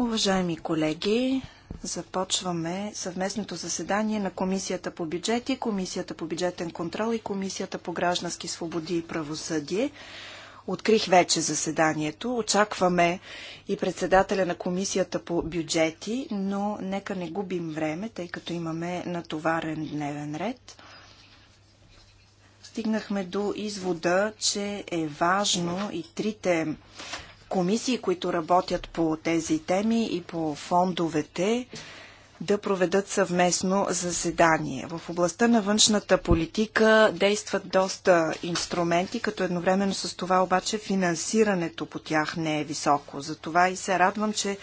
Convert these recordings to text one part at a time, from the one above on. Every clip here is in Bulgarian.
Уважаеми колеги, започваме съвместното заседание на Комисията по бюджети, Комисията по бюджетен контрол и Комисията по граждански свободи и правосъдие. Открих вече заседанието. Очакваме и председателя на Комисията по бюджети, но нека не губим време, тъй като имаме натоварен дневен ред стигнахме до извода, че е важно и трите комисии, които работят по тези теми и по фондовете, да проведат съвместно заседание. В областта на външната политика действат доста инструменти, като едновременно с това обаче финансирането по тях не е високо. Затова и се радвам, че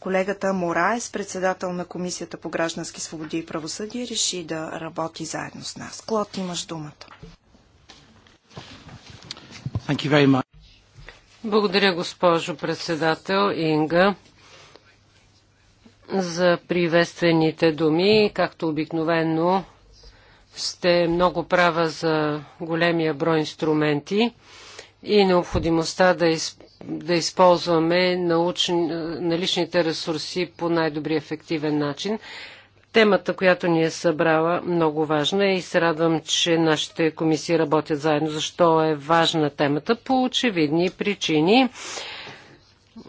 колегата Мораес, председател на Комисията по граждански свободи и правосъдие, реши да работи заедно с нас. Клод, имаш думата. Благодаря, госпожо председател Инга, за приветствените думи. Както обикновено сте много права за големия брой инструменти и необходимостта да, из, да използваме научни, наличните ресурси по най-добри ефективен начин. Темата, която ни е събрала, много важна и се радвам, че нашите комисии работят заедно. Защо е важна темата? По очевидни причини.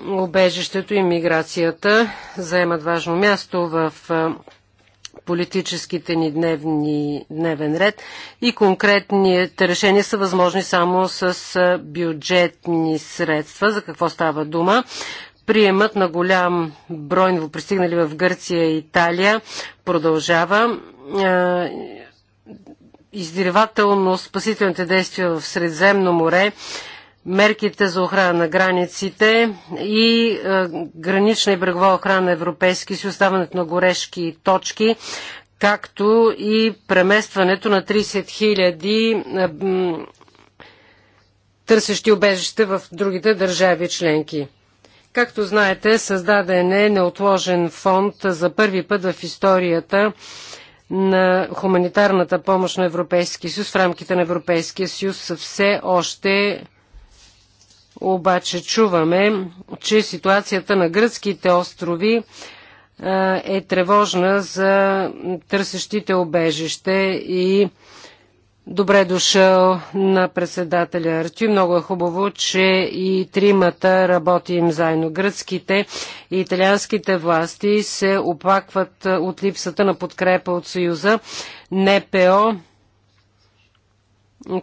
Обежището и миграцията заемат важно място в политическите ни дневни, дневен ред и конкретните решения са възможни само с бюджетни средства. За какво става дума? Приемът на голям брой новопристигнали в Гърция и Италия продължава. Е, издирвателно спасителните действия в Средземно море, мерките за охрана на границите и е, гранична и брегова охрана на Европейски си, оставането на горешки точки, както и преместването на 30 000 е, търсещи обежище в другите държави членки. Както знаете, създаден е неотложен фонд за първи път в историята на хуманитарната помощ на Европейския съюз в рамките на Европейския съюз. Все още обаче чуваме, че ситуацията на гръцките острови е тревожна за търсещите обежище и Добре дошъл на председателя Артю. Много е хубаво, че и тримата работим заедно. Гръцките и италианските власти се опакват от липсата на подкрепа от Съюза. НПО,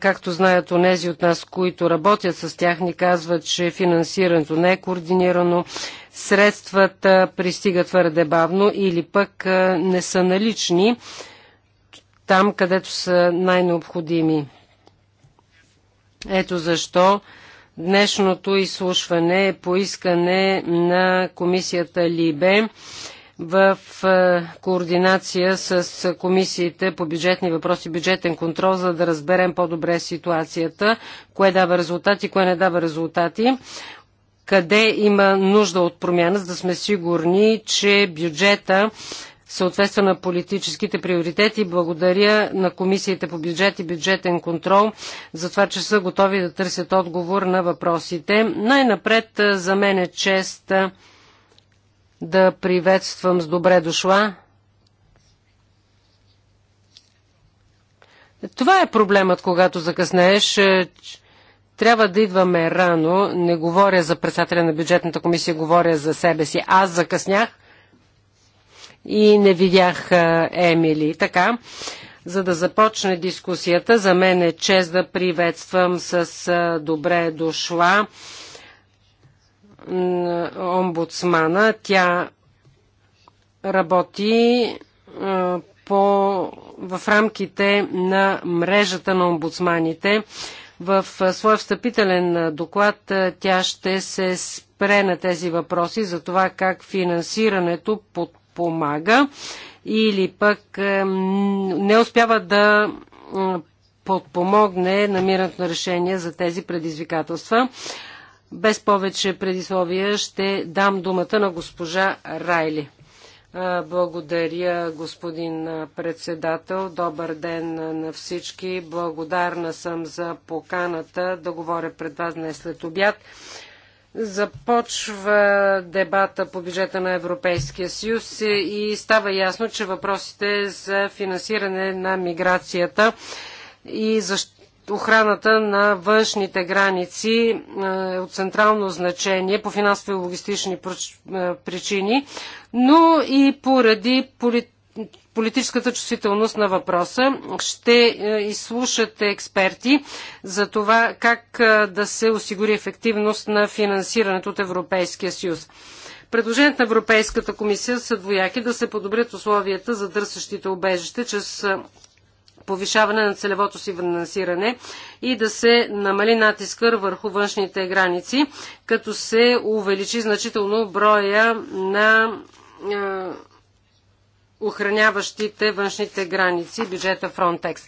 както знаят онези от нас, които работят с тях, ни казват, че финансирането не е координирано, средствата пристигат твърде бавно или пък не са налични там, където са най-необходими. Ето защо днешното изслушване е поискане на комисията Либе в координация с комисиите по бюджетни въпроси, бюджетен контрол, за да разберем по-добре ситуацията, кое дава резултати, кое не дава резултати, къде има нужда от промяна, за да сме сигурни, че бюджета съответства на политическите приоритети. Благодаря на комисиите по бюджет и бюджетен контрол за това, че са готови да търсят отговор на въпросите. Най-напред за мен е чест да приветствам с добре дошла. Това е проблемът, когато закъснееш. Трябва да идваме рано. Не говоря за председателя на бюджетната комисия, говоря за себе си. Аз закъснях и не видях Емили. Така, за да започне дискусията, за мен е чест да приветствам с добре дошла омбудсмана. Тя работи по, в рамките на мрежата на омбудсманите. В своя встъпителен доклад тя ще се спре на тези въпроси за това как финансирането под помага или пък е, не успява да е, подпомогне намирането на решение за тези предизвикателства. Без повече предисловия ще дам думата на госпожа Райли. Е, благодаря, господин председател. Добър ден на всички. Благодарна съм за поканата да говоря пред вас днес след обяд. Започва дебата по бюджета на Европейския съюз и става ясно, че въпросите за финансиране на миграцията и защ... охраната на външните граници е от централно значение по финансово логистични е, причини, но и поради полит политическата чувствителност на въпроса. Ще е, изслушате експерти за това как е, да се осигури ефективност на финансирането от Европейския съюз. Предложението на Европейската комисия са двояки да се подобрят условията за дърсащите обежище чрез е, повишаване на целевото си финансиране и да се намали натиска върху външните граници, като се увеличи значително броя на охраняващите външните граници, бюджета Frontex.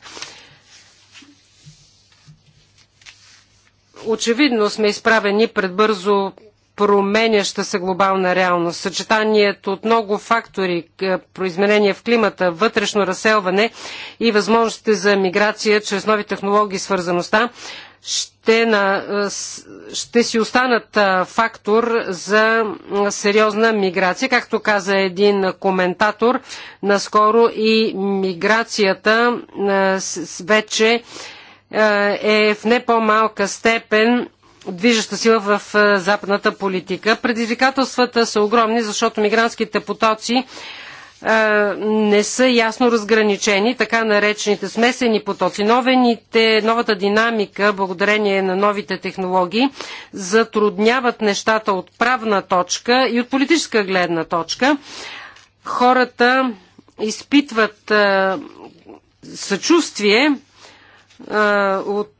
Очевидно сме изправени пред бързо променяща се глобална реалност. Съчетанието от много фактори, е, произменения в климата, вътрешно разселване и възможностите за миграция чрез нови технологии и свързаността ще, на, ще си останат фактор за сериозна миграция. Както каза един коментатор, наскоро и миграцията вече е в не по-малка степен движеща сила в западната политика. Предизвикателствата са огромни, защото мигрантските потоци не са ясно разграничени, така наречените смесени потоци. Новените, новата динамика, благодарение на новите технологии, затрудняват нещата от правна точка и от политическа гледна точка. Хората изпитват съчувствие от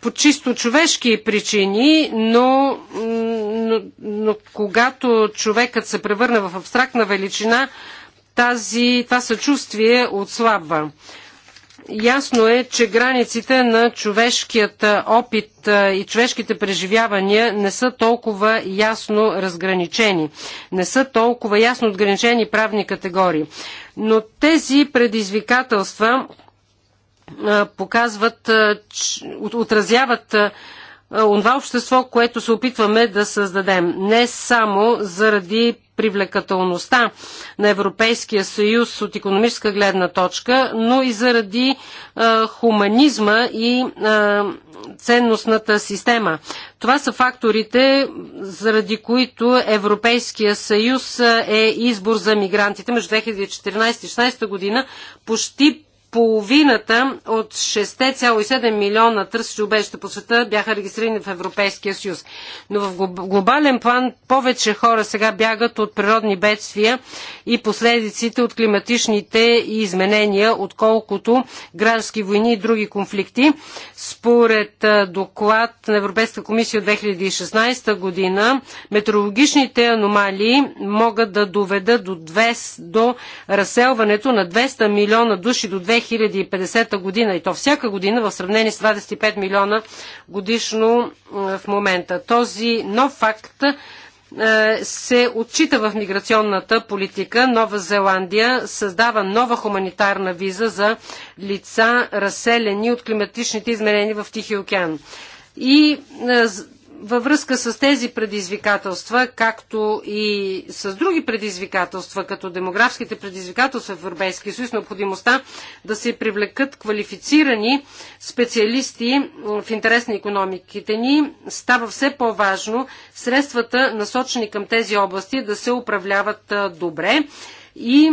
по чисто човешки причини, но, но, но когато човекът се превърне в абстрактна величина, тази, това съчувствие отслабва. Ясно е, че границите на човешкият опит и човешките преживявания не са толкова ясно разграничени, не са толкова ясно отграничени правни категории. Но тези предизвикателства показват, отразяват онова общество, което се опитваме да създадем. Не само заради привлекателността на Европейския съюз от економическа гледна точка, но и заради а, хуманизма и а, ценностната система. Това са факторите, заради които Европейския съюз е избор за мигрантите. Между 2014 и 2016 година почти половината от 6,7 милиона търсещи убежища по света бяха регистрирани в Европейския съюз. Но в глобален план повече хора сега бягат от природни бедствия и последиците от климатичните изменения, отколкото граждански войни и други конфликти. Според доклад на Европейска комисия от 2016 година, метеорологичните аномалии могат да доведат до, 2, до разселването на 200 милиона души до 2000 2050 година и то всяка година в сравнение с 25 милиона годишно е, в момента. Този нов факт е, се отчита в миграционната политика. Нова Зеландия създава нова хуманитарна виза за лица, разселени от климатичните изменения в Тихия океан. И е, във връзка с тези предизвикателства, както и с други предизвикателства, като демографските предизвикателства в Европейския съюз, необходимостта да се привлекат квалифицирани специалисти е, в интерес на економиките ни, става все по-важно средствата, насочени към тези области, да се управляват е, добре и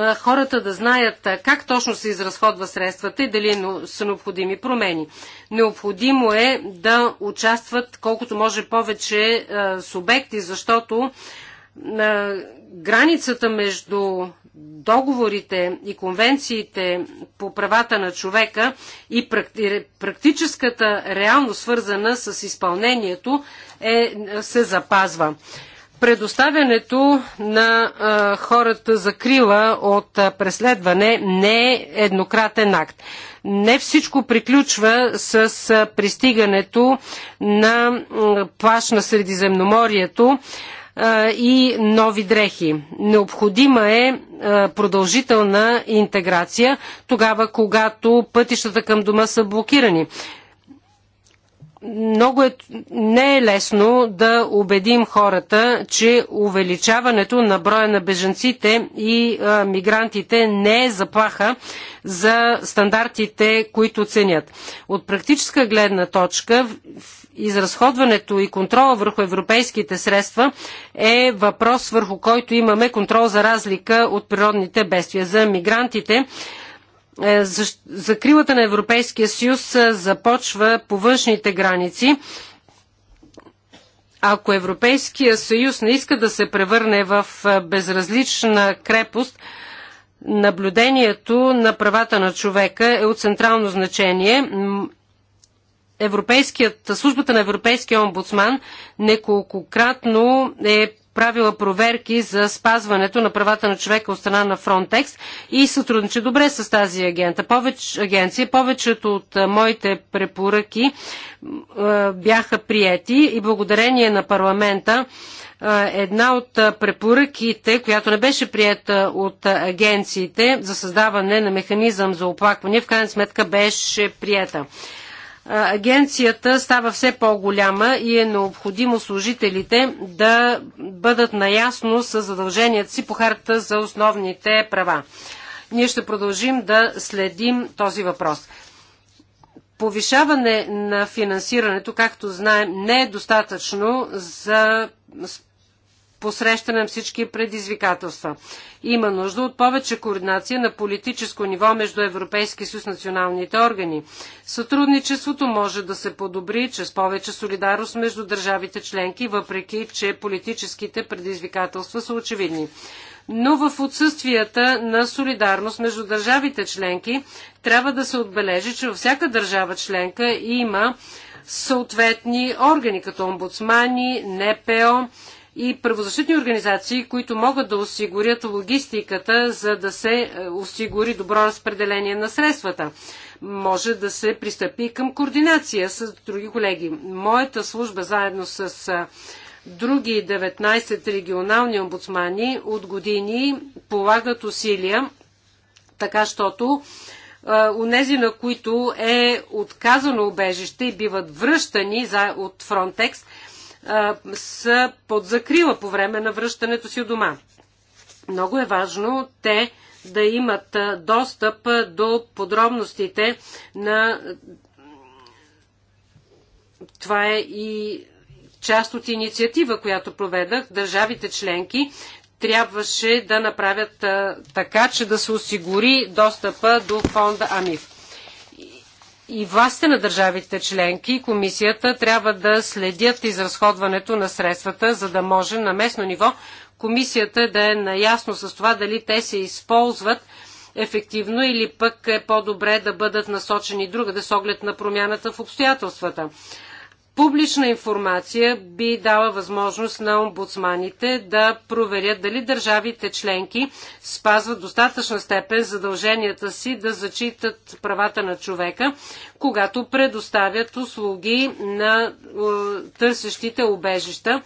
е, хората да знаят е, как точно се изразходва средствата и дали е са необходими промени. Необходимо е да участват колкото може повече субекти, защото границата между договорите и конвенциите по правата на човека и практическата реалност, свързана с изпълнението е, се запазва. Предоставянето на а, хората за крила от а, преследване не е еднократен акт. Не всичко приключва с а, пристигането на а, плащ на Средиземноморието а, и нови дрехи. Необходима е а, продължителна интеграция тогава, когато пътищата към дома са блокирани много е, не е лесно да убедим хората, че увеличаването на броя на беженците и а, мигрантите не е заплаха за стандартите, които ценят. От практическа гледна точка, изразходването и контрола върху европейските средства е въпрос, върху който имаме контрол за разлика от природните бедствия. За мигрантите е, закрилата на Европейския съюз е, започва по външните граници. Ако Европейския съюз не иска да се превърне в е, безразлична крепост, наблюдението на правата на човека е от централно значение. Европейският, службата на Европейския омбудсман неколкократно е правила проверки за спазването на правата на човека от страна на Frontex и сътрудничи добре с тази агента. Повеч агенция. Повечето от моите препоръки бяха приети и благодарение на парламента една от препоръките, която не беше приета от агенциите за създаване на механизъм за оплакване, в крайна сметка беше приета агенцията става все по-голяма и е необходимо служителите да бъдат наясно с задълженията си по харта за основните права. Ние ще продължим да следим този въпрос. Повишаване на финансирането, както знаем, не е достатъчно за посрещане на всички предизвикателства. Има нужда от повече координация на политическо ниво между Европейски съюз националните органи. Сътрудничеството може да се подобри чрез повече солидарност между държавите членки, въпреки че политическите предизвикателства са очевидни но в отсъствията на солидарност между държавите членки трябва да се отбележи, че във всяка държава членка има съответни органи, като омбудсмани, НПО, и правозащитни организации, които могат да осигурят логистиката, за да се е, осигури добро разпределение на средствата. Може да се пристъпи към координация с други колеги. Моята служба заедно с е, други 19 регионални омбудсмани от години полагат усилия, така щото Унези, е, на които е отказано убежище и биват връщани за, от Фронтекс, са под закрила по време на връщането си у дома. Много е важно те да имат достъп до подробностите на. Това е и част от инициатива, която проведах. Държавите членки трябваше да направят така, че да се осигури достъпа до фонда АМИФ и властите на държавите членки и комисията трябва да следят изразходването на средствата, за да може на местно ниво комисията да е наясно с това дали те се използват ефективно или пък е по-добре да бъдат насочени друга, да с оглед на промяната в обстоятелствата. Публична информация би дала възможност на омбудсманите да проверят дали държавите членки спазват достатъчна степен задълженията си да зачитат правата на човека, когато предоставят услуги на е, търсещите убежища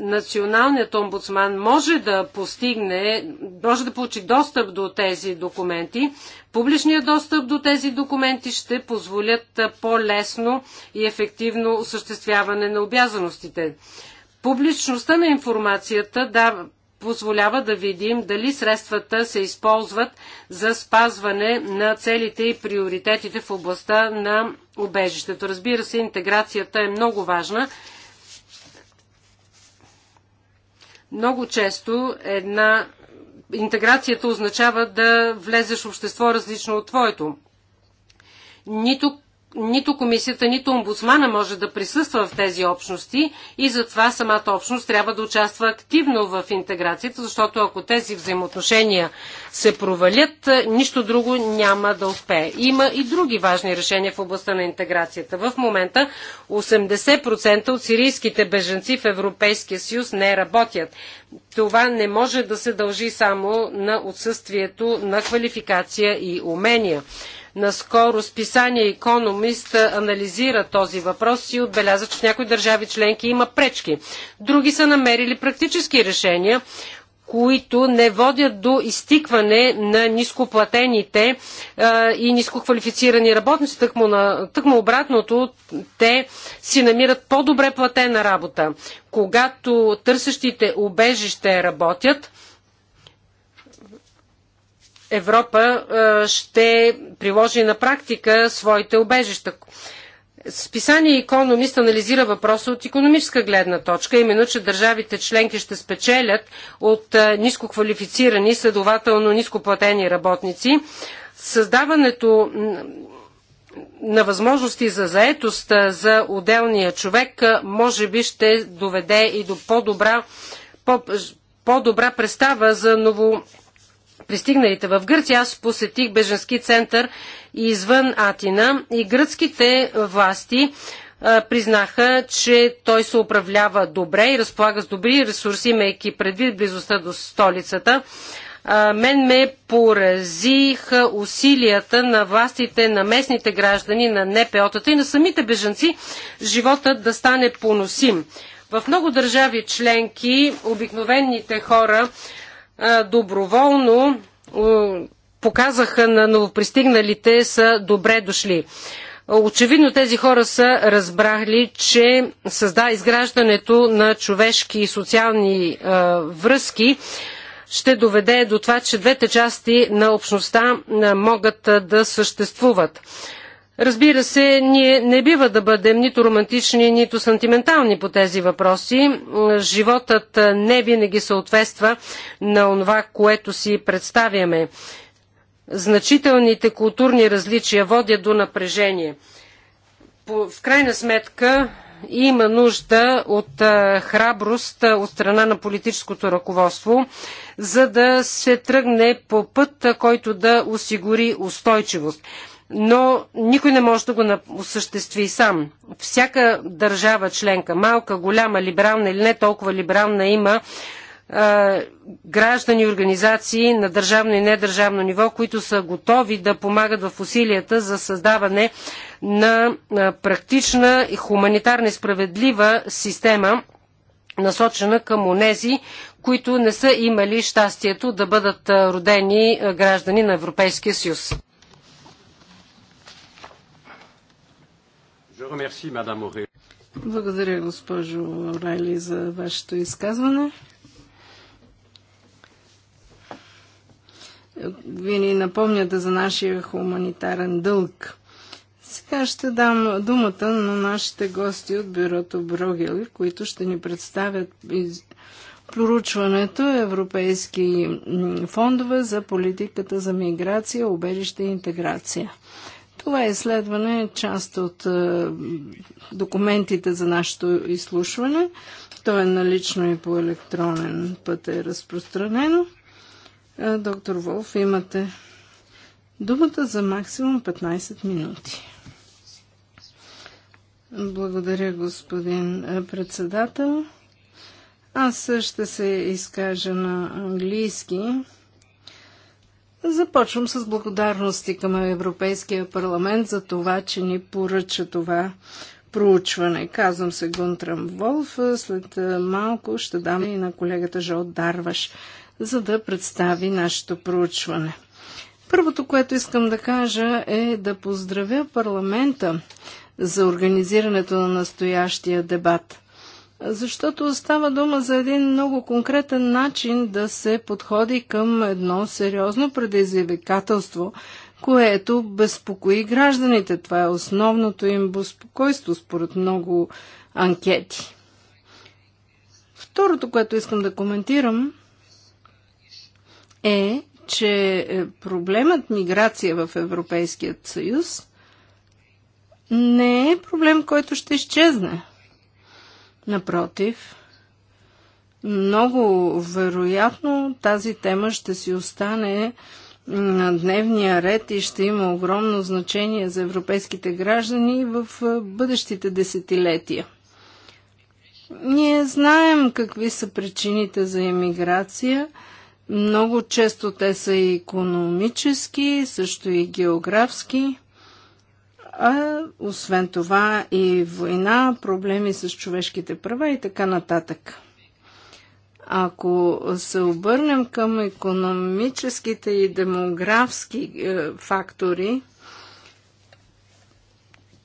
националният омбудсман може да постигне, може да получи достъп до тези документи. Публичният достъп до тези документи ще позволят по-лесно и ефективно осъществяване на обязаностите. Публичността на информацията да позволява да видим дали средствата се използват за спазване на целите и приоритетите в областта на убежището. Разбира се, интеграцията е много важна Много често една интеграцията означава да влезеш в общество различно от твоето. Нито нито комисията, нито омбудсмана може да присъства в тези общности и затова самата общност трябва да участва активно в интеграцията, защото ако тези взаимоотношения се провалят, е, нищо друго няма да успее. Има и други важни решения в областта на интеграцията. В момента 80% от сирийските беженци в Европейския съюз не работят. Това не може да се дължи само на отсъствието на квалификация и умения. Наскоро списание Економист анализира този въпрос и отбеляза, че в някои държави членки има пречки. Други са намерили практически решения, които не водят до изтикване на нископлатените а, и нискоквалифицирани работници. Тъкмо, на, тъкмо обратното, те си намират по-добре платена работа. Когато търсещите убежище работят, Европа е, ще приложи на практика своите обежища. Списание Економист анализира въпроса от економическа гледна точка, именно, че държавите членки ще спечелят от е, ниско квалифицирани, следователно ниско платени работници. Създаването на възможности за заетост е, за отделния човек може би ще доведе и до по-добра, по-добра представа за ново пристигналите в Гърция. Аз посетих беженски център извън Атина и гръцките власти признаха, че той се управлява добре и разполага с добри ресурси, имайки предвид близостта до столицата. Мен ме поразиха усилията на властите, на местните граждани, на НПО-тата и на самите бежанци животът да стане поносим. В много държави членки обикновените хора доброволно показаха на новопристигналите са добре дошли. Очевидно тези хора са разбрали, че създа изграждането на човешки и социални връзки ще доведе до това, че двете части на общността могат да съществуват. Разбира се, ние не бива да бъдем нито романтични, нито сантиментални по тези въпроси. Животът не винаги съответства на това, което си представяме. Значителните културни различия водят до напрежение. В крайна сметка има нужда от храброст от страна на политическото ръководство, за да се тръгне по път, който да осигури устойчивост но никой не може да го осъществи сам. Всяка държава членка, малка, голяма, либерална или не толкова либерална, има е, граждани и организации на държавно и недържавно ниво, които са готови да помагат в усилията за създаване на е, практична и хуманитарна и справедлива система, насочена към онези, които не са имали щастието да бъдат родени граждани на Европейския съюз. Благодаря, госпожо Райли, за вашето изказване. Вие ни напомняте за нашия хуманитарен дълг. Сега ще дам думата на нашите гости от бюрото Брогел, които ще ни представят из... проучването Европейски фондове за политиката за миграция, убежище и интеграция. Това е изследване част от е, документите за нашето изслушване. То е налично и по електронен път е разпространено. Е, доктор Волф, имате думата за максимум 15 минути. Благодаря, господин е, председател. Аз ще се изкажа на английски. Започвам с благодарности към Европейския парламент за това, че ни поръча това проучване. Казвам се Гунтрам Волф. След малко ще дам и на колегата Жо Дарваш, за да представи нашето проучване. Първото, което искам да кажа е да поздравя парламента за организирането на настоящия дебат защото става дума за един много конкретен начин да се подходи към едно сериозно предизвикателство, което безпокои гражданите. Това е основното им безпокойство според много анкети. Второто, което искам да коментирам е, че проблемът миграция в Европейският съюз не е проблем, който ще изчезне. Напротив, много вероятно тази тема ще си остане на дневния ред и ще има огромно значение за европейските граждани в бъдещите десетилетия. Ние знаем какви са причините за емиграция. Много често те са и економически, също и географски а освен това и война, проблеми с човешките права и така нататък. Ако се обърнем към економическите и демографски е, фактори,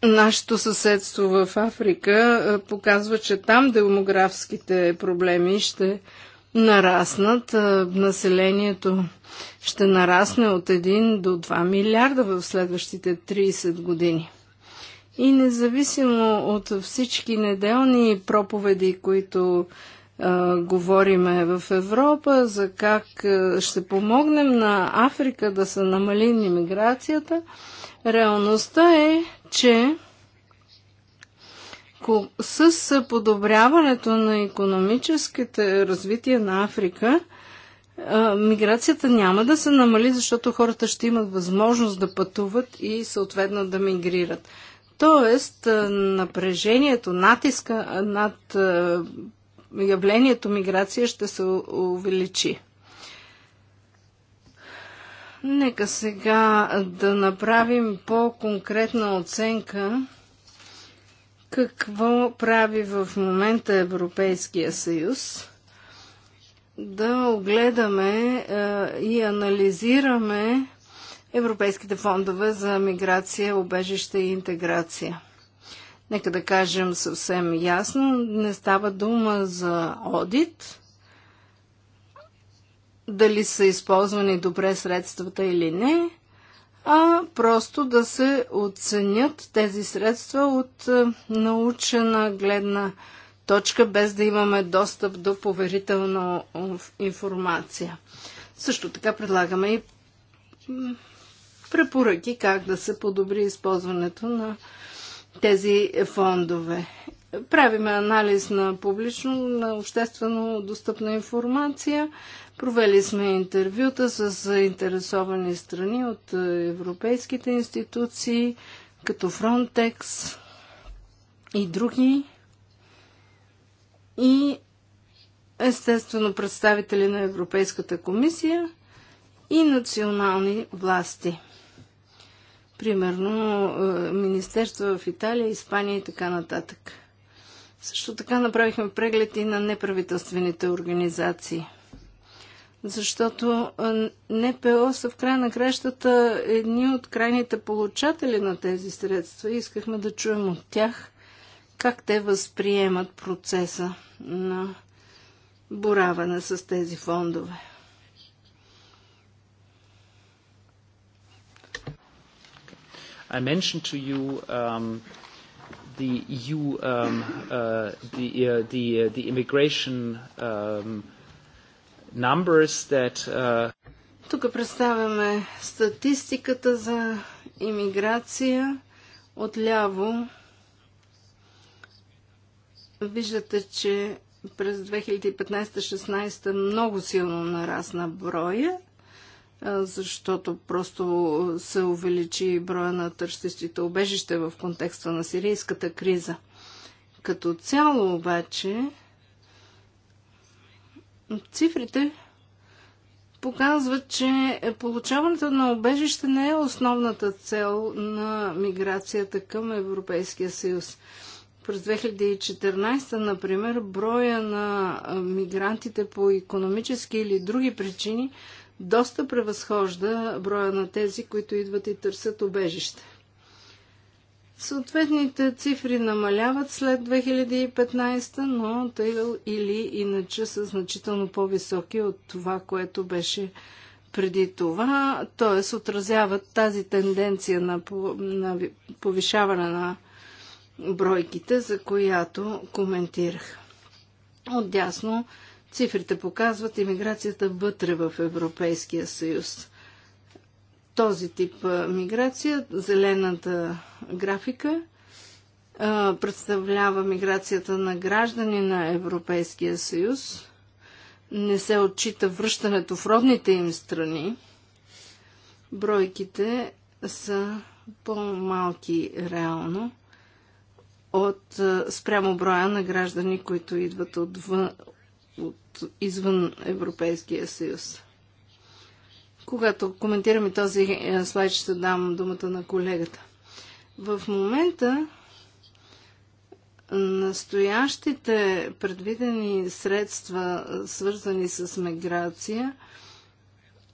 нашето съседство в Африка е, показва, че там демографските проблеми ще нараснат. Е, населението ще нарасне от 1 до 2 милиарда в следващите 30 години. И независимо от всички неделни проповеди, които е, говориме в Европа, за как ще помогнем на Африка да се намали иммиграцията, реалността е, че с подобряването на економическите развитие на Африка, миграцията няма да се намали, защото хората ще имат възможност да пътуват и съответно да мигрират. Тоест, напрежението, натиска над явлението миграция ще се увеличи. Нека сега да направим по-конкретна оценка какво прави в момента Европейския съюз да огледаме е, и анализираме европейските фондове за миграция, обежище и интеграция. Нека да кажем съвсем ясно, не става дума за одит, дали са използвани добре средствата или не, а просто да се оценят тези средства от е, научена гледна точка точка, без да имаме достъп до поверителна информация. Също така предлагаме и препоръки как да се подобри използването на тези фондове. Правиме анализ на публично, на обществено достъпна информация. Провели сме интервюта с заинтересовани страни от европейските институции, като Frontex и други и естествено представители на Европейската комисия и национални власти. Примерно е, Министерство в Италия, Испания и така нататък. Също така направихме преглед и на неправителствените организации. Защото е, НПО са в край на кращата едни от крайните получатели на тези средства и искахме да чуем от тях как те възприемат процеса на бораване с тези фондове. I mentioned to you um, the EU, um, uh, the, uh, the, uh, the immigration um, numbers that. Uh... Тук представяме статистиката за иммиграция ляво Виждате, че през 2015-16 много силно нарасна броя, защото просто се увеличи броя на търсещите обежище в контекста на сирийската криза. Като цяло обаче, цифрите показват, че получаването на обежище не е основната цел на миграцията към Европейския съюз. През 2014, например, броя на мигрантите по економически или други причини доста превъзхожда броя на тези, които идват и търсят обежище. Съответните цифри намаляват след 2015, но тъй или иначе са значително по-високи от това, което беше преди това, т.е. отразяват тази тенденция на, на повишаване на бройките, за която коментирах. Отдясно цифрите показват иммиграцията вътре в Европейския съюз. Този тип миграция, зелената графика, представлява миграцията на граждани на Европейския съюз. Не се отчита връщането в родните им страни. Бройките са по-малки реално от е, спрямо броя на граждани, които идват вън, от извън Европейския съюз. Когато коментираме този е, слайд, ще дам думата на колегата. В момента настоящите предвидени средства, свързани с миграция,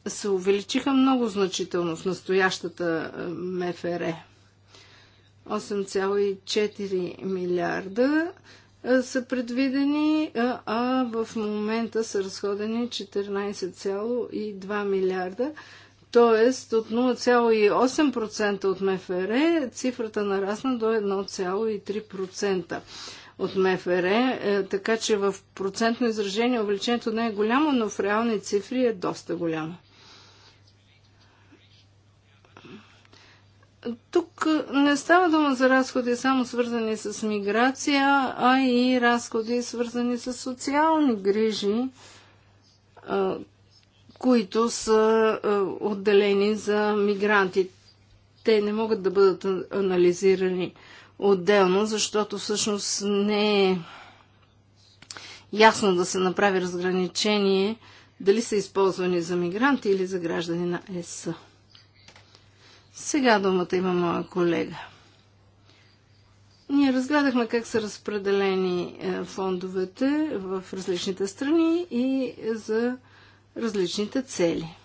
се увеличиха много значително в настоящата е, МФР. 8,4 милиарда са предвидени, а в момента са разходени 14,2 милиарда. Тоест от 0,8% от МФР цифрата нарасна до 1,3% от МФР, е, така че в процентно изражение увеличението не е голямо, но в реални цифри е доста голямо. Тук не става дума за разходи само свързани с миграция, а и разходи свързани с социални грижи, които са отделени за мигранти. Те не могат да бъдат анализирани отделно, защото всъщност не е ясно да се направи разграничение дали са използвани за мигранти или за граждани на ЕС. Сега думата има моя колега. Ние разгледахме как са разпределени е, фондовете в различните страни и за различните цели.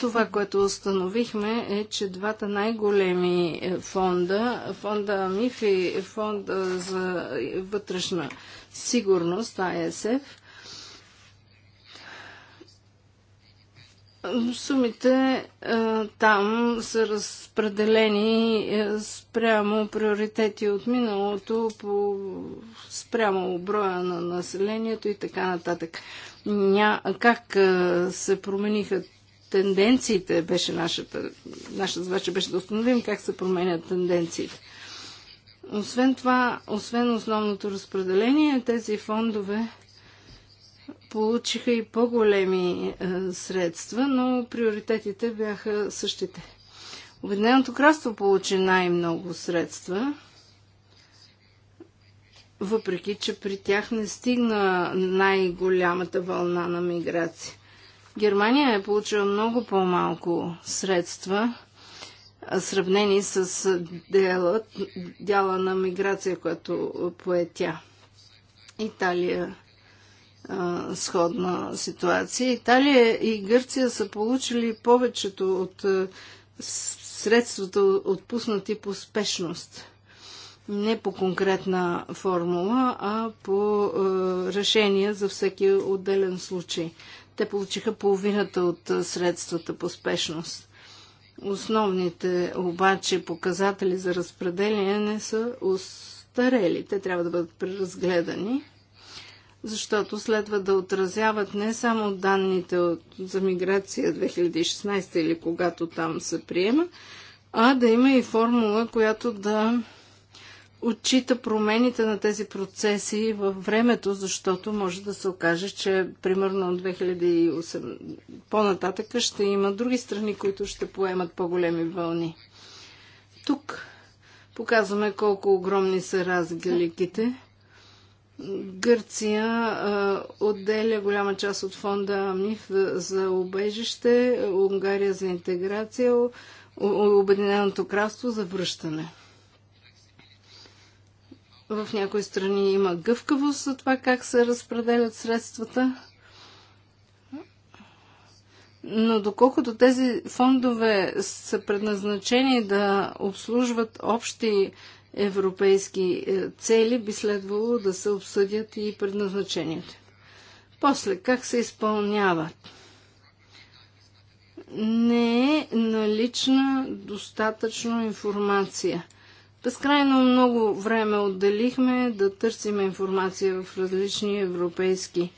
Това, което установихме е, че двата най-големи е, фонда, фонда МИФ и фонда за вътрешна сигурност, АСФ, Сумите е, там са разпределени е, спрямо приоритети от миналото, по, спрямо броя на населението и така нататък. Ня, как е, се промениха тенденциите, беше нашата, нашата задача беше да установим как се променят тенденциите. Освен това, освен основното разпределение, тези фондове получиха и по-големи е, средства, но приоритетите бяха същите. Обединеното кралство получи най-много средства, въпреки че при тях не стигна най-голямата вълна на миграция. Германия е получила много по-малко средства, сравнени с дела, дяла на миграция, която пое тя. Италия а, сходна ситуация. Италия и Гърция са получили повечето от а, средствата, отпуснати по спешност. Не по конкретна формула, а по а, решение за всеки отделен случай. Те получиха половината от средствата по спешност. Основните обаче показатели за разпределение не са устарели. Те трябва да бъдат преразгледани защото следва да отразяват не само данните от, за миграция 2016 или когато там се приема, а да има и формула, която да отчита промените на тези процеси във времето, защото може да се окаже, че примерно от 2008 по-нататъка ще има други страни, които ще поемат по-големи вълни. Тук показваме колко огромни са разликите Гърция а, отделя голяма част от фонда МИФ за убежище, Унгария за интеграция, Обединеното кралство за връщане. В някои страни има гъвкавост за това как се разпределят средствата. Но доколкото тези фондове са предназначени да обслужват общи европейски е, цели, би следвало да се обсъдят и предназначението. После, как се изпълняват? Не е налична достатъчно информация. Безкрайно много време отделихме да търсим информация в различни европейски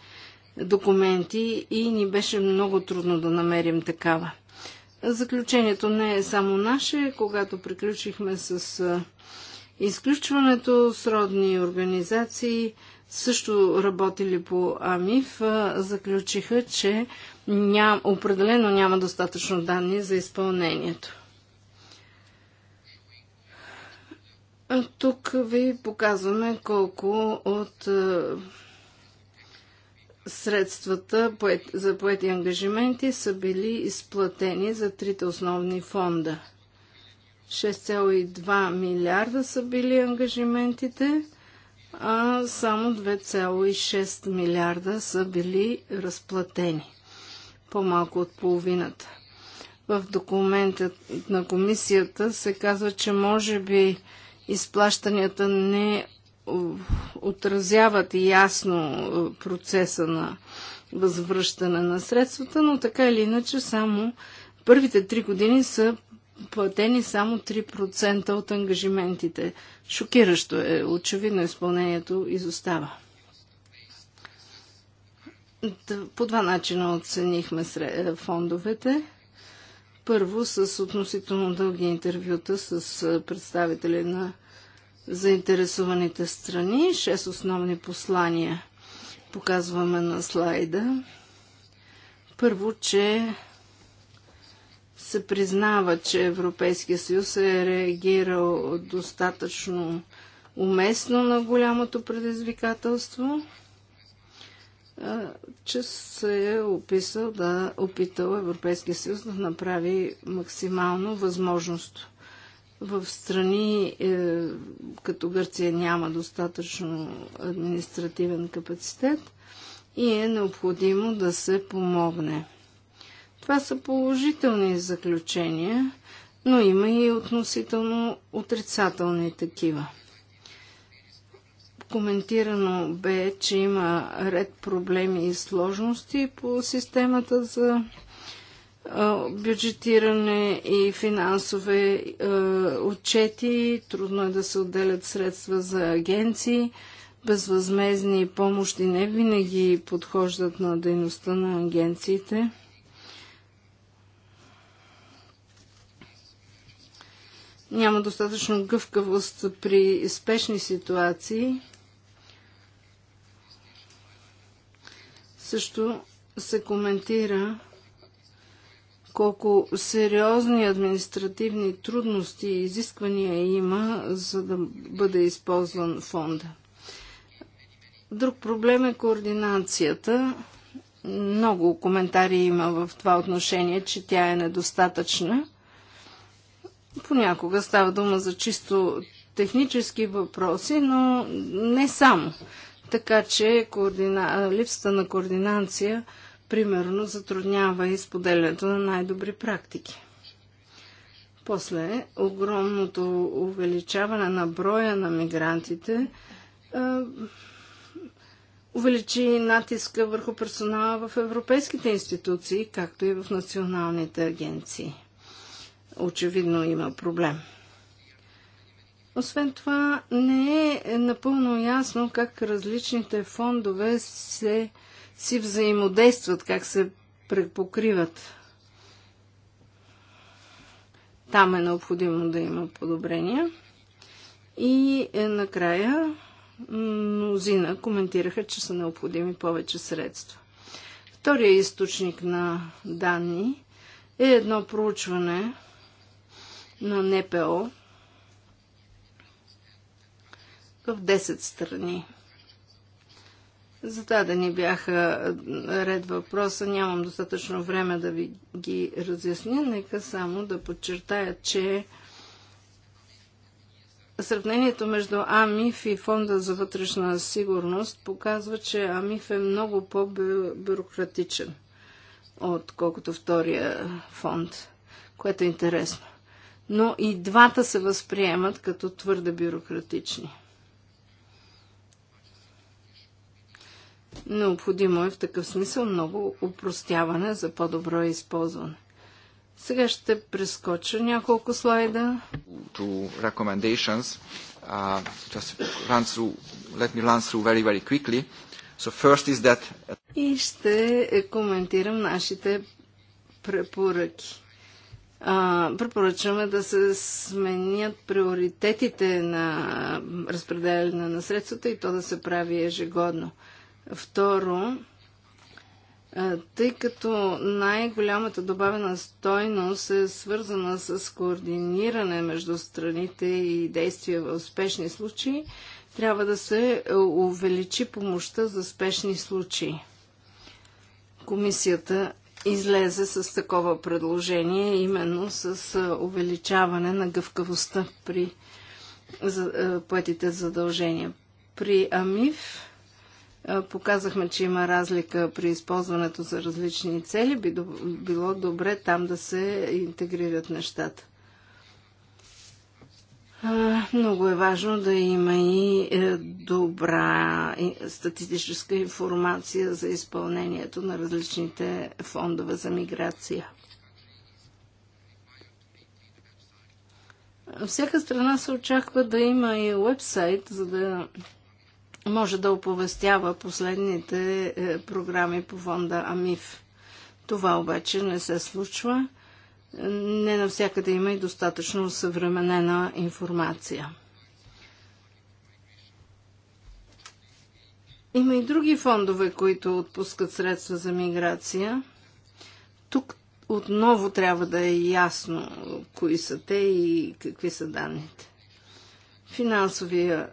документи и ни беше много трудно да намерим такава. Заключението не е само наше. Когато приключихме с е, Изключването с родни организации също работили по АМИФ, заключиха, че ням, определено няма достатъчно данни за изпълнението. Тук ви показваме колко от средствата за поети ангажименти са били изплатени за трите основни фонда – 6,2 милиарда са били ангажиментите, а само 2,6 милиарда са били разплатени. По-малко от половината. В документа на комисията се казва, че може би изплащанията не отразяват ясно е, процеса на възвръщане на средствата, но така или иначе само първите три години са платени само 3% от ангажиментите. Шокиращо е. Очевидно изпълнението изостава. По два начина оценихме е, фондовете. Първо с относително дълги интервюта с е, представители на заинтересованите страни. Шест основни послания показваме на слайда. Първо, че се признава, че Европейския съюз е реагирал достатъчно уместно на голямото предизвикателство, че се е описал да опитал Европейския съюз да направи максимално възможност. В страни е, като Гърция няма достатъчно административен капацитет и е необходимо да се помогне. Това са положителни заключения, но има и относително отрицателни такива. Коментирано бе, че има ред проблеми и сложности по системата за бюджетиране и финансове отчети, трудно е да се отделят средства за агенции, безвъзмезни помощи не винаги подхождат на дейността на агенциите. няма достатъчно гъвкавост при спешни ситуации. Също се коментира колко сериозни административни трудности и изисквания има, за да бъде използван фонда. Друг проблем е координацията. Много коментари има в това отношение, че тя е недостатъчна. Понякога става дума за чисто технически въпроси, но не само. Така че координа... липсата на координация примерно затруднява и споделянето на най-добри практики. После огромното увеличаване на броя на мигрантите е, увеличи натиска върху персонала в европейските институции, както и в националните агенции очевидно има проблем. Освен това, не е напълно ясно как различните фондове се, си взаимодействат, как се препокриват. Там е необходимо да има подобрения. И е, накрая мнозина коментираха, че са необходими повече средства. Втория източник на данни е едно проучване, на НПО в 10 страни. Зададени бяха ред въпроса, нямам достатъчно време да ви ги разясня, нека само да подчертая, че Сравнението между АМИФ и Фонда за вътрешна сигурност показва, че АМИФ е много по-бюрократичен, отколкото втория фонд, което е интересно но и двата се възприемат като твърде бюрократични. Необходимо е в такъв смисъл много упростяване за по-добро използване. Сега ще прескоча няколко слайда. To recommendations, uh, just run through, let me run through very, very quickly. So first is that... И ще коментирам нашите препоръки а, препоръчваме да се сменят приоритетите на разпределяне на средствата и то да се прави ежегодно. Второ, тъй като най-голямата добавена стойност е свързана с координиране между страните и действия в спешни случаи, трябва да се е, увеличи помощта за спешни случаи. Комисията излезе с такова предложение, именно с увеличаване на гъвкавостта при поетите задължения. При АМИФ показахме, че има разлика при използването за различни цели. Би било добре там да се интегрират нещата. Много е важно да има и е, добра статистическа информация за изпълнението на различните фондове за миграция. Всяка страна се очаква да има и вебсайт, за да може да оповестява последните е, програми по фонда АМИФ. Това обаче не се случва не навсякъде има и достатъчно съвременена информация. Има и други фондове, които отпускат средства за миграция. Тук отново трябва да е ясно кои са те и какви са данните. Финансовия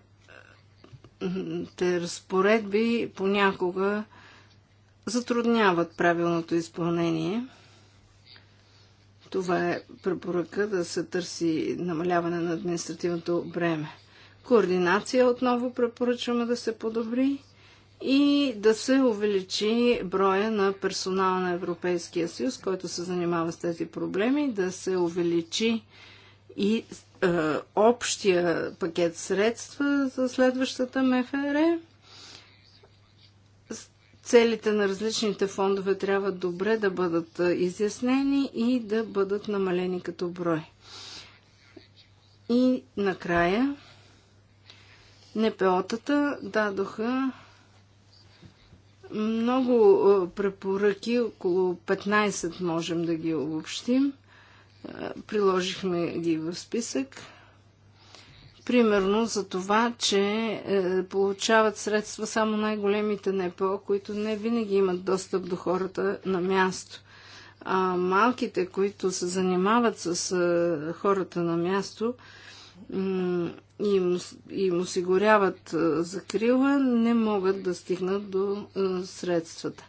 те разпоредби понякога затрудняват правилното изпълнение – това е препоръка да се търси намаляване на административното бреме. Координация отново препоръчваме да се подобри и да се увеличи броя на персонала на Европейския съюз, който се занимава с тези проблеми, да се увеличи и е, общия пакет средства за следващата МФР целите на различните фондове трябва добре да бъдат изяснени и да бъдат намалени като брой. И накрая НПО-тата дадоха много препоръки, около 15 можем да ги обобщим. Приложихме ги в списък. Примерно за това, че е, получават средства само най-големите НПО, които не винаги имат достъп до хората на място. А малките, които се занимават с е, хората на място, им, им осигуряват е, закрила, не могат да стигнат до е, средствата.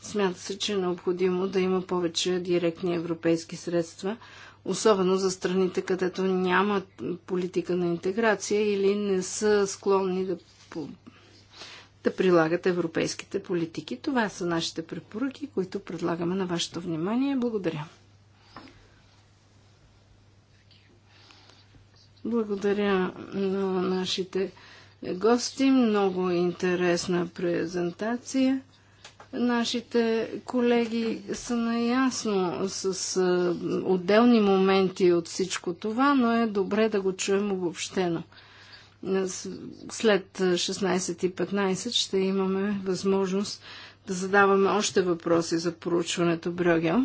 Смята се, че е необходимо да има повече директни европейски средства, особено за страните, където нямат политика на интеграция или не са склонни да, да прилагат европейските политики. Това са нашите препоръки, които предлагаме на вашето внимание. Благодаря. Благодаря на нашите гости. Много интересна презентация. Нашите колеги са наясно с отделни моменти от всичко това, но е добре да го чуем обобщено. След 16 и 15 ще имаме възможност да задаваме още въпроси за проучването Брюгел.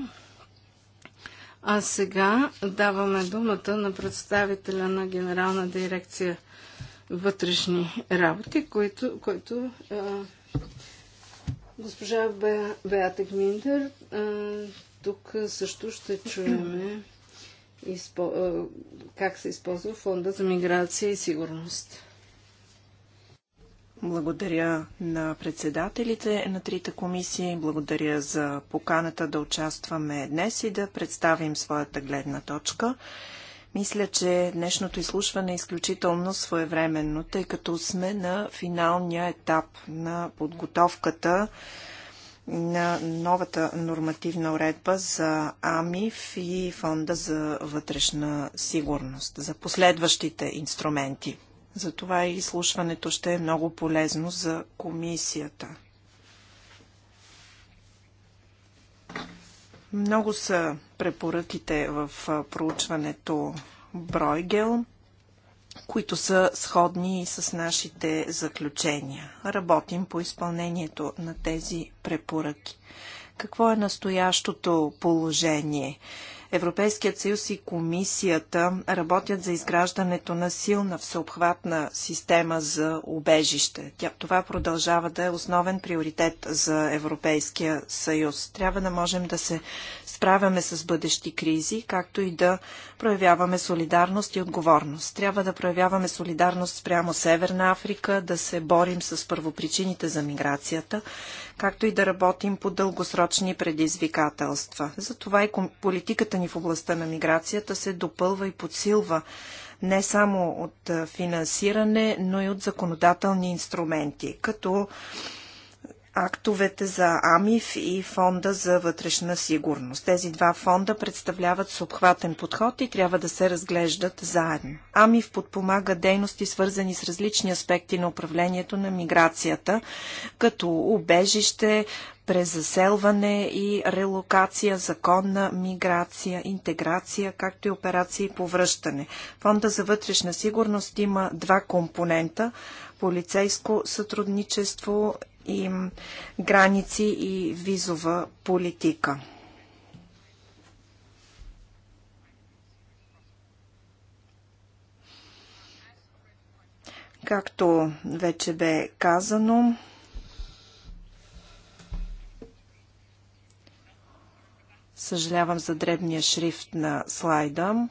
А сега даваме думата на представителя на Генерална дирекция вътрешни работи, който, който е, Госпожа Бе... Беата Гминтер, тук също ще чуем изпо... как се използва фонда за миграция и сигурност. Благодаря на председателите на трите комисии, благодаря за поканата да участваме днес и да представим своята гледна точка. Мисля, че днешното изслушване е изключително своевременно, тъй като сме на финалния етап на подготовката на новата нормативна уредба за АМИФ и Фонда за вътрешна сигурност, за последващите инструменти. Затова и изслушването ще е много полезно за комисията. Много са препоръките в проучването Бройгел, които са сходни и с нашите заключения. Работим по изпълнението на тези препоръки. Какво е настоящото положение? Европейският съюз и комисията работят за изграждането на силна всеобхватна система за убежище. Това продължава да е основен приоритет за Европейския съюз. Трябва да можем да се справяме с бъдещи кризи, както и да проявяваме солидарност и отговорност. Трябва да проявяваме солидарност спрямо Северна Африка, да се борим с първопричините за миграцията, както и да работим по дългосрочни предизвикателства. Затова и политиката ни в областта на миграцията се допълва и подсилва не само от финансиране, но и от законодателни инструменти, като актовете за АМИФ и Фонда за вътрешна сигурност. Тези два фонда представляват съобхватен подход и трябва да се разглеждат заедно. АМИФ подпомага дейности, свързани с различни аспекти на управлението на миграцията, като убежище, презаселване и релокация, законна миграция, интеграция, както и операции по връщане. Фонда за вътрешна сигурност има два компонента полицейско сътрудничество им граници и визова политика. Както вече бе казано, съжалявам за дребния шрифт на слайда.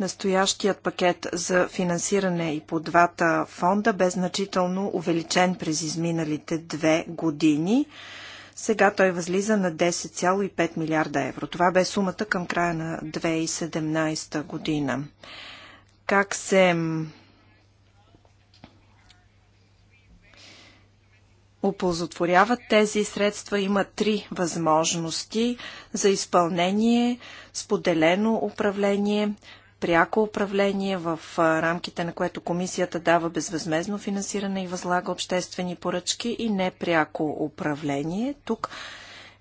Настоящият пакет за финансиране и по двата фонда бе значително увеличен през изминалите две години. Сега той възлиза на 10,5 милиарда евро. Това бе сумата към края на 2017 година. Как се оползотворяват тези средства, има три възможности за изпълнение, споделено управление, пряко управление, в рамките на което комисията дава безвъзмезно финансиране и възлага обществени поръчки и непряко управление. Тук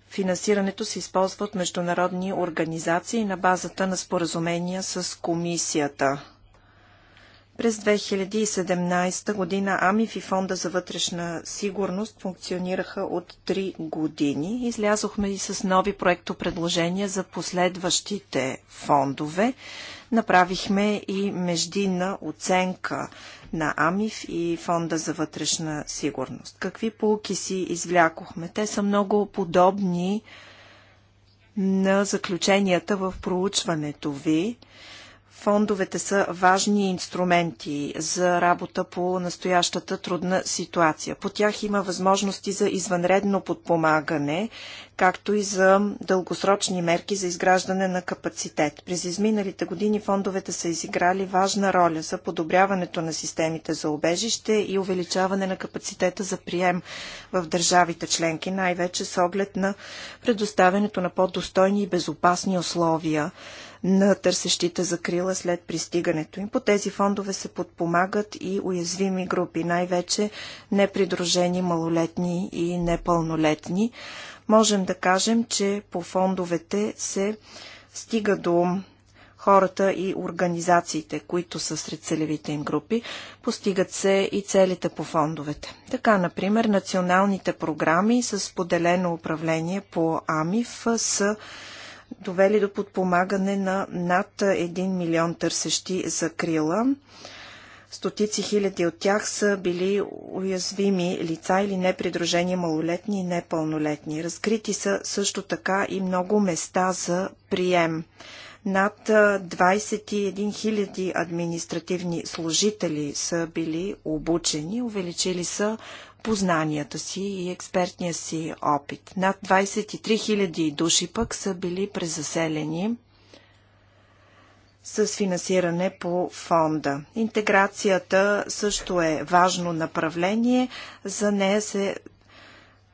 финансирането се използва от международни организации на базата на споразумения с комисията. През 2017 година АМИФ и Фонда за вътрешна сигурност функционираха от 3 години. Излязохме и с нови проектопредложения за последващите фондове. Направихме и междинна оценка на АМИФ и Фонда за вътрешна сигурност. Какви полки си извлякохме? Те са много подобни на заключенията в проучването ви. Фондовете са важни инструменти за работа по настоящата трудна ситуация. По тях има възможности за извънредно подпомагане, както и за дългосрочни мерки за изграждане на капацитет. През изминалите години фондовете са изиграли важна роля за подобряването на системите за обежище и увеличаване на капацитета за прием в държавите членки, най-вече с оглед на предоставянето на по-достойни и безопасни условия на търсещите закрила след пристигането им. По тези фондове се подпомагат и уязвими групи, най-вече непридружени малолетни и непълнолетни. Можем да кажем, че по фондовете се стига до хората и организациите, които са сред целевите им групи, постигат се и целите по фондовете. Така, например, националните програми с поделено управление по АМИФ са довели до подпомагане на над 1 милион търсещи за крила. Стотици хиляди от тях са били уязвими лица или непридружени малолетни и непълнолетни. Разкрити са също така и много места за прием. Над 21 000 административни служители са били обучени, увеличили са познанията си и експертния си опит. Над 23 000 души пък са били презаселени с финансиране по фонда. Интеграцията също е важно направление. За нея се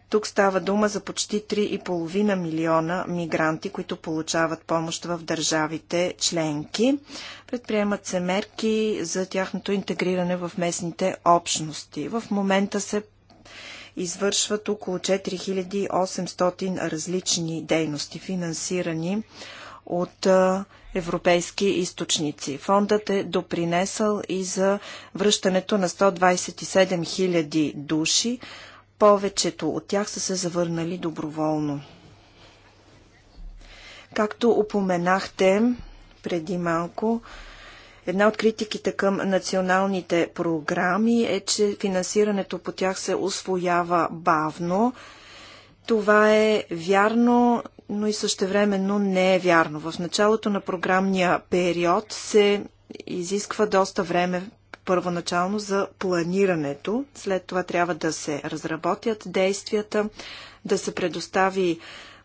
тук става дума за почти 3,5 милиона мигранти, които получават помощ в държавите членки. Предприемат се мерки за тяхното интегриране в местните общности. В момента се извършват около 4800 различни дейности, финансирани от европейски източници. Фондът е допринесъл и за връщането на 127 000 души. Повечето от тях са се завърнали доброволно. Както упоменахте преди малко, Една от критиките към националните програми е, че финансирането по тях се освоява бавно. Това е вярно, но и същевременно не е вярно. В началото на програмния период се изисква доста време първоначално за планирането. След това трябва да се разработят действията, да се предостави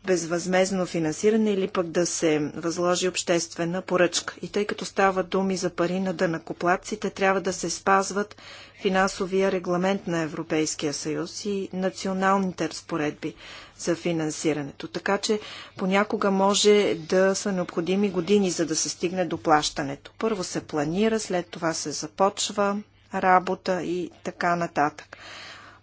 безвъзмезно финансиране или пък да се възложи обществена поръчка. И тъй като става думи за пари на дънакоплатците, трябва да се спазват финансовия регламент на Европейския съюз и националните разпоредби за финансирането. Така че понякога може да са необходими години, за да се стигне до плащането. Първо се планира, след това се започва работа и така нататък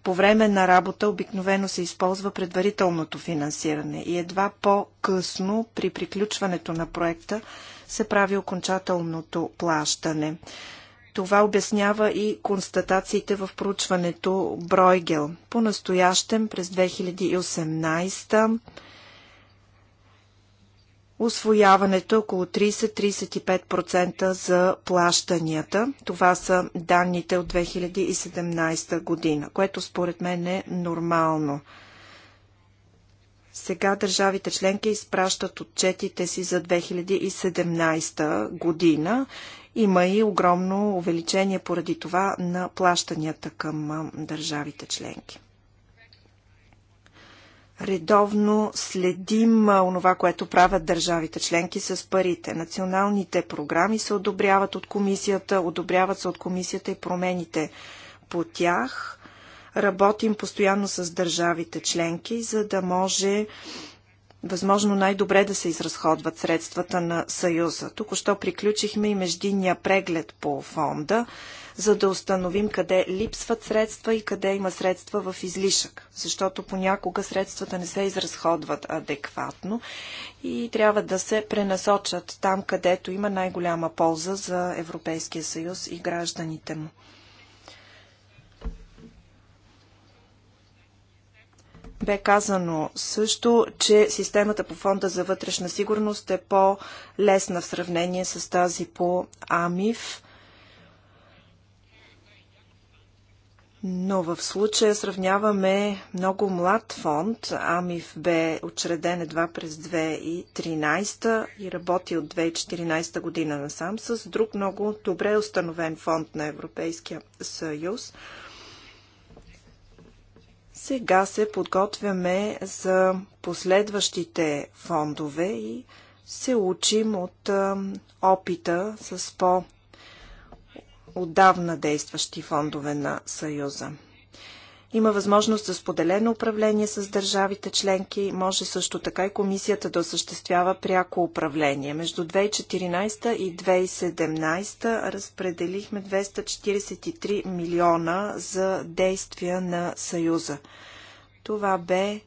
по време на работа обикновено се използва предварителното финансиране и едва по-късно при приключването на проекта се прави окончателното плащане. Това обяснява и констатациите в проучването Бройгел. По-настоящем през 2018 освояването е около 30-35% за плащанията. Това са данните от 2017 година, което според мен е нормално. Сега държавите членки изпращат отчетите си за 2017 година. Има и огромно увеличение поради това на плащанията към държавите членки. Редовно следим онова, което правят държавите членки с парите. Националните програми се одобряват от комисията, одобряват се от комисията и промените по тях. Работим постоянно с държавите членки, за да може възможно най-добре да се изразходват средствата на Съюза. Тук що приключихме и междинния преглед по фонда за да установим къде липсват средства и къде има средства в излишък. Защото понякога средствата не се изразходват адекватно и трябва да се пренасочат там, където има най-голяма полза за Европейския съюз и гражданите му. бе казано също, че системата по фонда за вътрешна сигурност е по-лесна в сравнение с тази по АМИФ. Но в случая сравняваме много млад фонд. АМИФ бе учреден едва през 2013 и работи от 2014 година насам с друг много добре установен фонд на Европейския съюз. Сега се подготвяме за последващите фондове и се учим от опита с по- отдавна действащи фондове на Съюза. Има възможност за споделено управление с държавите членки. Може също така и комисията да осъществява пряко управление. Между 2014 и 2017 разпределихме 243 милиона за действия на Съюза. Това бе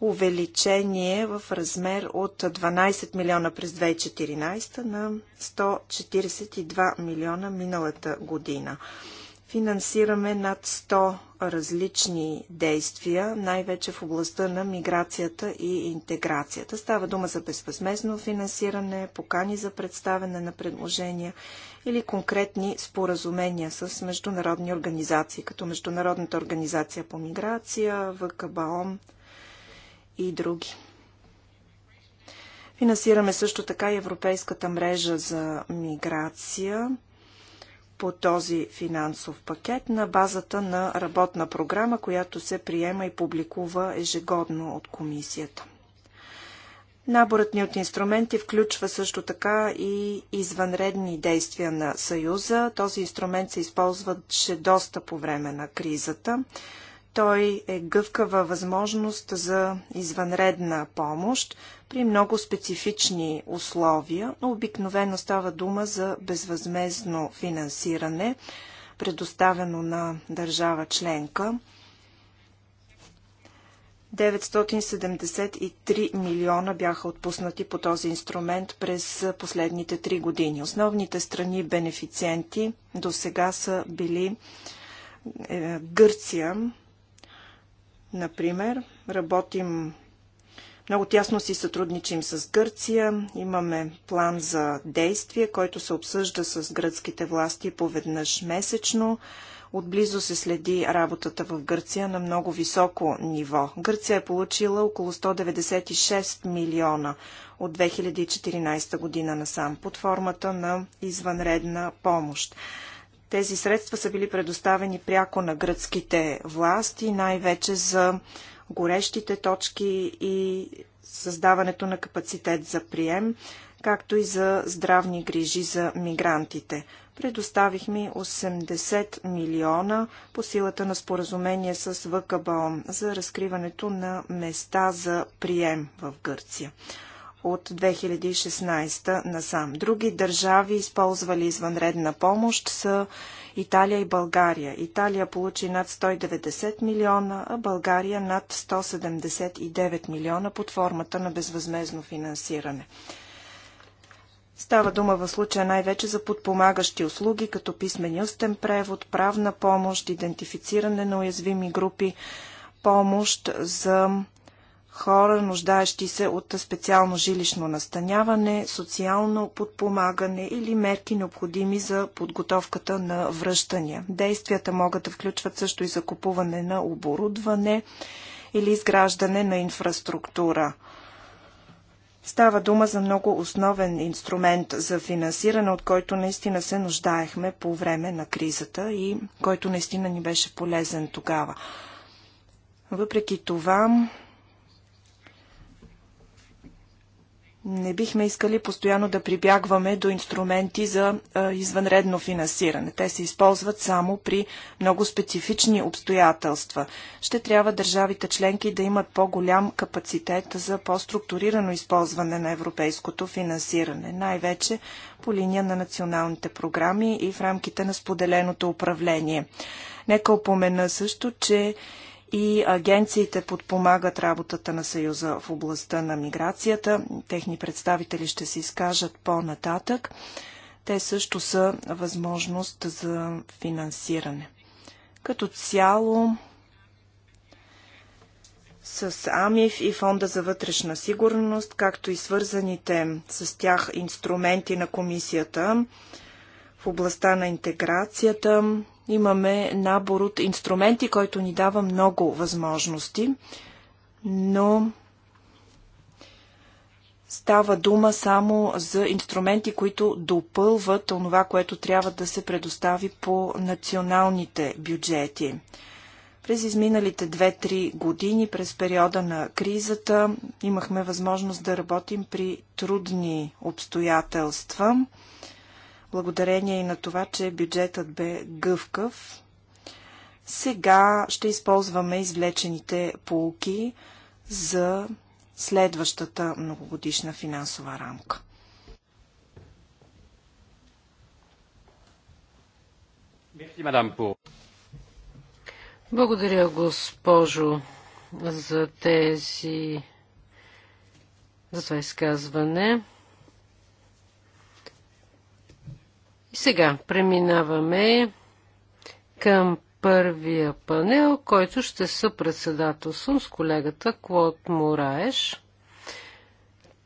увеличение в размер от 12 милиона през 2014 на 142 милиона миналата година. Финансираме над 100 различни действия, най-вече в областта на миграцията и интеграцията. Става дума за безвъзмезно финансиране, покани за представяне на предложения или конкретни споразумения с международни организации, като Международната организация по миграция, ВКБОМ, и други. Финансираме също така и Европейската мрежа за миграция по този финансов пакет на базата на работна програма, която се приема и публикува ежегодно от комисията. Наборът ни от инструменти включва също така и извънредни действия на Съюза. Този инструмент се използваше доста по време на кризата. Той е гъвкава възможност за извънредна помощ при много специфични условия, но обикновено става дума за безвъзмезно финансиране, предоставено на държава членка. 973 милиона бяха отпуснати по този инструмент през последните три години. Основните страни бенефициенти до сега са били е, Гърция, Например, работим много тясно си сътрудничим с Гърция. Имаме план за действие, който се обсъжда с гръцките власти поведнъж месечно. Отблизо се следи работата в Гърция на много високо ниво. Гърция е получила около 196 милиона от 2014 година насам под формата на извънредна помощ. Тези средства са били предоставени пряко на гръцките власти, най-вече за горещите точки и създаването на капацитет за прием, както и за здравни грижи за мигрантите. Предоставихме 80 милиона по силата на споразумение с ВКБОМ за разкриването на места за прием в Гърция от 2016 насам. Други държави, използвали извънредна помощ, са Италия и България. Италия получи над 190 милиона, а България над 179 милиона под формата на безвъзмезно финансиране. Става дума в случая най-вече за подпомагащи услуги, като писмен устен превод, правна помощ, идентифициране на уязвими групи, помощ за хора, нуждаещи се от специално жилищно настаняване, социално подпомагане или мерки необходими за подготовката на връщания. Действията могат да включват също и закупуване на оборудване или изграждане на инфраструктура. Става дума за много основен инструмент за финансиране, от който наистина се нуждаехме по време на кризата и който наистина ни беше полезен тогава. Въпреки това, Не бихме искали постоянно да прибягваме до инструменти за а, извънредно финансиране. Те се използват само при много специфични обстоятелства. Ще трябва държавите членки да имат по-голям капацитет за по-структурирано използване на европейското финансиране, най-вече по линия на националните програми и в рамките на споделеното управление. Нека упомена също, че и агенциите подпомагат работата на Съюза в областта на миграцията. Техни представители ще се изкажат по-нататък. Те също са възможност за финансиране. Като цяло с АМИФ и Фонда за вътрешна сигурност, както и свързаните с тях инструменти на комисията в областта на интеграцията, Имаме набор от инструменти, който ни дава много възможности, но става дума само за инструменти, които допълват онова, което трябва да се предостави по националните бюджети. През изминалите 2-3 години, през периода на кризата, имахме възможност да работим при трудни обстоятелства благодарение и на това, че бюджетът бе гъвкав. Сега ще използваме извлечените полки за следващата многогодишна финансова рамка. Благодаря, госпожо, за тези за това изказване. Сега преминаваме към първия панел, който ще се председателствам с колегата Клод Мораеш.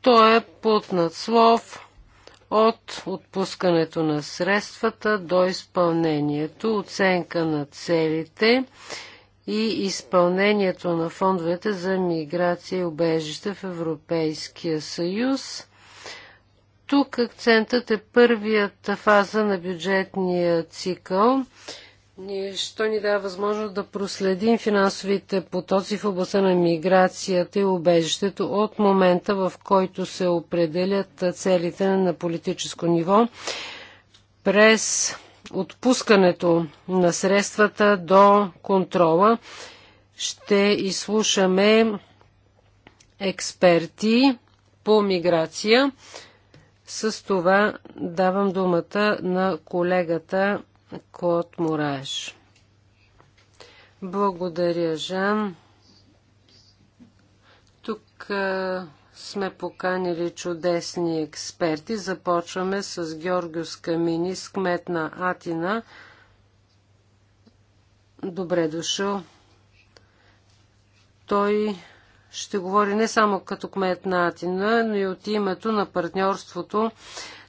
Той е под надслов от отпускането на средствата до изпълнението, оценка на целите и изпълнението на фондовете за миграция и убежище в Европейския съюз – тук акцентът е първията фаза на бюджетния цикъл. Що ни дава възможност да проследим финансовите потоци в областта на миграцията и убежището от момента, в който се определят целите на политическо ниво, през отпускането на средствата до контрола. Ще изслушаме експерти по миграция. С това давам думата на колегата Клод Мураеш. Благодаря, Жан. Тук а, сме поканили чудесни експерти. Започваме с Георгио Камини, с кмет на Атина. Добре дошъл. Той ще говори не само като кмет на Атина, но и от името на партньорството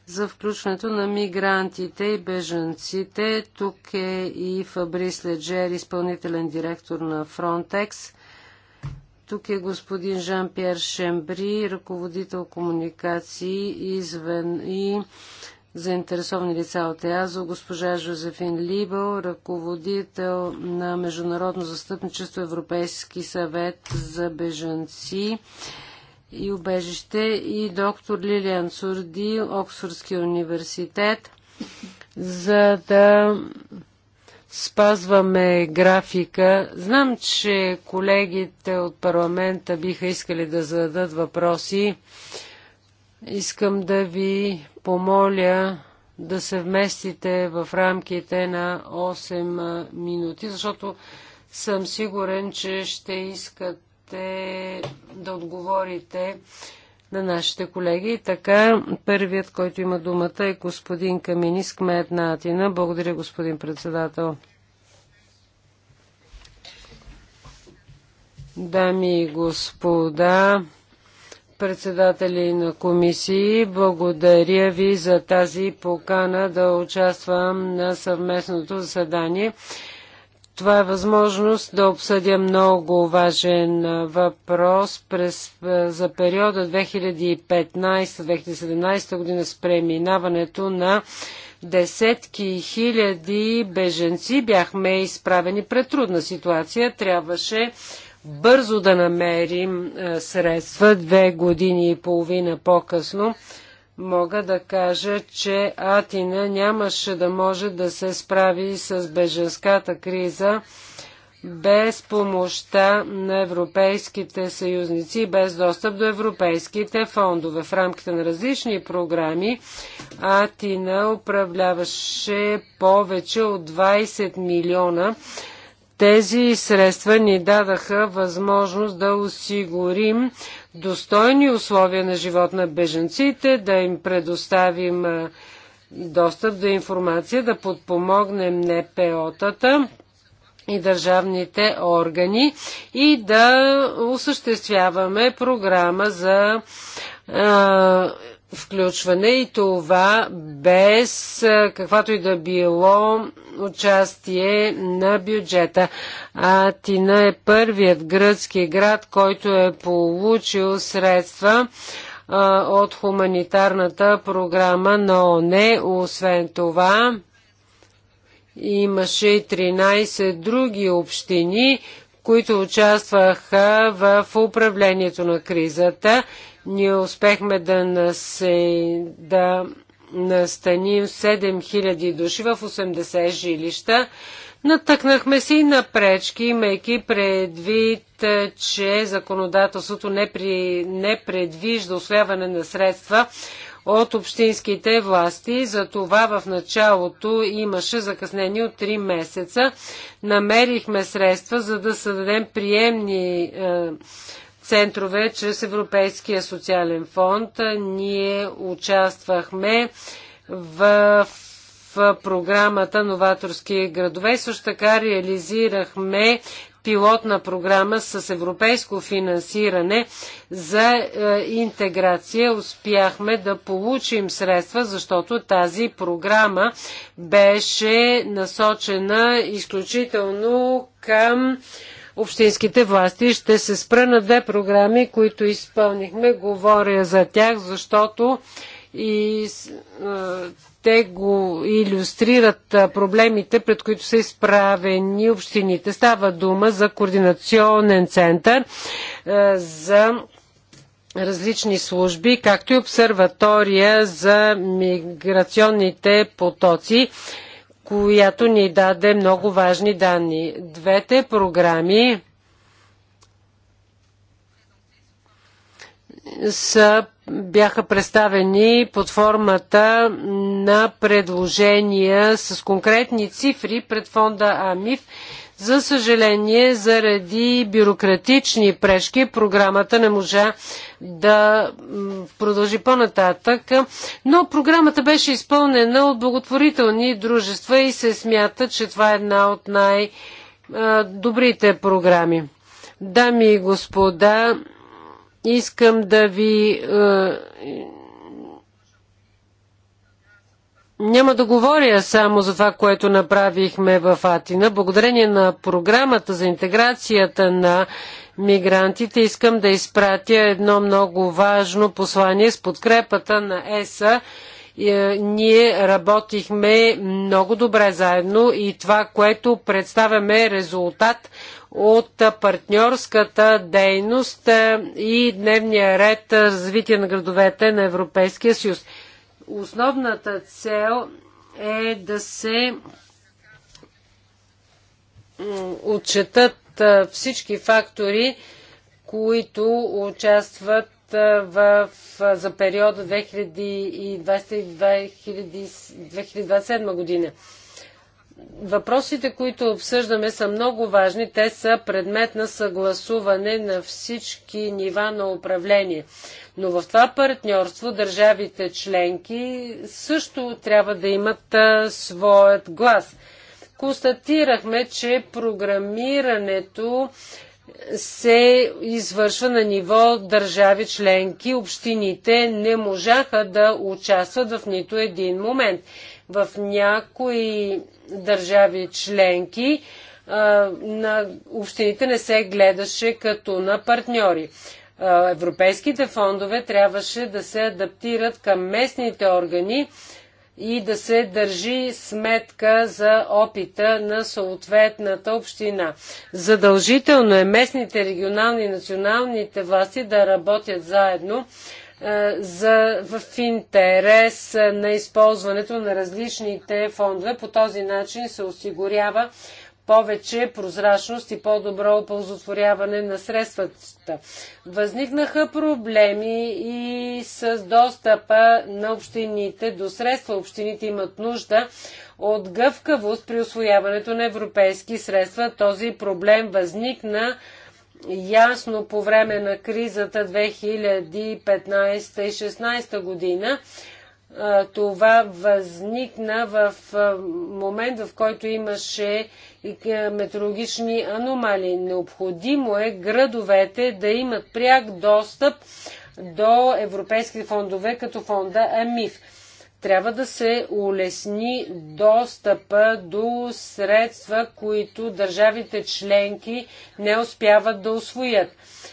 за включването на мигрантите и беженците. Тук е и Фабрис Леджер, изпълнителен директор на Frontex. Тук е господин Жан-Пьер Шембри, ръководител комуникации извен и заинтересовани лица от ЕАЗО, госпожа Жозефин Либел, ръководител на Международно застъпничество Европейски съвет за бежанци и убежище и доктор Лилиан Цурди, Оксфордския университет, за да спазваме графика. Знам, че колегите от парламента биха искали да зададат въпроси Искам да ви помоля да се вместите в рамките на 8 минути, защото съм сигурен, че ще искате да отговорите на нашите колеги. И така, първият, който има думата е господин Каминис, кмет на Атина. Благодаря, господин председател. Дами и господа, председатели на комисии, благодаря ви за тази покана да участвам на съвместното заседание. Това е възможност да обсъдя много важен въпрос през, за периода 2015-2017 година с преминаването на десетки хиляди беженци. Бяхме изправени пред трудна ситуация. Трябваше бързо да намерим е, средства. Две години и половина по-късно мога да кажа, че Атина нямаше да може да се справи с беженската криза без помощта на европейските съюзници и без достъп до европейските фондове. В рамките на различни програми Атина управляваше повече от 20 милиона тези средства ни дадаха възможност да осигурим достойни условия на живот на беженците, да им предоставим достъп до информация, да подпомогнем НПО-тата и държавните органи и да осъществяваме програма за включване и това без каквато и да било участие на бюджета. Атина е първият гръцки град, който е получил средства от хуманитарната програма на ОНЕ. Освен това, имаше 13 други общини, които участваха в управлението на кризата. Ние успехме да, насе, да настаним 7000 души в 80 жилища. Натъкнахме си и на пречки, имайки предвид, че законодателството не, при, не предвижда освяване на средства от общинските власти. За това в началото имаше закъснение от 3 месеца. Намерихме средства, за да създадем приемни е, центрове чрез Европейския социален фонд. Ние участвахме в, в програмата Новаторски градове. Също така реализирахме пилотна програма с европейско финансиране за е, интеграция. Успяхме да получим средства, защото тази програма беше насочена изключително към общинските власти. Ще се спра на две програми, които изпълнихме. Говоря за тях, защото и е, те го иллюстрират проблемите, пред които са изправени общините. Става дума за координационен център за различни служби, както и обсерватория за миграционните потоци, която ни даде много важни данни. Двете програми бяха представени под формата на предложения с конкретни цифри пред фонда АМИФ. За съжаление, заради бюрократични прешки, програмата не можа да продължи по-нататък, но програмата беше изпълнена от благотворителни дружества и се смята, че това е една от най- добрите програми. Дами и господа, Искам да ви. Е, няма да говоря само за това, което направихме в Атина. Благодарение на програмата за интеграцията на мигрантите искам да изпратя едно много важно послание с подкрепата на ЕСА. Е, ние работихме много добре заедно и това, което представяме е резултат от партньорската дейност е, и дневния ред е, развитие на градовете на Европейския съюз. Основната цел е да се отчетат е, всички фактори, които участват в, за периода 2020-2027 година. Въпросите, които обсъждаме, са много важни. Те са предмет на съгласуване на всички нива на управление. Но в това партньорство държавите членки също трябва да имат а, своят глас. Констатирахме, че програмирането се извършва на ниво държави членки. Общините не можаха да участват в нито един момент. В някои държави членки на общините не се гледаше като на партньори. Европейските фондове трябваше да се адаптират към местните органи и да се държи сметка за опита на съответната община. Задължително е местните, регионални и националните власти да работят заедно е, за, в интерес на използването на различните фондове. По този начин се осигурява повече прозрачност и по-добро оползотворяване на средствата. Възникнаха проблеми и с достъпа на общините до средства. Общините имат нужда от гъвкавост при освояването на европейски средства. Този проблем възникна ясно по време на кризата 2015 и 2016 година. Това възникна в момент, в който имаше метеорологични аномалии. Необходимо е градовете да имат пряк достъп до европейските фондове, като фонда АМИФ трябва да се улесни достъпа до средства, които държавите членки не успяват да освоят.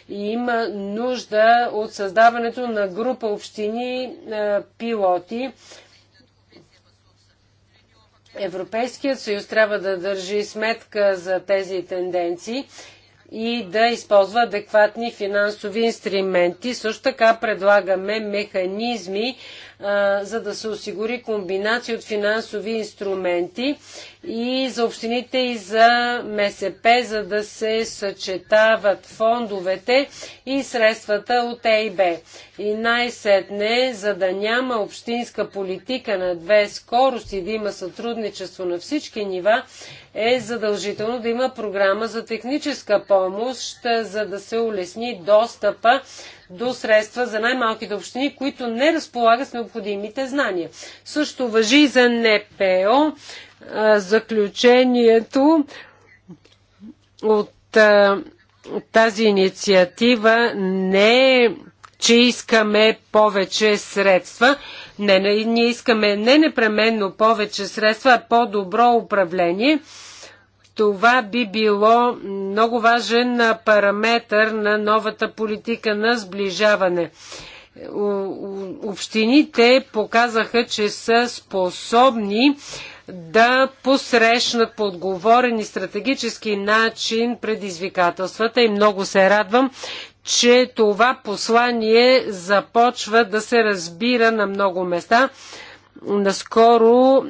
И има нужда от създаването на група общини е, пилоти. Европейският съюз трябва да държи сметка за тези тенденции и да използва адекватни финансови инструменти. Също така предлагаме механизми, за да се осигури комбинация от финансови инструменти и за общините и за МСП, за да се съчетават фондовете и средствата от ЕИБ. И най-сетне, за да няма общинска политика на две скорости, да има сътрудничество на всички нива, е задължително да има програма за техническа помощ, за да се улесни достъпа до средства за най-малките общини, които не разполагат с необходимите знания. Също въжи за НПО. Заключението от тази инициатива не е че искаме повече средства. Не, не, ние искаме не непременно повече средства, а по-добро управление. Това би било много важен параметр на новата политика на сближаване. Общините показаха, че са способни да посрещнат по отговорен и стратегически начин предизвикателствата и много се радвам, че това послание започва да се разбира на много места. Наскоро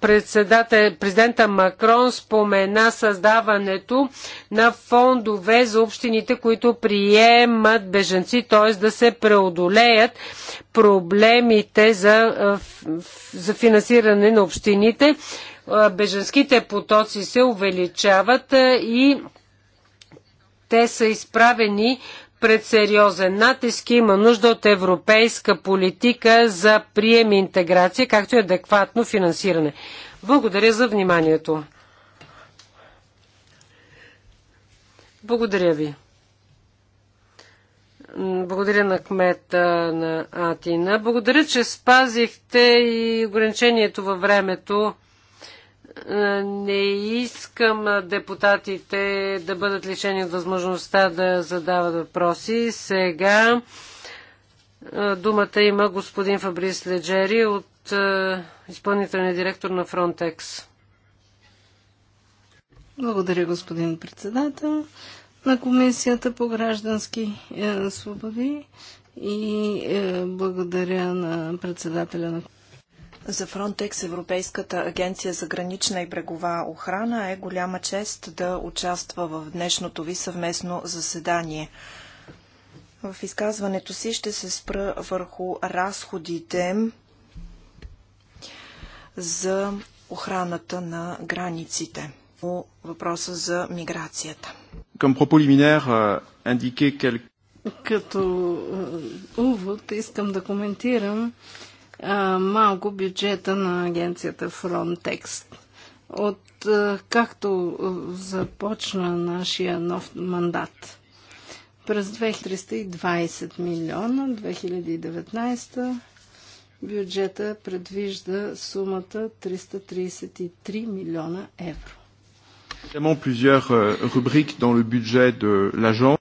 президента Макрон спомена създаването на фондове за общините, които приемат беженци, т.е. да се преодолеят проблемите за, за финансиране на общините. Беженските потоци се увеличават и те са изправени пред сериозен натиск и има нужда от европейска политика за прием и интеграция, както и адекватно финансиране. Благодаря за вниманието. Благодаря ви. Благодаря на кмета на Атина. Благодаря, че спазихте и ограничението във времето. Е, не искам депутатите да бъдат лишени от възможността да задават въпроси. Сега е, думата има господин Фабрис Леджери от е, изпълнителния директор на Frontex. Благодаря, господин председател на Комисията по граждански свободи и благодаря на председателя на за Frontex, Европейската агенция за гранична и брегова охрана, е голяма чест да участва в днешното ви съвместно заседание. В изказването си ще се спра върху разходите за охраната на границите по въпроса за миграцията. Към пропо лиминер, индике Като увод искам да коментирам а, малко бюджета на агенцията Frontex. От а, както започна нашия нов мандат. През 2320 милиона 2019 бюджета предвижда сумата 333 милиона евро. Euh,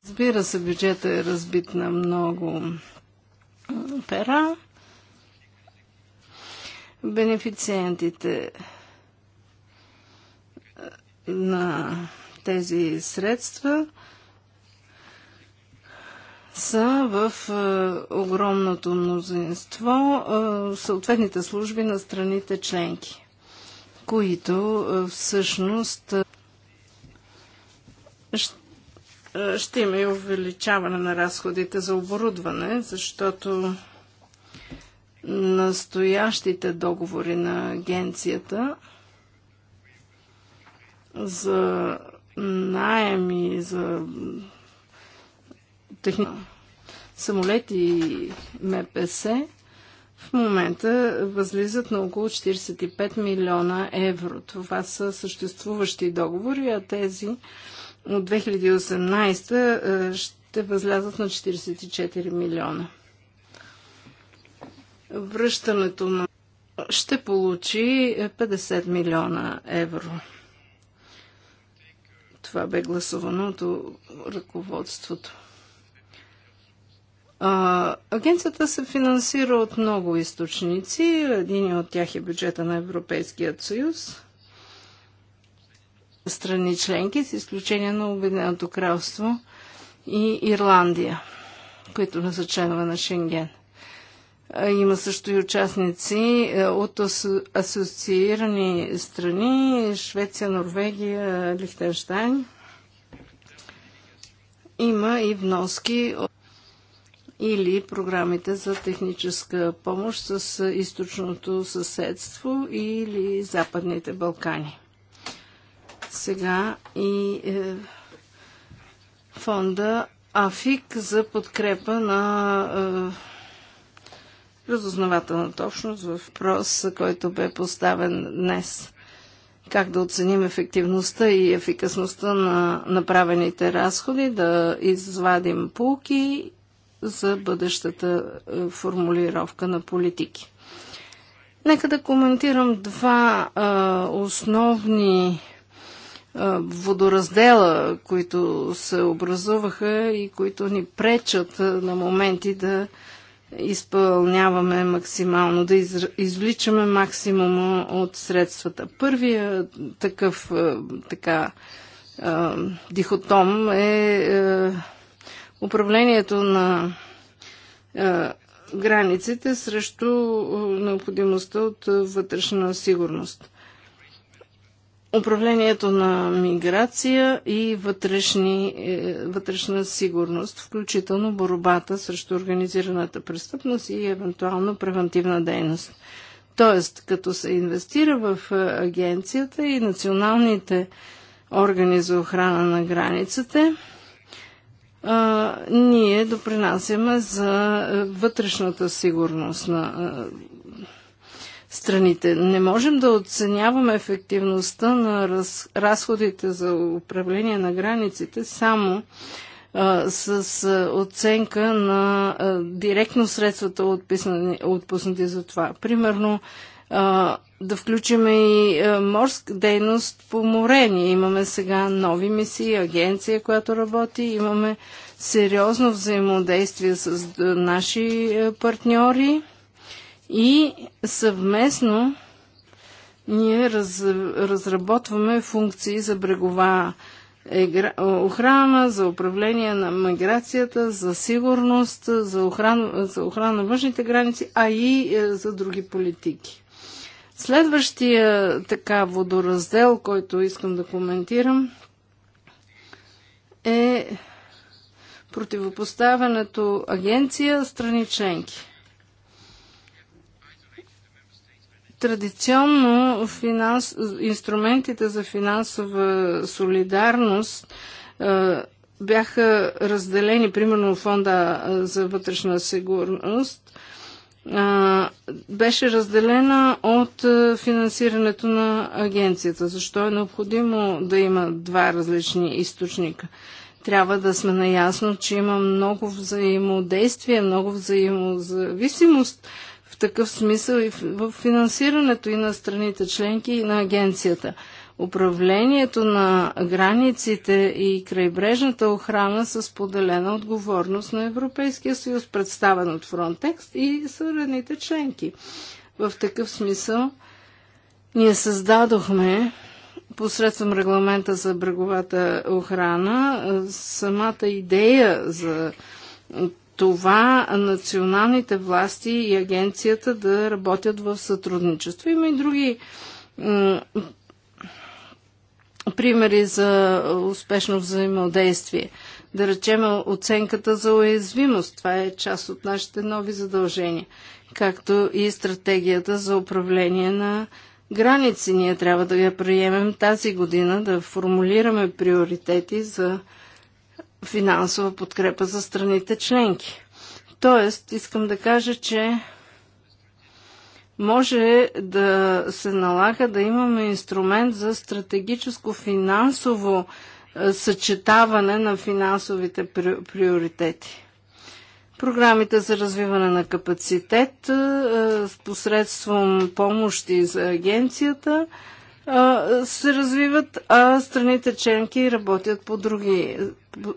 Разбира се, бюджета е разбит на много пера бенефициентите е, на тези средства са в е, огромното мнозинство е, съответните служби на страните членки, които всъщност ще има и увеличаване на разходите за оборудване, защото настоящите договори на агенцията за найеми, за техни... самолети и МПС в момента възлизат на около 45 милиона евро. Това са съществуващи договори, а тези от 2018 е, ще възлязат на 44 милиона връщането на ще получи 50 милиона евро. Това бе гласувано от ръководството. А, агенцията се финансира от много източници. Един от тях е бюджета на Европейският съюз. Страни членки, с изключение на Обединеното кралство и Ирландия, които не са членове на Шенген – има също и участници е, от асоциирани страни Швеция, Норвегия, Лихтенштайн. Има и вноски или програмите за техническа помощ с източното съседство или Западните Балкани. Сега и е, фонда АФИК за подкрепа на е, разузнавателната общност, въпрос, който бе поставен днес. Как да оценим ефективността и ефикасността на направените разходи, да извадим полки за бъдещата е, формулировка на политики. Нека да коментирам два а, е, основни а, е, водораздела, които се образуваха и които ни пречат а, на моменти да изпълняваме максимално, да из, извличаме максимума от средствата. Първия такъв е, така е, дихотом е, е управлението на границите срещу необходимостта от вътрешна сигурност управлението на миграция и вътрешни, е, вътрешна сигурност, включително борбата срещу организираната престъпност и евентуално превентивна дейност. Тоест, като се инвестира в е, агенцията и националните органи за охрана на границите, ние допринасяме за е, вътрешната сигурност на страните. Не можем да оценяваме ефективността на раз, разходите за управление на границите само а, с а, оценка на а, директно средствата, отписани, отпуснати за това. Примерно, а, да включим и а, морска дейност по море. Ние имаме сега нови мисии, агенция, която работи, имаме сериозно взаимодействие с наши партньори и съвместно ние раз, разработваме функции за брегова егра, охрана, за управление на миграцията, за сигурност, за охрана, за охрана на външните граници, а и е, за други политики. Следващия така водораздел, който искам да коментирам, е противопоставянето агенция страни членки. Традиционно финанс... инструментите за финансова солидарност е, бяха разделени, примерно фонда е, за вътрешна сигурност, е, беше разделена от е, финансирането на агенцията. Защо е необходимо да има два различни източника? Трябва да сме наясно, че има много взаимодействие, много взаимозависимост в такъв смисъл и в финансирането и на страните членки и на агенцията. Управлението на границите и крайбрежната охрана са споделена отговорност на Европейския съюз, представен от Фронтекст и съвредните членки. В такъв смисъл ние създадохме посредством регламента за бреговата охрана самата идея за това националните власти и агенцията да работят в сътрудничество. Има и други примери за успешно взаимодействие. Да речем оценката за уязвимост. Това е част от нашите нови задължения. Както и стратегията за управление на граници. Ние трябва да я приемем тази година, да формулираме приоритети за финансова подкрепа за страните членки. Тоест, искам да кажа, че може да се налага да имаме инструмент за стратегическо финансово е, съчетаване на финансовите приоритети. Програмите за развиване на капацитет е, е, посредством помощи за агенцията – се развиват, а страните членки работят по други,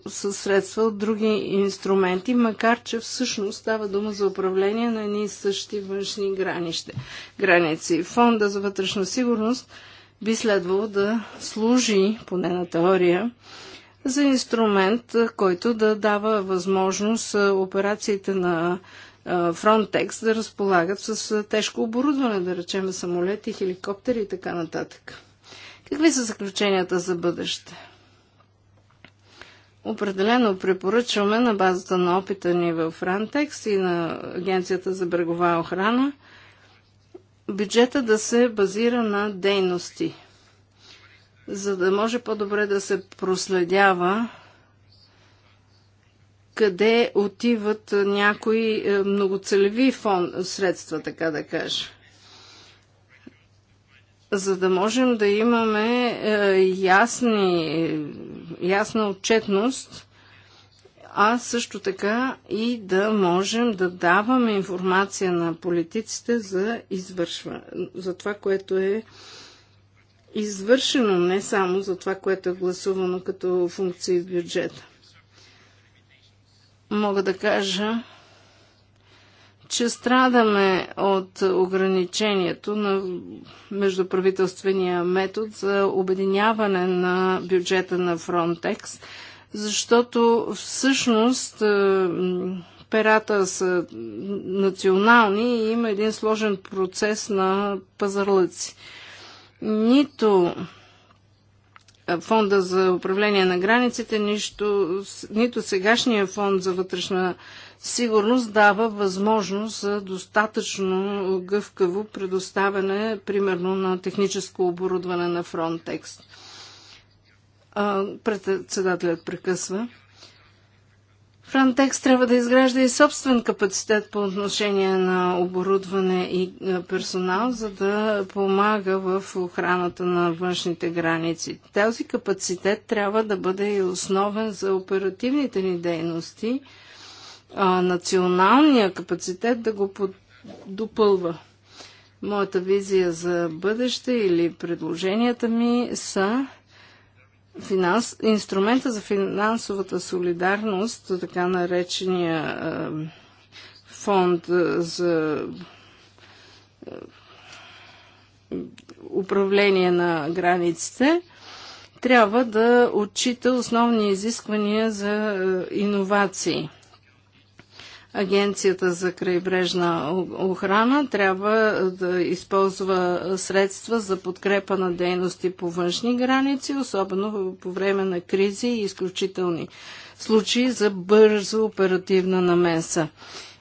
със средства от други инструменти, макар че всъщност става дума за управление на едни и същи външни гранище, граници. Фонда за вътрешна сигурност би следвало да служи, поне на теория, за инструмент, който да дава възможност операциите на Фронтекс да разполагат с тежко оборудване, да речем самолети, хеликоптери и така нататък. Какви са заключенията за бъдеще? Определено препоръчваме на базата на опита ни в Frontex и на Агенцията за брегова охрана бюджета да се базира на дейности, за да може по-добре да се проследява къде отиват някои е, многоцелеви фон средства, така да кажа. За да можем да имаме е, ясни, ясна отчетност, а също така и да можем да даваме информация на политиците за извършва, за това, което е извършено, не само за това, което е гласувано като функции в бюджета мога да кажа, че страдаме от ограничението на междуправителствения метод за обединяване на бюджета на Frontex, защото всъщност е, перата са национални и има един сложен процес на пазарлъци. Нито е, фонда за управление на границите, нищо, нито сегашния фонд за вътрешна сигурност дава възможност за достатъчно гъвкаво предоставяне, примерно, на техническо оборудване на Frontex. Председателят прекъсва. Франтекс трябва да изгражда и собствен капацитет по отношение на оборудване и е, персонал, за да помага в охраната на външните граници. Този капацитет трябва да бъде и основен за оперативните ни дейности, а националния капацитет да го под... допълва. Моята визия за бъдеще или предложенията ми са финанс, инструмента за финансовата солидарност, така наречения е, фонд за управление на границите, трябва да отчита основни изисквания за иновации. Агенцията за крайбрежна охрана трябва да използва средства за подкрепа на дейности по външни граници, особено по време на кризи и изключителни случаи за бързо оперативна намеса.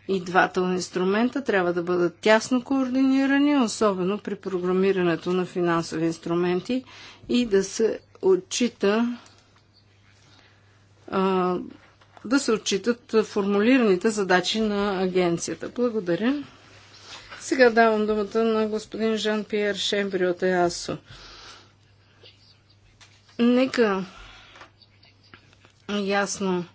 И двата инструмента трябва да бъдат тясно координирани, особено при програмирането на финансови инструменти и да се отчита а, да се отчитат формулираните задачи на агенцията. Благодаря. Сега давам думата на господин Жан-Пьер Шембри от ЕАСО. Нека ясно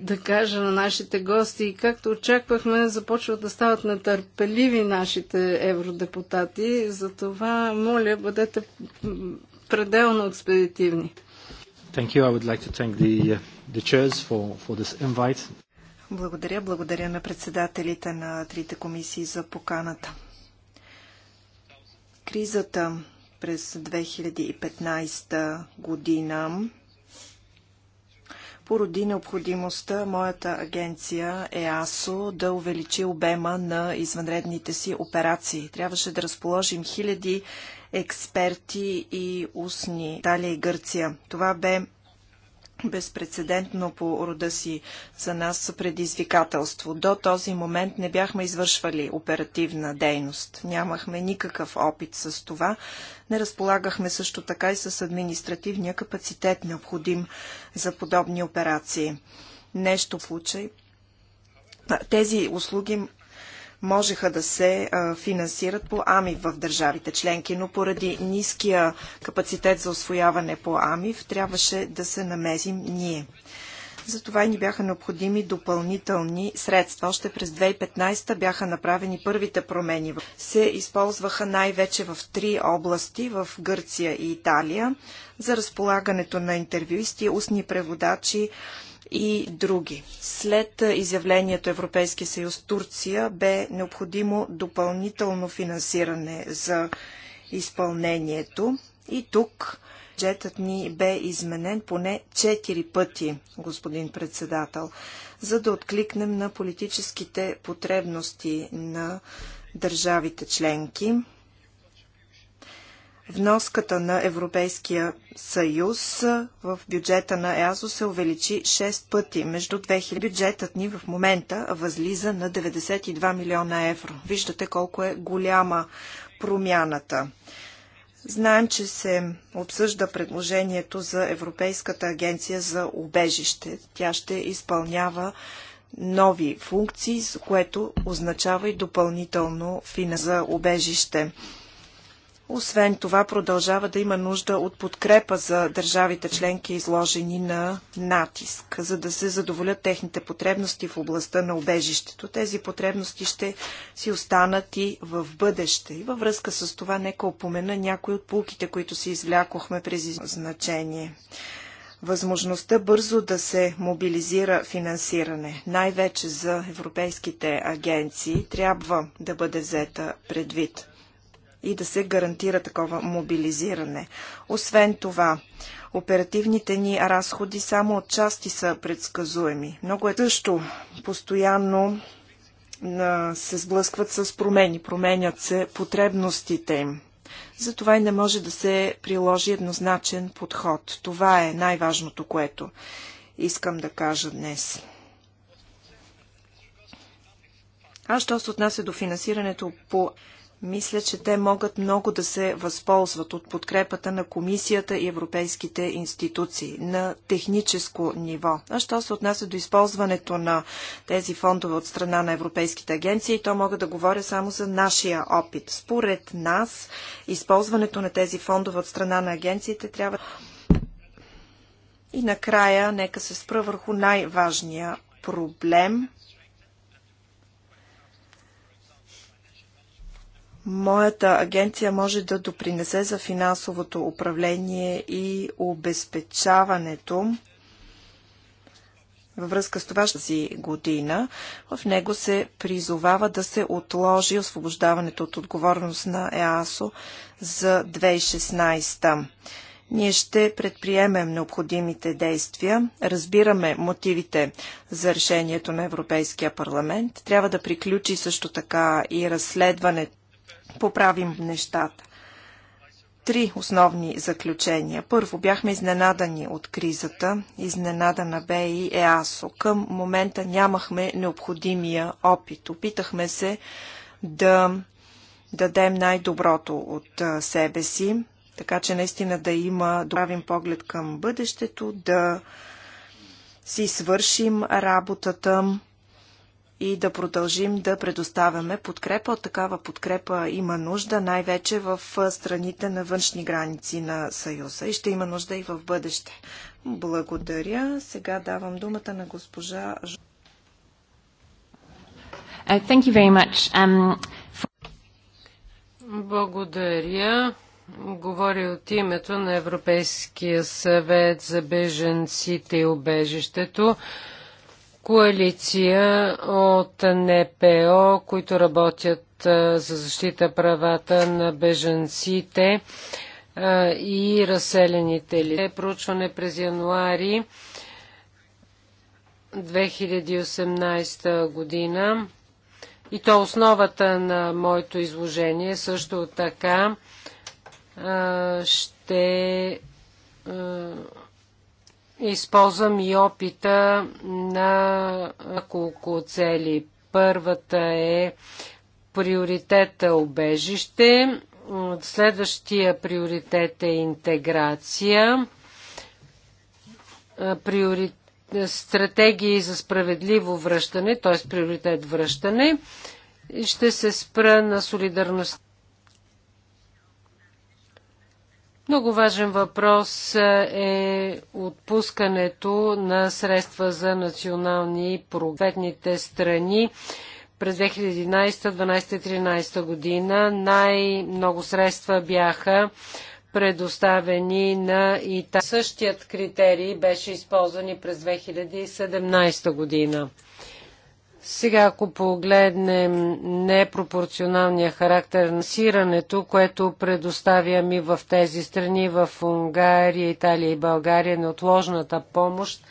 да кажа на нашите гости и както очаквахме, започват да стават нетърпеливи нашите евродепутати. Затова, моля, бъдете пределно експедитивни. Thank you. I would like to thank the the chairs for, for this invite. Благодаря, благодаря на председателите на трите комисии за поканата. Кризата през 2015 година породи необходимостта моята агенция ЕАСО да увеличи обема на извънредните си операции. Трябваше да разположим хиляди експерти и устни Италия и Гърция. Това бе безпредседентно по рода си за нас предизвикателство. До този момент не бяхме извършвали оперативна дейност. Нямахме никакъв опит с това. Не разполагахме също така и с административния капацитет, необходим за подобни операции. Нещо в случай. Тези услуги можеха да се финансират по ами в държавите членки, но поради ниския капацитет за освояване по АМИВ трябваше да се намезим ние. Затова и ни бяха необходими допълнителни средства. Още през 2015 бяха направени първите промени. Се използваха най-вече в три области в Гърция и Италия за разполагането на интервюисти, устни преводачи, и други. След изявлението Европейския съюз Турция бе необходимо допълнително финансиране за изпълнението и тук бюджетът ни бе изменен поне 4 пъти, господин председател, за да откликнем на политическите потребности на държавите членки Вноската на Европейския съюз в бюджета на ЕАЗО се увеличи 6 пъти. Между 2000 бюджетът ни в момента възлиза на 92 милиона евро. Виждате колко е голяма промяната. Знаем, че се обсъжда предложението за Европейската агенция за убежище. Тя ще изпълнява нови функции, което означава и допълнително фина за убежище. Освен това, продължава да има нужда от подкрепа за държавите членки, изложени на натиск, за да се задоволят техните потребности в областта на убежището. Тези потребности ще си останат и в бъдеще. И във връзка с това, нека опомена някои от полките, които си извлякохме през значение възможността бързо да се мобилизира финансиране, най-вече за европейските агенции, трябва да бъде взета предвид и да се гарантира такова мобилизиране. Освен това, оперативните ни разходи само от части са предсказуеми. Много е също постоянно се сблъскват с промени, променят се потребностите им. Затова и не може да се приложи еднозначен подход. Това е най-важното, което искам да кажа днес. А що се отнася до финансирането по мисля, че те могат много да се възползват от подкрепата на комисията и европейските институции на техническо ниво. А що се отнася до използването на тези фондове от страна на европейските агенции, то мога да говоря само за нашия опит. Според нас, използването на тези фондове от страна на агенциите трябва. И накрая, нека се спра върху най-важния проблем Моята агенция може да допринесе за финансовото управление и обезпечаването във връзка с това тази година. В него се призовава да се отложи освобождаването от отговорност на ЕАСО за 2016. Ние ще предприемем необходимите действия. Разбираме мотивите за решението на Европейския парламент. Трябва да приключи също така и разследването поправим нещата. Три основни заключения. Първо, бяхме изненадани от кризата. Изненадана бе и ЕАСО. Към момента нямахме необходимия опит. Опитахме се да дадем най-доброто от себе си, така че наистина да има добравим поглед към бъдещето, да си свършим работата, и да продължим да предоставяме подкрепа. От такава подкрепа има нужда, най-вече в страните на външни граници на Съюза и ще има нужда и в бъдеще. Благодаря. Сега давам думата на госпожа. Uh, thank you very much. Um, for... Благодаря. Говори от името на Европейския съвет за беженците и убежището коалиция от НПО, които работят за защита правата на бежанците и разселените лица. Е, проучване през януари 2018 година. И то основата на моето изложение също така ще Използвам и опита на няколко цели. Първата е приоритета обежище, следващия приоритет е интеграция, приоритет стратегии за справедливо връщане, т.е. приоритет връщане. Ще се спра на солидарността Много важен въпрос е отпускането на средства за национални проветните страни през 2011, 2013 година. Най-много средства бяха предоставени на ИТА. Същият критерий беше използван и през 2017 година. Сега, ако погледнем непропорционалния характер на сирането, което ми в тези страни, в Унгария, Италия и България, неотложната помощ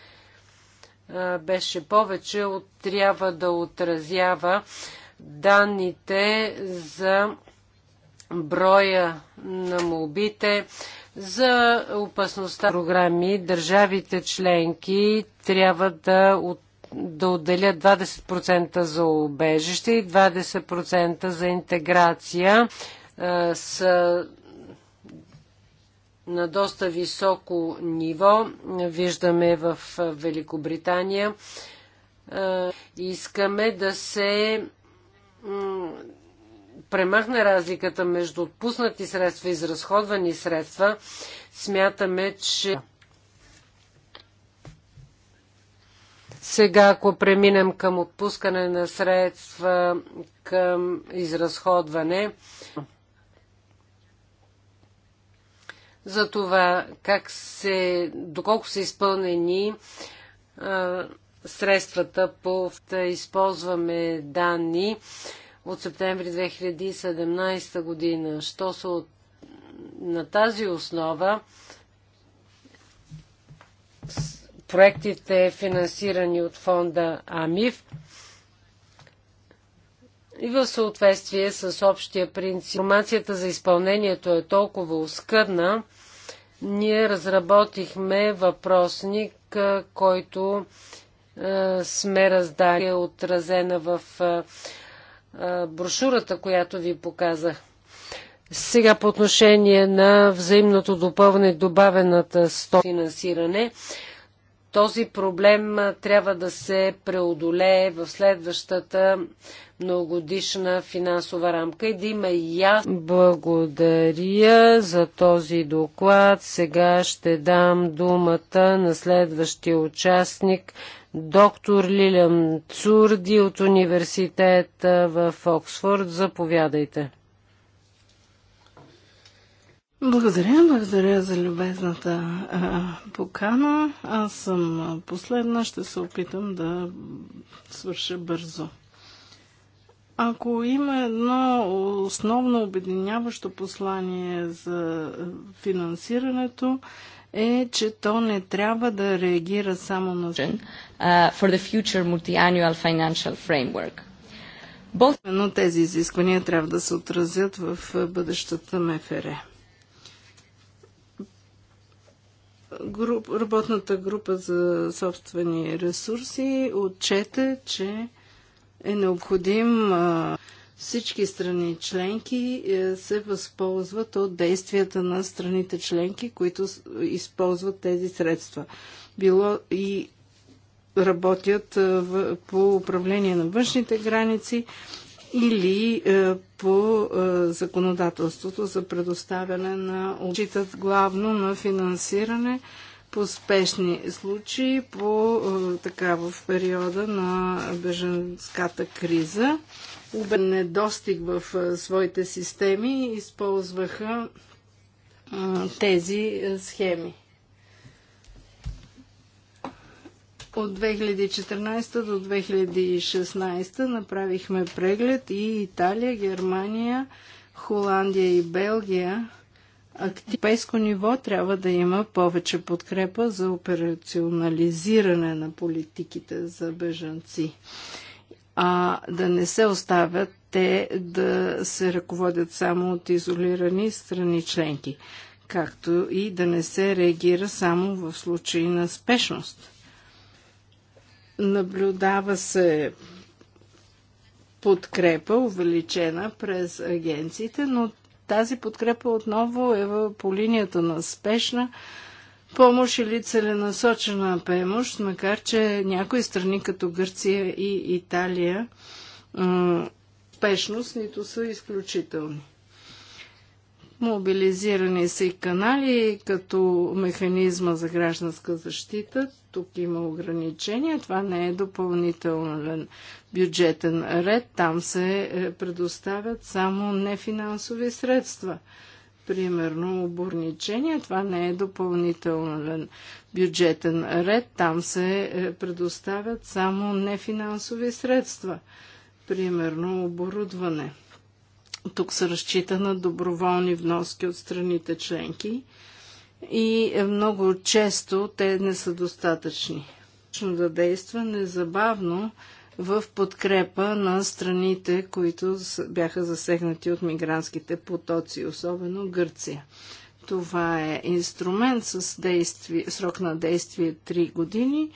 беше повече от трябва да отразява данните за броя на молбите, за опасността програми. Държавите членки трябва да от да отделят 20% за убежище и 20% за интеграция с на доста високо ниво. Виждаме в Великобритания. Искаме да се премахне разликата между отпуснати средства и изразходвани средства. Смятаме, че Сега, ако преминем към отпускане на средства, към изразходване, за това как се, доколко са изпълнени а, средствата по да използваме данни от септември 2017 година. Що са от, на тази основа проектите, финансирани от фонда АМИФ и в съответствие с общия принцип. Информацията за изпълнението е толкова оскъдна, ние разработихме въпросник, който е, сме раздали, е отразена в е, брошурата, която ви показах. Сега по отношение на взаимното допълване добавената сто финансиране. Този проблем трябва да се преодолее в следващата многогодишна финансова рамка и да има ясно. Благодаря за този доклад. Сега ще дам думата на следващия участник, доктор Лилям Цурди от университета в Оксфорд. Заповядайте. Благодаря, благодаря за любезната а, покана. Аз съм последна, ще се опитам да свърша бързо. Ако има едно основно обединяващо послание за финансирането, е, че то не трябва да реагира само на for the future multi-annual financial framework. Both... Но тези изисквания трябва да се отразят в бъдещата МФР. груп, работната група за собствени ресурси отчете, че е необходим всички страни членки е, се възползват от действията на страните членки, които използват тези средства. Било и работят по управление на външните граници, или е, по е, законодателството за предоставяне на отчитат главно на финансиране по спешни случаи по, е, така, в периода на беженската криза. Обед недостиг в своите системи използваха тези схеми. От 2014 до 2016 направихме преглед и Италия, Германия, Холандия и Белгия. Европейско ниво трябва да има повече подкрепа за операционализиране на политиките за бежанци, а да не се оставят те да се ръководят само от изолирани страни членки, както и да не се реагира само в случаи на спешност. Наблюдава се подкрепа, увеличена през агенциите, но тази подкрепа отново е по линията на спешна помощ или целенасочена помощ, макар че някои страни като Гърция и Италия спешност нито са изключителни. Мобилизирани са и канали, като механизма за гражданска защита. Тук има ограничения. Това не е допълнителен бюджетен ред. Там се е, предоставят само нефинансови средства. Примерно оборничение. Това не е допълнителен бюджетен ред. Там се е, предоставят само нефинансови средства. Примерно оборудване тук се разчита на доброволни вноски от страните членки и е много често те не са достатъчни. Точно Да действа незабавно в подкрепа на страните, които бяха засегнати от мигрантските потоци, особено Гърция. Това е инструмент с действие, срок на действие 3 години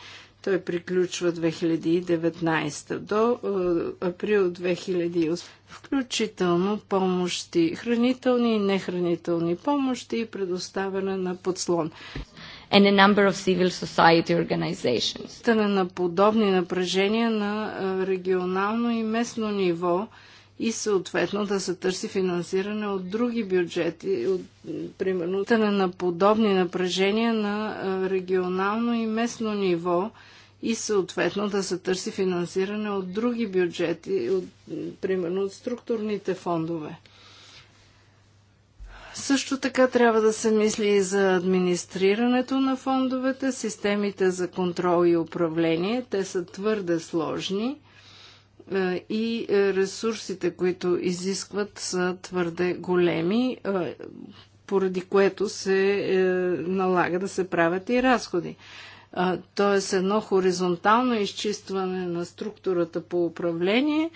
той приключва 2019 до е, април 2008, включително помощи, хранителни и нехранителни помощи и предоставяне на подслон and a number of civil society organizations. на подобни напрежения на е, регионално и местно ниво и съответно да се търси финансиране от други бюджети, от, примерно на подобни напрежения на е, регионално и местно ниво и съответно да се търси финансиране от други бюджети, от, примерно от структурните фондове. Също така трябва да се мисли и за администрирането на фондовете, системите за контрол и управление. Те са твърде сложни е, и е, ресурсите, които изискват, са твърде големи, е, поради което се налага да се правят и разходи. Тоест едно хоризонтално изчистване на структурата по управление,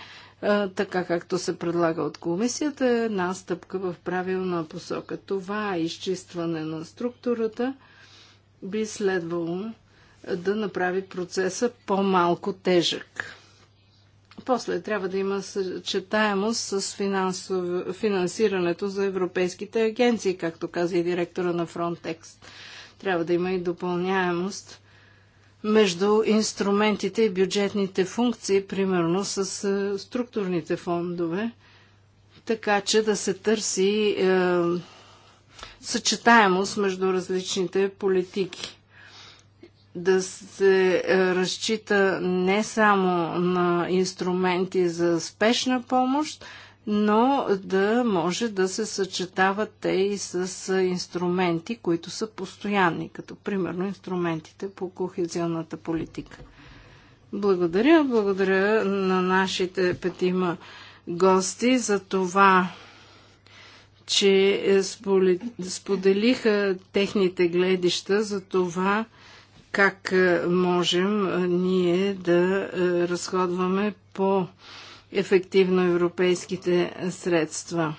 така както се предлага от комисията, е една стъпка в правилна посока. Това изчистване на структурата би следвало да направи процеса по-малко тежък. После трябва да има съчетаемост с финансов... финансирането за европейските агенции, както каза и директора на Frontex. Трябва да има и допълняемост между инструментите и бюджетните функции, примерно с е, структурните фондове, така че да се търси е, съчетаемост между различните политики. Да се е, разчита не само на инструменти за спешна помощ, но да може да се съчетават те и с инструменти, които са постоянни, като примерно инструментите по кохезионната политика. Благодаря, благодаря на нашите петима гости за това, че е, споделиха техните гледища за това, как е, можем е, ние да разходваме по ефективно европейските средства.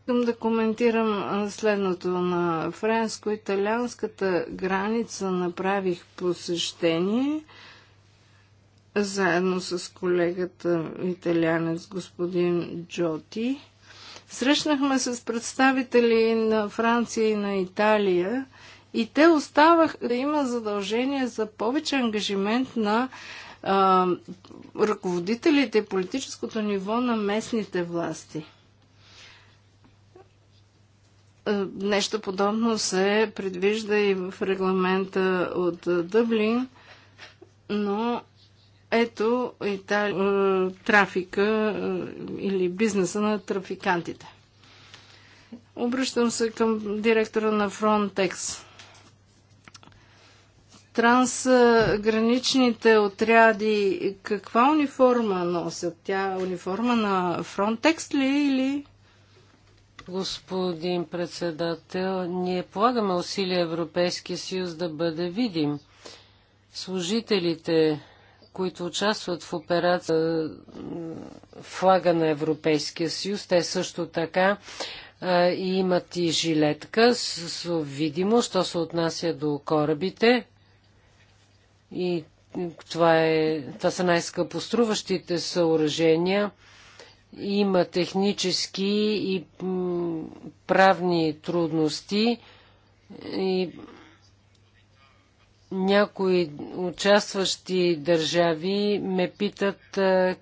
Искам да коментирам следното на френско-италианската граница. Направих посещение заедно с колегата италианец господин Джоти. Срещнахме се с представители на Франция и на Италия и те оставах да има задължение за повече ангажимент на а, ръководителите, политическото ниво на местните власти. Нещо подобно се предвижда и в регламента от Дъблин, но ето и а, трафика или бизнеса на трафикантите. Обръщам се към директора на Frontex трансграничните отряди каква униформа носят? Тя е униформа на Фронтекс ли или? Господин председател, ние полагаме усилия Европейския съюз да бъде видим. Служителите, които участват в операция флага на Европейския съюз, те също така и имат и жилетка с, с видимо, що се отнася до корабите. И това, е, това са най-скъпоструващите съоръжения. Има технически и правни трудности. И някои участващи държави ме питат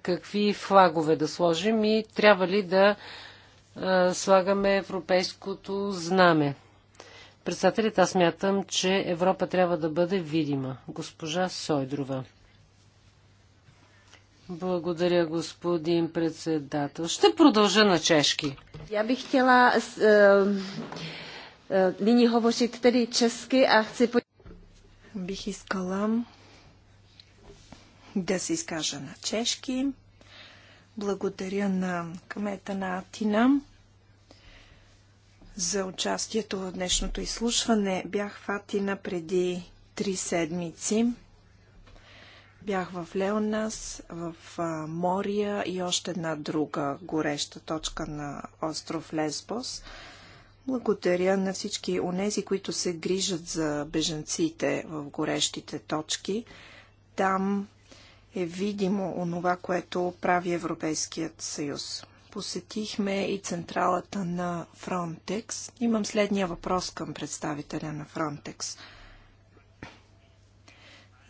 какви флагове да сложим и трябва ли да слагаме европейското знаме. Председателят, аз мятам, че Европа трябва да бъде видима. Госпожа Сойдрова. Благодаря, господин председател. Ще продължа на чешки. Я бих хотела nyní е, hovořit е, tedy česky а chci po... Бих искала да се изкажа на чешки. Благодаря на кмета на Атина за участието в днешното изслушване. Бях Фатина преди три седмици. Бях в Леонас, в Мория и още една друга гореща точка на остров Лесбос. Благодаря на всички онези, които се грижат за беженците в горещите точки. Там е видимо онова, което прави Европейският съюз. Посетихме и централата на Frontex. Имам следния въпрос към представителя на Frontex.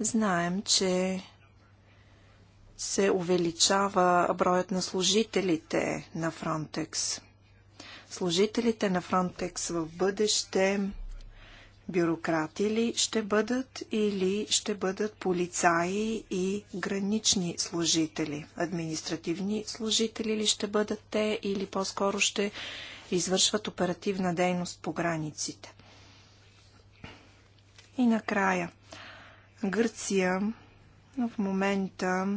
Знаем, че се увеличава броят на служителите на Frontex. Служителите на Frontex в бъдеще бюрократи ли ще бъдат или ще бъдат полицаи и гранични служители? Административни служители ли ще бъдат те или по-скоро ще извършват оперативна дейност по границите? И накрая. Гърция в момента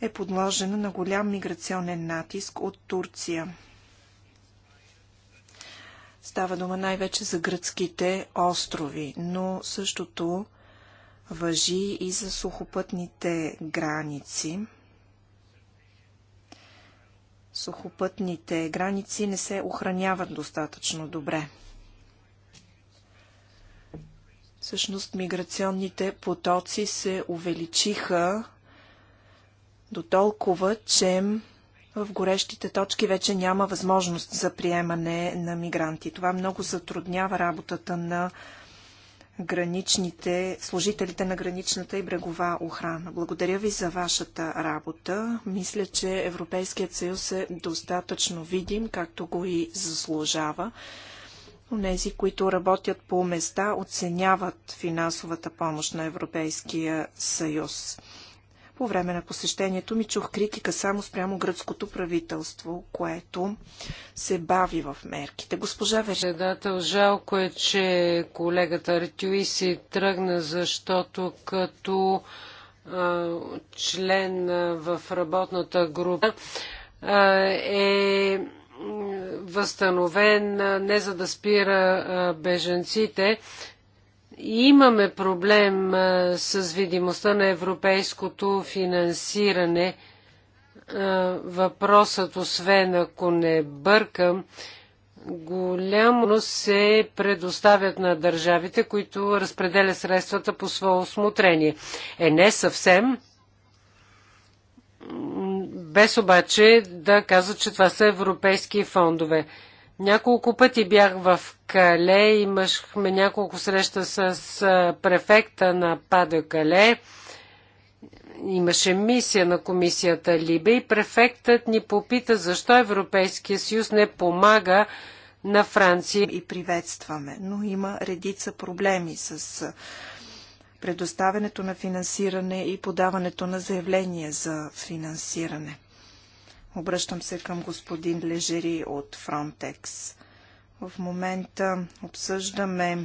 е подложена на голям миграционен натиск от Турция. Става дума най-вече за гръцките острови, но същото въжи и за сухопътните граници. Сухопътните граници не се охраняват достатъчно добре. Всъщност миграционните потоци се увеличиха до толкова, че в горещите точки вече няма възможност за приемане на мигранти. Това много затруднява работата на граничните, служителите на граничната и брегова охрана. Благодаря ви за вашата работа. Мисля, че Европейският съюз е достатъчно видим, както го и заслужава. Онези, които работят по места, оценяват финансовата помощ на Европейския съюз. По време на посещението ми чух критика само спрямо гръцкото правителство, което се бави в мерките. Госпожа Веш... Председател, жалко е, че колегата Артюи си тръгна, защото като а, член а, в работната група а, е възстановен не за да спира беженците, Имаме проблем с видимостта на европейското финансиране. Въпросът, освен ако не бъркам, голямо се предоставят на държавите, които разпределят средствата по свое осмотрение. Е, не съвсем, без обаче да казват, че това са европейски фондове. Няколко пъти бях в Кале, имахме няколко среща с префекта на Паде Кале. Имаше мисия на комисията Либе и префектът ни попита защо Европейския съюз не помага на Франция. И приветстваме, но има редица проблеми с предоставянето на финансиране и подаването на заявление за финансиране. Обръщам се към господин Лежери от Frontex. В момента обсъждаме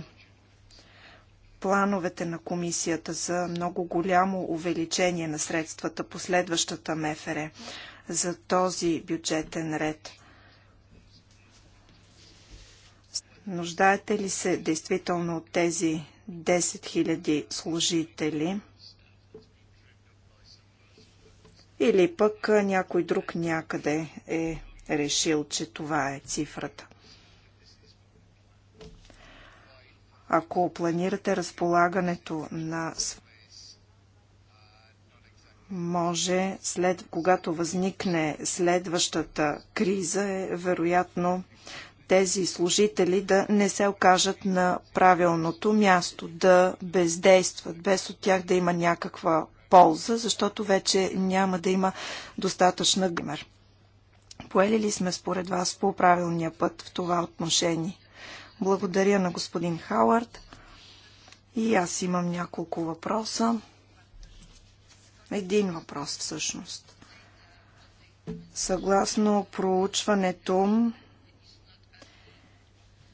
плановете на комисията за много голямо увеличение на средствата по следващата МФР за този бюджетен ред. Нуждаете ли се действително от тези 10 000 служители? или пък някой друг някъде е решил, че това е цифрата. Ако планирате разполагането на може след, когато възникне следващата криза, е вероятно тези служители да не се окажат на правилното място, да бездействат, без от тях да има някаква полза, защото вече няма да има достатъчна гмер. Поели ли сме според вас по правилния път в това отношение? Благодаря на господин Хауърд. И аз имам няколко въпроса. Един въпрос всъщност. Съгласно проучването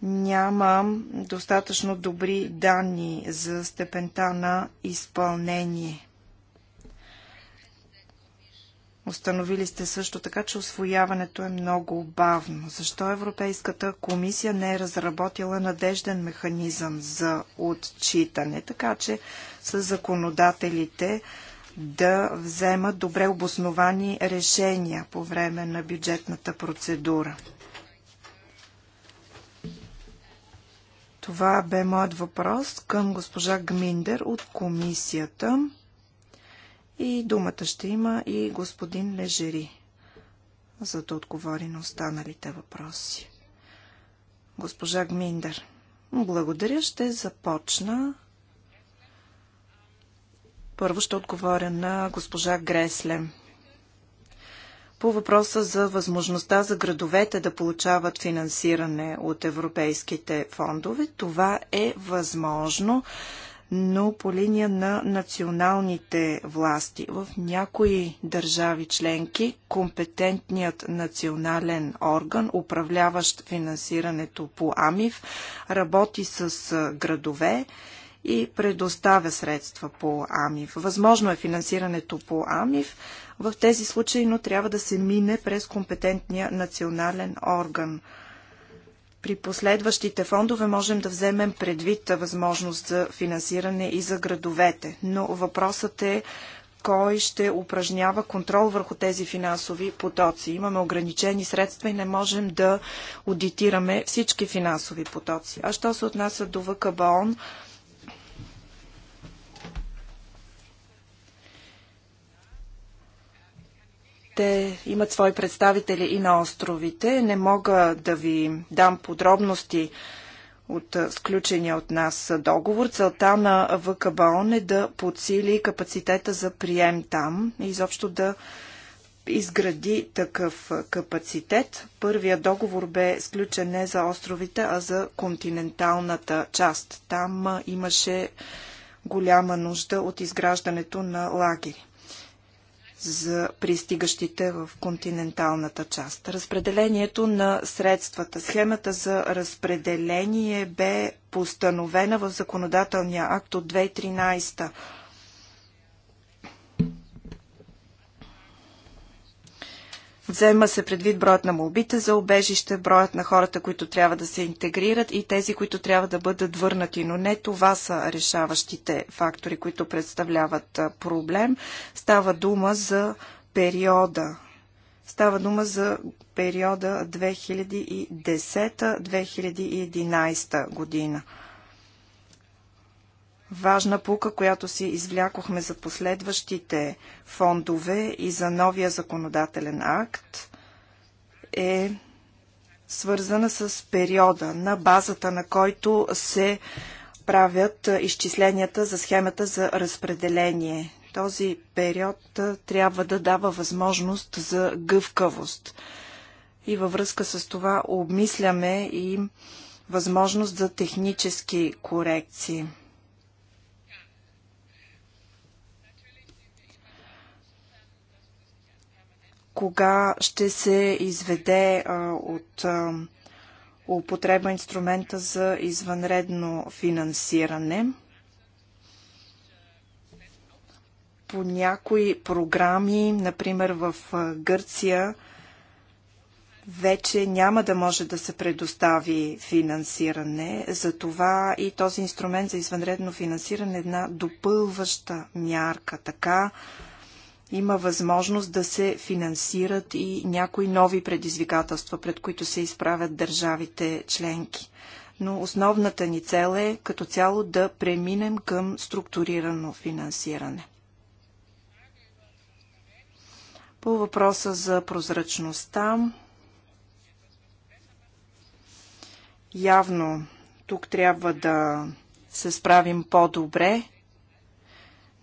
нямам достатъчно добри данни за степента на изпълнение. Установили сте също така, че освояването е много бавно. Защо Европейската комисия не е разработила надежден механизъм за отчитане, така че с законодателите да вземат добре обосновани решения по време на бюджетната процедура? Това бе моят въпрос към госпожа Гминдер от комисията. И думата ще има и господин Лежери, за да отговори на останалите въпроси. Госпожа Гминдер, благодаря, ще започна. Първо ще отговоря на госпожа Гресле. По въпроса за възможността за градовете да получават финансиране от европейските фондове, това е възможно но по линия на националните власти. В някои държави членки компетентният национален орган, управляващ финансирането по АМИФ, работи с градове и предоставя средства по АМИФ. Възможно е финансирането по АМИФ в тези случаи, но трябва да се мине през компетентния национален орган – при последващите фондове можем да вземем предвид възможност за финансиране и за градовете. Но въпросът е кой ще упражнява контрол върху тези финансови потоци. Имаме ограничени средства и не можем да аудитираме всички финансови потоци. А що се отнася до ВКБОН, Те имат свои представители и на островите. Не мога да ви дам подробности от сключения от нас договор. Целта на ВКБОН е да подсили капацитета за прием там и изобщо да изгради такъв капацитет. Първия договор бе сключен не за островите, а за континенталната част. Там имаше голяма нужда от изграждането на лагери за пристигащите в континенталната част. Разпределението на средствата. Схемата за разпределение бе постановена в законодателния акт от 2013 Взема се предвид броят на молбите за обежище, броят на хората, които трябва да се интегрират и тези, които трябва да бъдат върнати. Но не това са решаващите фактори, които представляват проблем. Става дума за периода. Става дума за периода 2010-2011 година важна пука, която си извлякохме за последващите фондове и за новия законодателен акт, е свързана с периода, на базата на който се правят изчисленията за схемата за разпределение. Този период трябва да дава възможност за гъвкавост. И във връзка с това обмисляме и възможност за технически корекции. кога ще се изведе а, от а, употреба инструмента за извънредно финансиране. По някои програми, например в Гърция, вече няма да може да се предостави финансиране. Затова и този инструмент за извънредно финансиране е една допълваща мярка. Така има възможност да се финансират и някои нови предизвикателства, пред които се изправят държавите членки. Но основната ни цел е като цяло да преминем към структурирано финансиране. По въпроса за прозрачността, явно тук трябва да се справим по-добре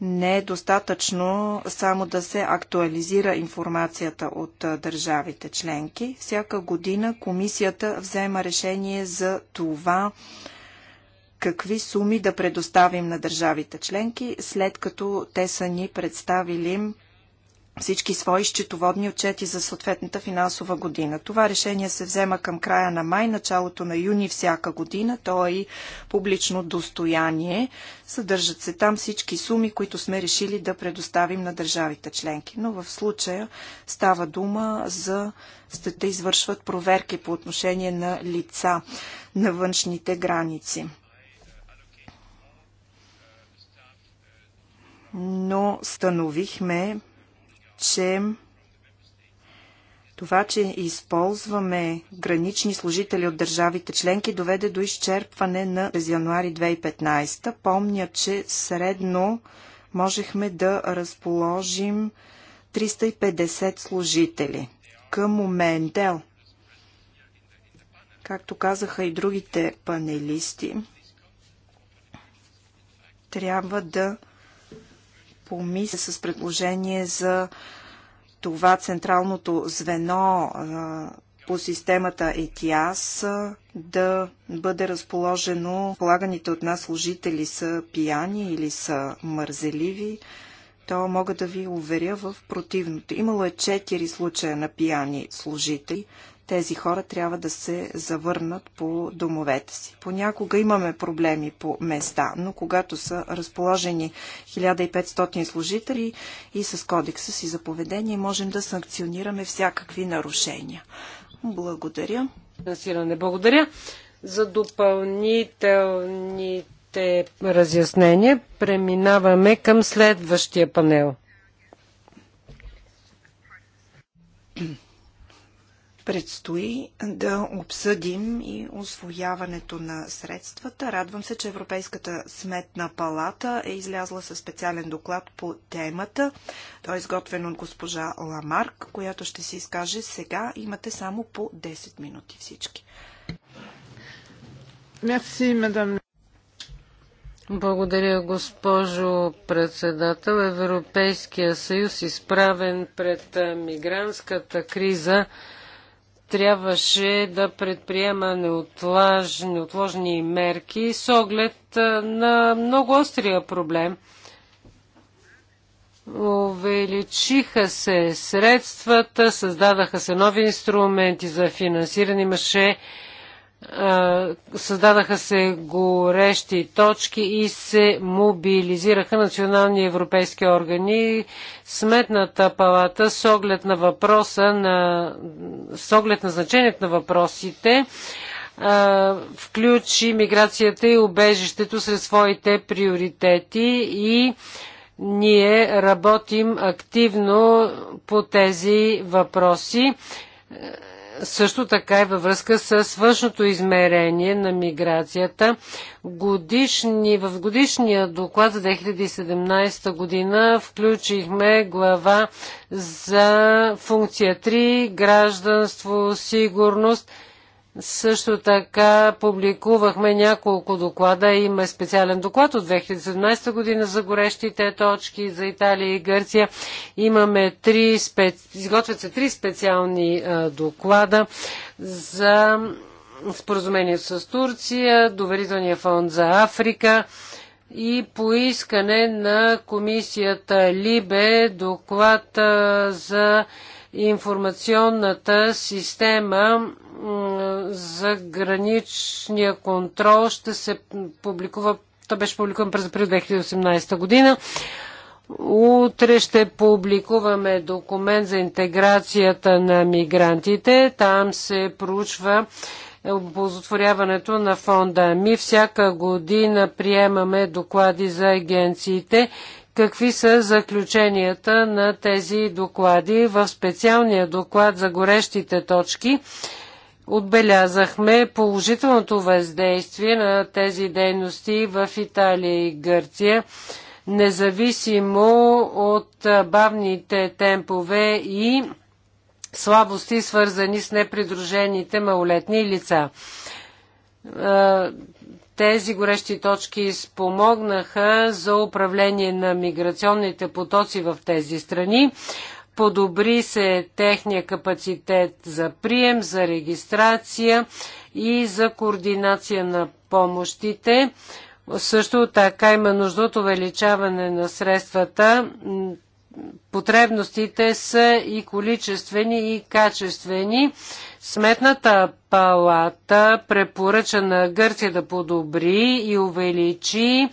не е достатъчно само да се актуализира информацията от държавите членки. Всяка година комисията взема решение за това какви суми да предоставим на държавите членки, след като те са ни представили всички свои счетоводни отчети за съответната финансова година. Това решение се взема към края на май, началото на юни всяка година. То е и публично достояние. Съдържат се там всички суми, които сме решили да предоставим на държавите членки. Но в случая става дума за да извършват проверки по отношение на лица на външните граници. Но становихме, че това, че използваме гранични служители от държавите членки, доведе до изчерпване на през януари 2015. Помня, че средно можехме да разположим 350 служители. Към момента, както казаха и другите панелисти, трябва да помисля с предложение за това централното звено по системата ЕТИАС да бъде разположено полаганите от нас служители са пияни или са мързеливи, то мога да ви уверя в противното. Имало е четири случая на пияни служители тези хора трябва да се завърнат по домовете си. Понякога имаме проблеми по места, но когато са разположени 1500 служители и с кодекса си за поведение, можем да санкционираме всякакви нарушения. Благодаря. не благодаря за допълнителните разяснения. Преминаваме към следващия панел. Предстои да обсъдим и освояването на средствата. Радвам се, че Европейската сметна палата е излязла със специален доклад по темата. Той е изготвен от госпожа Ламарк, която ще се изкаже сега. Имате само по 10 минути всички. Мерси, мадам. Благодаря, госпожо председател. Европейския съюз изправен пред мигрантската криза трябваше да предприема неотложни мерки с оглед на много острия проблем. Увеличиха се средствата, създадаха се нови инструменти за финансиране, имаше създадаха се горещи точки и се мобилизираха национални европейски органи. Сметната палата с оглед на въпроса на, с оглед на значението на въпросите включи миграцията и убежището сред своите приоритети и ние работим активно по тези въпроси също така и във връзка с външното измерение на миграцията. Годишни, в годишния доклад за 2017 година включихме глава за функция 3 гражданство, сигурност – също така публикувахме няколко доклада. Има специален доклад от 2017 година за горещите точки за Италия и Гърция. Имаме три спец... изготвят се три специални а, доклада за споразумение с Турция, доверителния фонд за Африка и поискане на комисията Либе доклад а, за информационната система за граничния контрол ще се публикува. То беше публикуван през април 2018 година. Утре ще публикуваме документ за интеграцията на мигрантите. Там се проучва оползотворяването на фонда. Ми всяка година приемаме доклади за агенциите. Какви са заключенията на тези доклади? В специалния доклад за горещите точки Отбелязахме положителното въздействие на тези дейности в Италия и Гърция, независимо от бавните темпове и слабости, свързани с непридружените малолетни лица. Е, тези горещи точки спомогнаха за управление на миграционните потоци в тези страни. Подобри се техния капацитет за прием, за регистрация и за координация на помощите. Също така има нужда от увеличаване на средствата. Потребностите са и количествени, и качествени. Сметната палата препоръча на Гърция да подобри и увеличи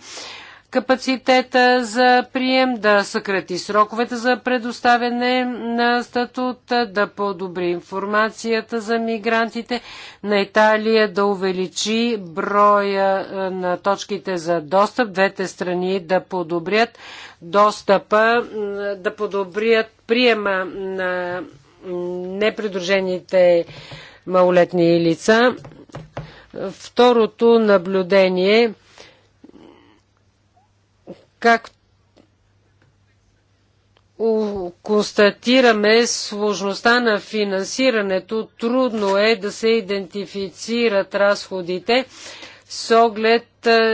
капацитета за прием, да съкрати сроковете за предоставяне на статут, да подобри информацията за мигрантите, на Италия да увеличи броя е, на точките за достъп, двете страни да подобрят достъпа, да подобрят приема на непридружените малолетни лица. Второто наблюдение – Както констатираме сложността на финансирането, трудно е да се идентифицират разходите с оглед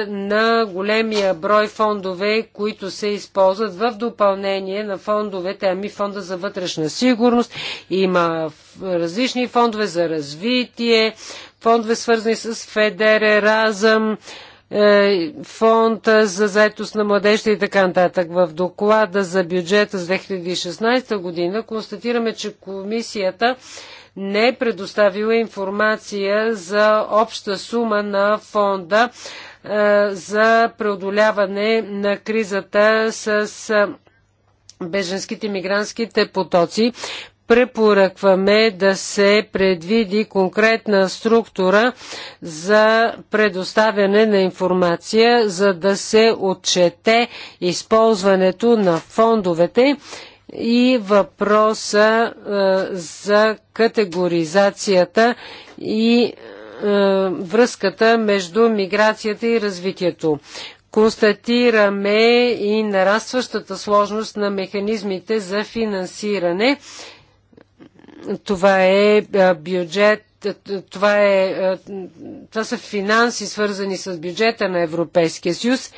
на големия брой фондове, които се използват в допълнение на фондовете, ами фонда за вътрешна сигурност, има различни фондове за развитие, фондове свързани с РАЗъм, е, фонд за заетост на младежите и така нататък. В доклада за бюджета за 2016 година констатираме, че комисията не е предоставила информация за обща сума на фонда е, за преодоляване на кризата с е, беженските мигрантските потоци препоръкваме да се предвиди конкретна структура за предоставяне на информация, за да се отчете използването на фондовете и въпроса е, за категоризацията и е, връзката между миграцията и развитието. Констатираме и нарастващата сложност на механизмите за финансиране това е бюджет, това, е, това са финанси, свързани с бюджета на Европейския съюз.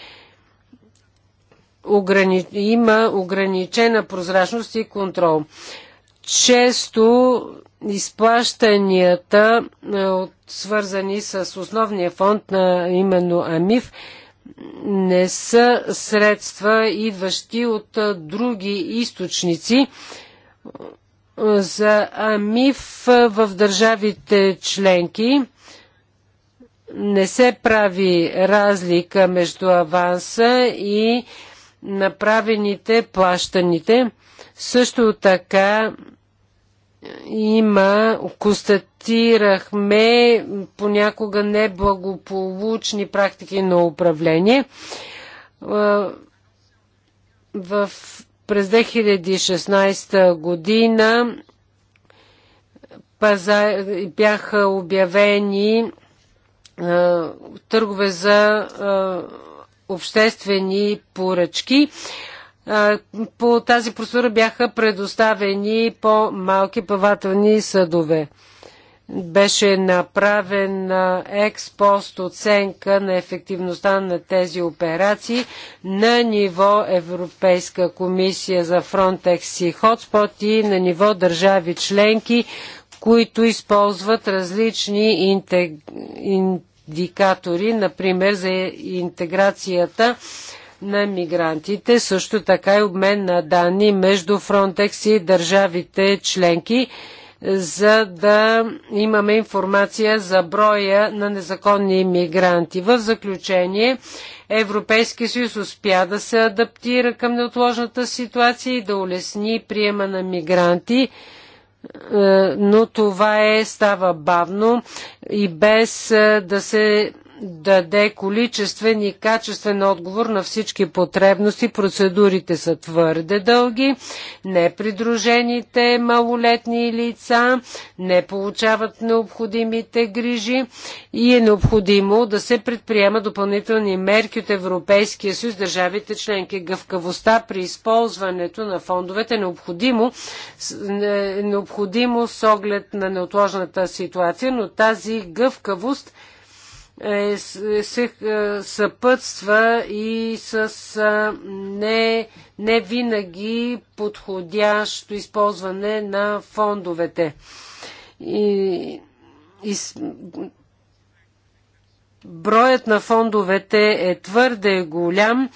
Ограни... Има ограничена прозрачност и контрол. Често изплащанията, свързани с основния фонд на именно АМИФ, не са средства, идващи от други източници за АМИФ в държавите членки не се прави разлика между аванса и направените плащаните. Също така има, констатирахме понякога неблагополучни практики на управление. Е, в през 2016 година бяха обявени търгове за обществени поръчки. по тази процедура бяха предоставени по-малки плавателни съдове беше направен експост оценка на ефективността на тези операции на ниво Европейска комисия за Frontex и Hotspot и на ниво държави членки, които използват различни интег... индикатори, например за интеграцията на мигрантите, също така и обмен на данни между Frontex и държавите членки за да имаме информация за броя на незаконни мигранти. В заключение, Европейския съюз успя да се адаптира към неотложната ситуация и да улесни приема на мигранти е, но това е, става бавно и без е, да се даде количествен и качествен отговор на всички потребности. Процедурите са твърде дълги, непридружените малолетни лица не получават необходимите грижи и е необходимо да се предприема допълнителни мерки от Европейския съюз, държавите членки. Гъвкавостта при използването на фондовете е необходимо, е, е необходимо с оглед на неотложната ситуация, но тази гъвкавост – е, е, се е, съпътства и с е, не, не винаги подходящо използване на фондовете. И, и, броят на фондовете е твърде голям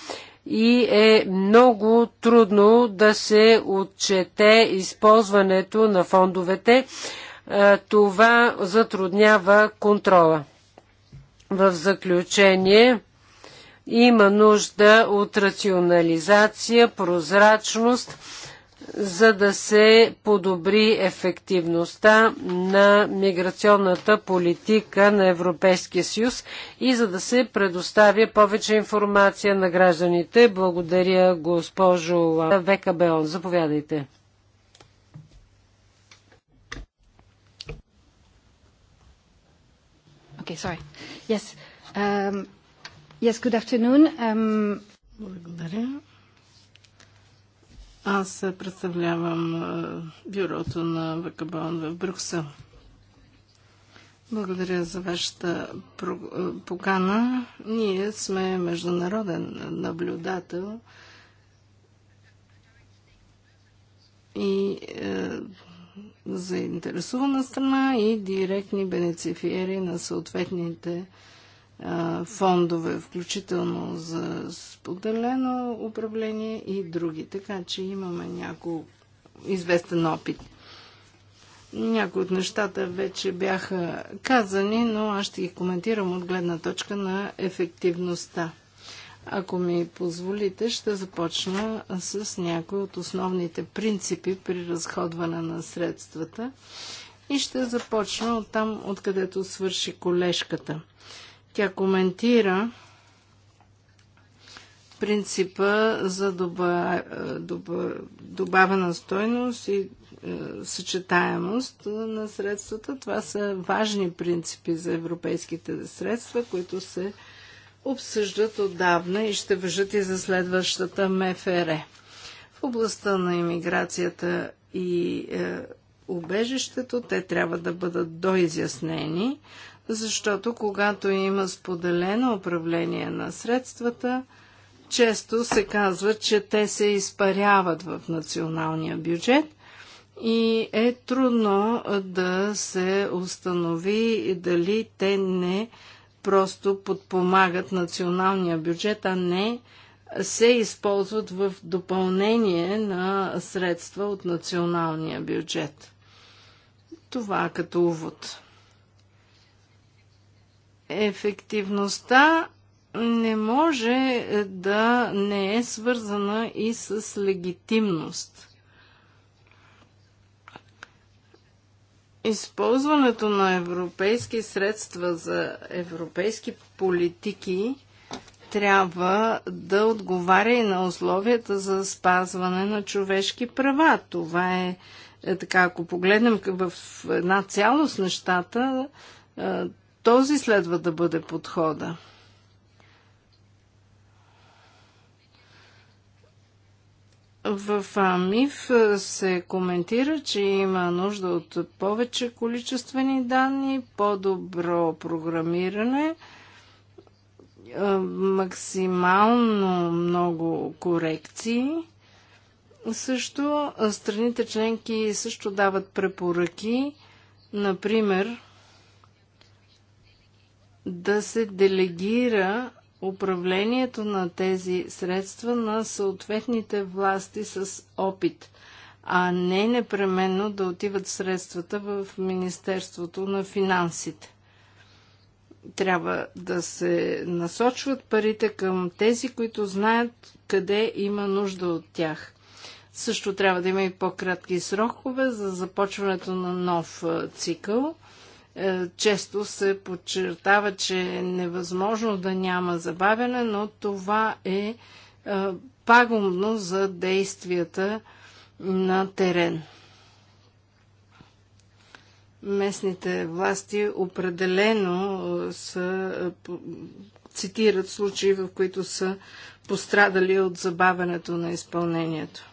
и е много трудно да се отчете използването на фондовете. Това затруднява контрола. В заключение, има нужда от рационализация, прозрачност, за да се подобри ефективността на миграционната политика на Европейския съюз и за да се предоставя повече информация на гражданите. Благодаря госпожо Века Беон. Заповядайте. Okay, sorry. Yes. Um, yes, good afternoon. Um... Благодаря. Аз представлявам бюрото на Вакабон в Брюксел. Благодаря за вашата покана. Ние сме международен наблюдател и заинтересована страна и директни бенецифиери на съответните а, фондове, включително за споделено управление и други. Така че имаме няколко известен опит. Някои от нещата вече бяха казани, но аз ще ги коментирам от гледна точка на ефективността. Ако ми позволите, ще започна с някои от основните принципи при разходване на средствата и ще започна от там, откъдето свърши колежката. Тя коментира принципа за доба, доба, добавена стойност и е, съчетаемост на средствата. Това са важни принципи за европейските средства, които се обсъждат отдавна и ще въжат и за следващата МФР. В областта на иммиграцията и е, убежището те трябва да бъдат доизяснени, защото когато има споделено управление на средствата, често се казва, че те се изпаряват в националния бюджет и е трудно да се установи дали те не просто подпомагат националния бюджет, а не се използват в допълнение на средства от националния бюджет. Това като увод. Ефективността не може да не е свързана и с легитимност. използването на европейски средства за европейски политики трябва да отговаря и на условията за спазване на човешки права. Това е, е така, ако погледнем в една цялост нещата, е, този следва да бъде подхода. В МИФ се коментира, че има нужда от повече количествени данни, по-добро програмиране, максимално много корекции. Също страните членки също дават препоръки, например, да се делегира управлението на тези средства на съответните власти с опит, а не непременно да отиват средствата в Министерството на финансите. Трябва да се насочват парите към тези, които знаят къде има нужда от тях. Също трябва да има и по-кратки срокове за започването на нов цикъл – е, често се подчертава, че е невъзможно да няма забавяне, но това е, е пагубно за действията на терен. Местните власти определено е, са, цитират случаи, в които са пострадали от забавянето на изпълнението.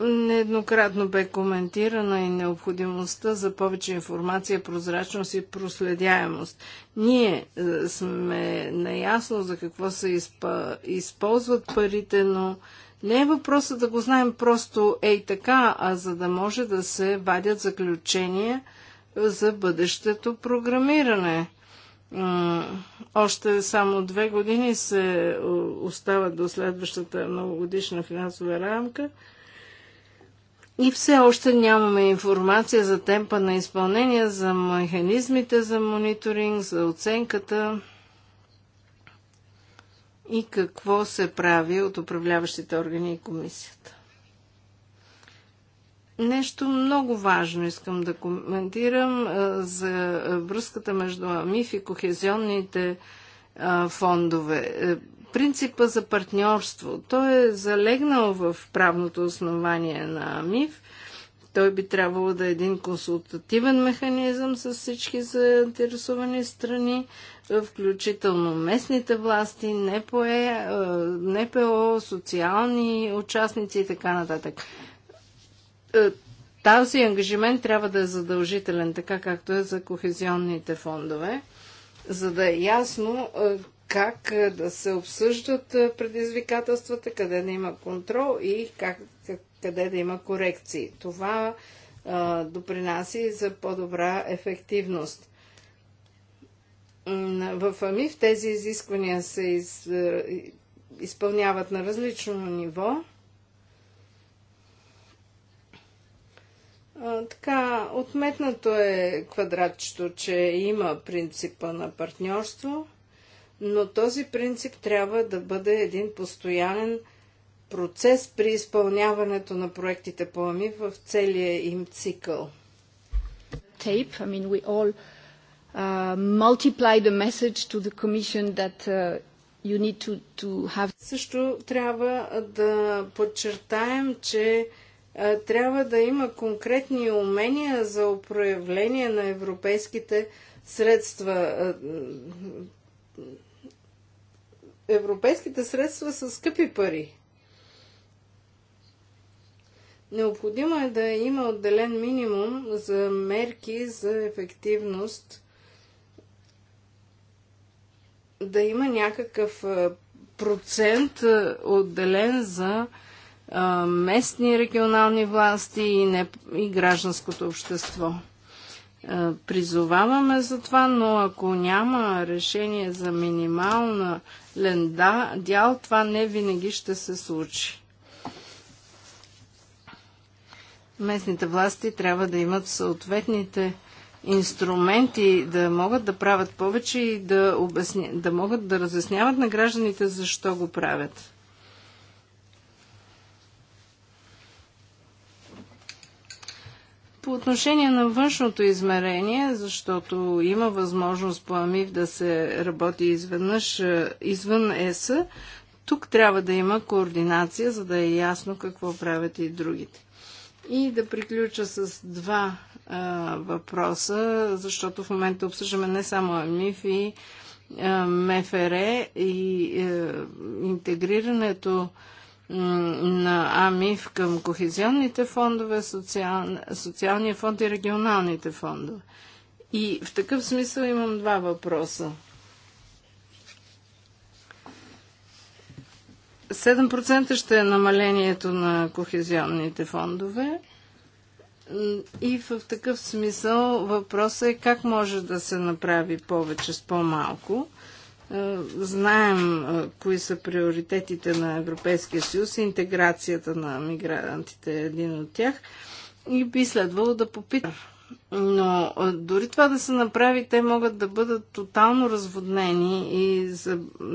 Нееднократно бе коментирана и необходимостта за повече информация, прозрачност и проследяемост. Ние е, сме наясно за какво се изпа... използват парите, но не е въпросът да го знаем просто ей така, а за да може да се вадят заключения за бъдещето програмиране. Още само две години се е, остават до следващата многогодишна финансова рамка – и все още нямаме информация за темпа на изпълнение, за механизмите за мониторинг, за оценката и какво се прави от управляващите органи и комисията. Нещо много важно искам да коментирам за връзката между АМИФ и кохезионните фондове. Е, принципа за партньорство. Той е залегнал в правното основание на МИФ. Той би трябвало да е един консултативен механизъм с всички заинтересовани страни, включително местните власти, НПО, е, НПО социални участници и така нататък. Е, Този ангажимент трябва да е задължителен, така както е за кохезионните фондове, за да е ясно е, как е, да се обсъждат е, предизвикателствата, къде да има контрол и как, къде да има корекции. Това а, е, допринася и за по-добра ефективност. В АМИФ тези изисквания се из, изпълняват на различно ниво. Така, отметнато е квадратчето, че има принципа на партньорство но този принцип трябва да бъде един постоянен процес при изпълняването на проектите по АМИ в целия им цикъл. Tape, I mean, we all uh, multiply the message to the commission that uh, you need to, to have. Също трябва да подчертаем, че а, трябва да има конкретни умения за управление на европейските средства. А, европейските средства са скъпи пари. Необходимо е да има отделен минимум за мерки за ефективност, да има някакъв процент отделен за местни регионални власти и, не, и гражданското общество. Е, призоваваме за това, но ако няма решение за минимална ленда, дял, това не винаги ще се случи. Местните власти трябва да имат съответните инструменти да могат да правят повече и да, обясня, да могат да разясняват на гражданите защо го правят. по отношение на външното измерение, защото има възможност по АМИВ да се работи изведнъж е, извън ЕС, тук трябва да има координация, за да е ясно какво правят и другите. И да приключа с два а, е, въпроса, защото в момента обсъждаме не само АМИФ и а, е, МФР и а, интегрирането а, на АМИФ към кохезионните фондове, социал, социалния фонд и регионалните фондове. И в такъв смисъл имам два въпроса. 7% ще е намалението на кохезионните фондове. И в такъв смисъл въпросът е как може да се направи повече с по-малко. Е, знаем е, кои са приоритетите на Европейския съюз, интеграцията на мигрантите е един от тях и би следвало да попитам. Но е, дори това да се направи, те могат да бъдат тотално разводнени и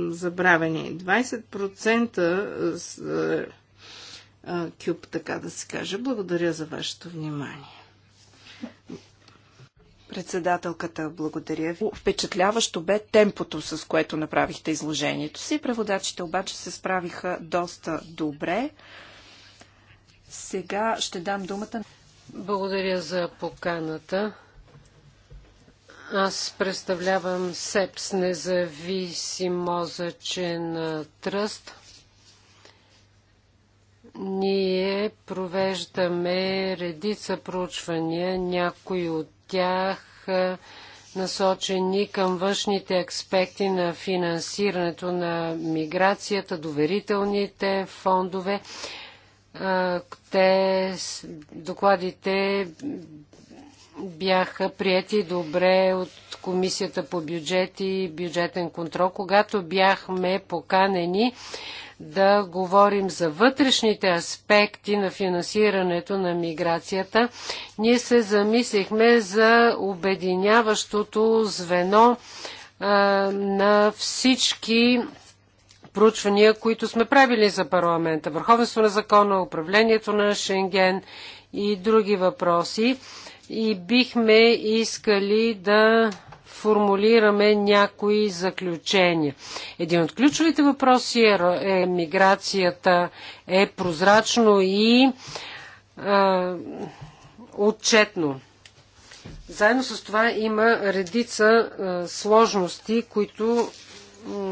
забравени. 20% с кюб, така да се каже. Благодаря за вашето внимание. Председателката, благодаря ви. Впечатляващо бе темпото, с което направихте изложението си. Преводачите обаче се справиха доста добре. Сега ще дам думата. Благодаря за поканата. Аз представлявам СЕПС, независим мозъчен тръст. Ние провеждаме редица проучвания, някои от тях е, насочени към външните аспекти на финансирането на миграцията, доверителните фондове. Е, те, докладите бяха прияти добре от Комисията по бюджет и бюджетен контрол. Когато бяхме поканени да говорим за вътрешните аспекти на финансирането на миграцията, ние се замислихме за обединяващото звено а, на всички проучвания, които сме правили за парламента. Върховенство на закона, управлението на Шенген и други въпроси. И бихме искали да формулираме някои заключения. Един от ключовите въпроси е, е миграцията е прозрачно и е, отчетно. Заедно с това има редица е, сложности, които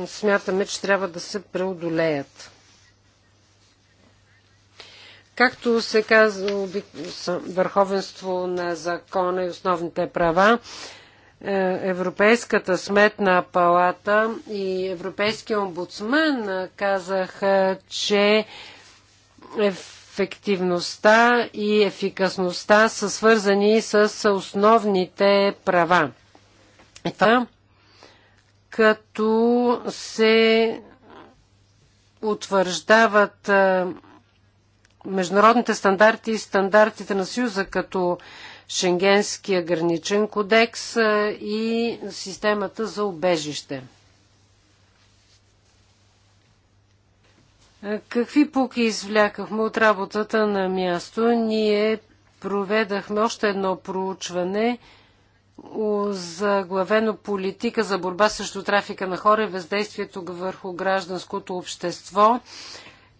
е, смятаме, че трябва да се преодолеят. Както се казва, върховенство на закона и основните права е, Европейската сметна палата и Европейския омбудсман е, казаха, че ефективността и ефикасността са свързани с основните права. Това, като се утвърждават е, международните стандарти и стандартите на Съюза като Шенгенския граничен кодекс и системата за убежище. Какви пуки извлякахме от работата на място? Ние проведахме още едно проучване за главено политика за борба срещу трафика на хора и въздействието върху гражданското общество.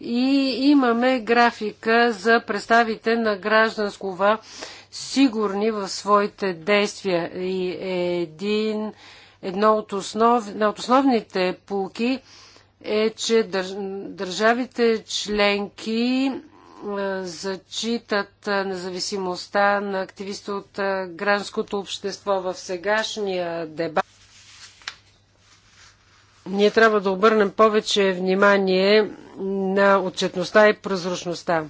И имаме графика за представите на гражданскова сигурни в своите действия. И един, едно от, основ, една от основните полки е, че държавите членки е, зачитат е, независимостта на активисти от е, гражданското общество в сегашния дебат. Ние трябва да обърнем повече внимание на отчетността и прозрачността.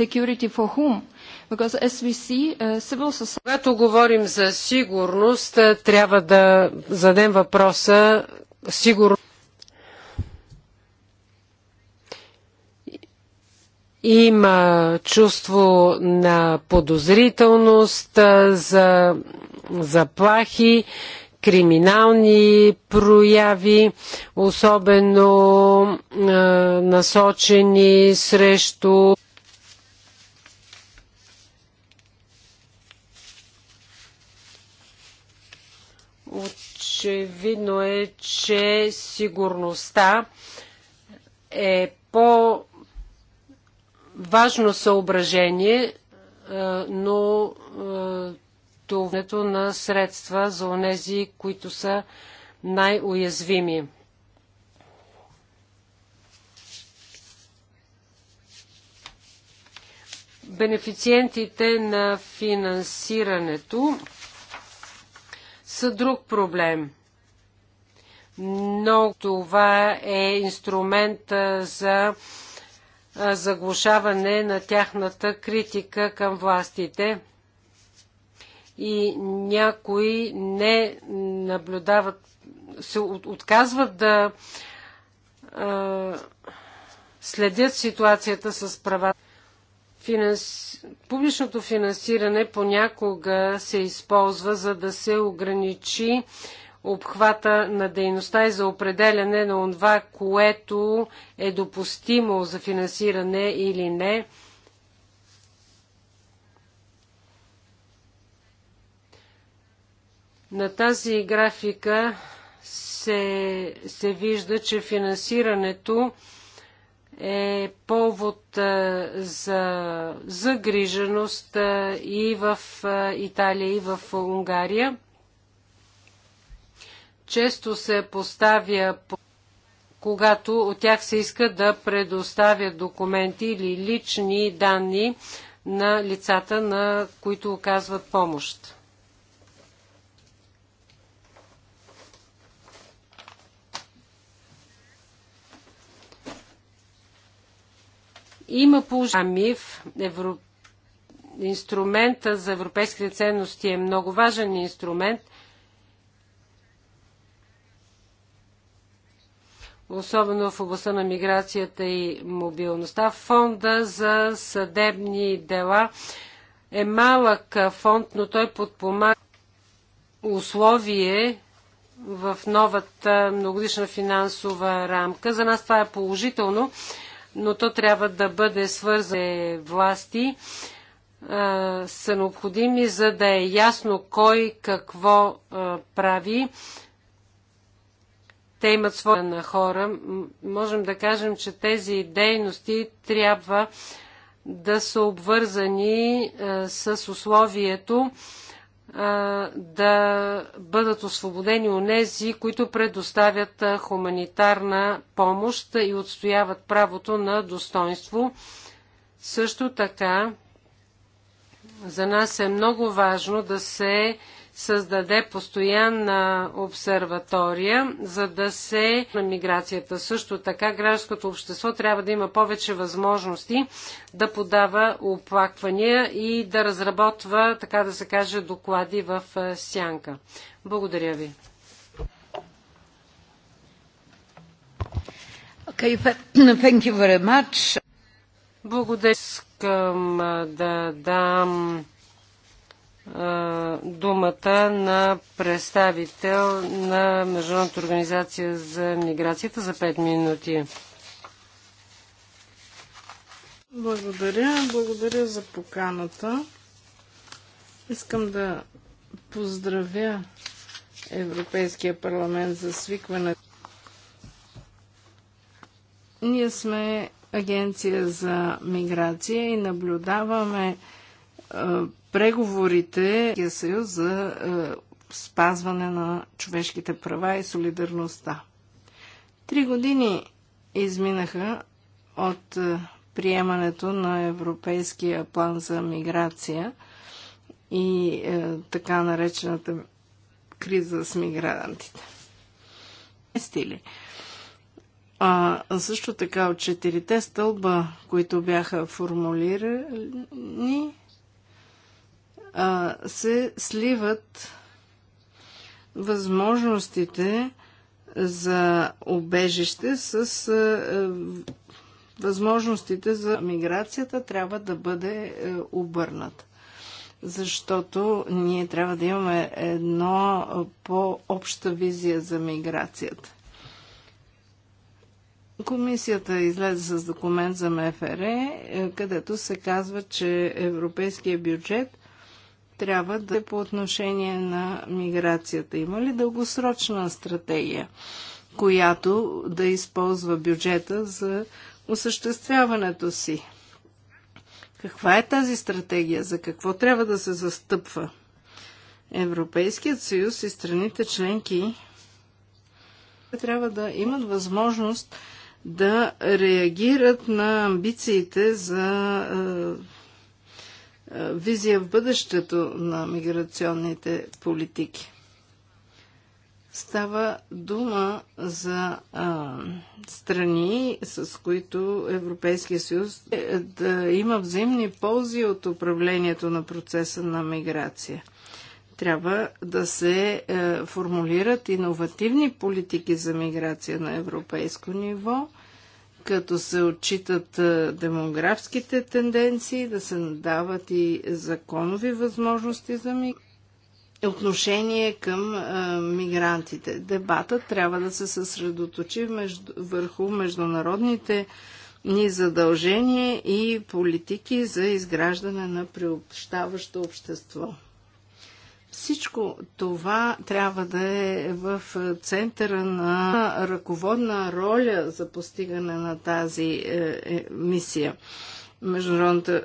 Security for whom? Because as we see, uh, civil society... Когато говорим за сигурност, трябва да задем въпроса сигурност. Има чувство на подозрителност за заплахи, криминални прояви, особено е, насочени срещу Очевидно е, че сигурността е по-важно съображение, е, но е, туването на средства за онези, които са най-уязвими. Бенефициентите на финансирането са друг проблем. Но това е инструмент за заглушаване на тяхната критика към властите и някои не наблюдават, се отказват да следят ситуацията с правата. Финанс... Публичното финансиране понякога се използва за да се ограничи обхвата на дейността и за определяне на това, което е допустимо за финансиране или не. На тази графика се, се вижда, че финансирането е повод е, за загриженост е, и в е, Италия, и в Унгария. Често се поставя, когато от тях се иска да предоставят документи или лични данни на лицата, на които оказват помощ. Има положение. Евро... Инструмента за европейските ценности е много важен инструмент. особено в областта на миграцията и мобилността. Фонда за съдебни дела е малък фонд, но той подпомага условие в новата многодишна финансова рамка. За нас това е положително но то трябва да бъде свързане власти са необходими, за да е ясно кой какво а, прави. Те имат своя на хора. Можем да кажем, че тези дейности трябва да са обвързани а, с условието да бъдат освободени онези, които предоставят хуманитарна помощ и отстояват правото на достоинство. Също така, за нас е много важно да се създаде постоянна обсерватория, за да се на миграцията. Също така гражданското общество трябва да има повече възможности да подава оплаквания и да разработва, така да се каже, доклади в е, сянка. Благодаря ви. Okay, thank you very much. Благодаря. Искам е, да дам думата на представител на Международната организация за миграцията за 5 минути. Благодаря. Благодаря за поканата. Искам да поздравя Европейския парламент за свикване. Ние сме агенция за миграция и наблюдаваме преговорите съюз за е, спазване на човешките права и солидарността. Три години изминаха от е, приемането на Европейския план за миграция и е, така наречената криза с мигрантите. Стили. А, също така от четирите стълба, които бяха формулирани, се сливат възможностите за обежище с е, възможностите за миграцията трябва да бъде е, обърната. Защото ние трябва да имаме едно по-обща визия за миграцията. Комисията излезе с документ за МФР, е, където се казва, че европейския бюджет – трябва да е по отношение на миграцията? Има ли дългосрочна стратегия, която да използва бюджета за осъществяването си? Каква е тази стратегия? За какво трябва да се застъпва? Европейският съюз и страните членки трябва да имат възможност да реагират на амбициите за е, визия в бъдещето на миграционните политики. Става дума за а, страни, с които Европейския съюз е, да има взаимни ползи от управлението на процеса на миграция. Трябва да се е, формулират иновативни политики за миграция на европейско ниво – като се отчитат демографските тенденции, да се надават и законови възможности за ми... отношение към а, мигрантите. Дебатът трябва да се съсредоточи между... върху международните ни задължения и политики за изграждане на приобщаващо общество. Всичко това трябва да е в центъра на ръководна роля за постигане на тази е, е, мисия. Международната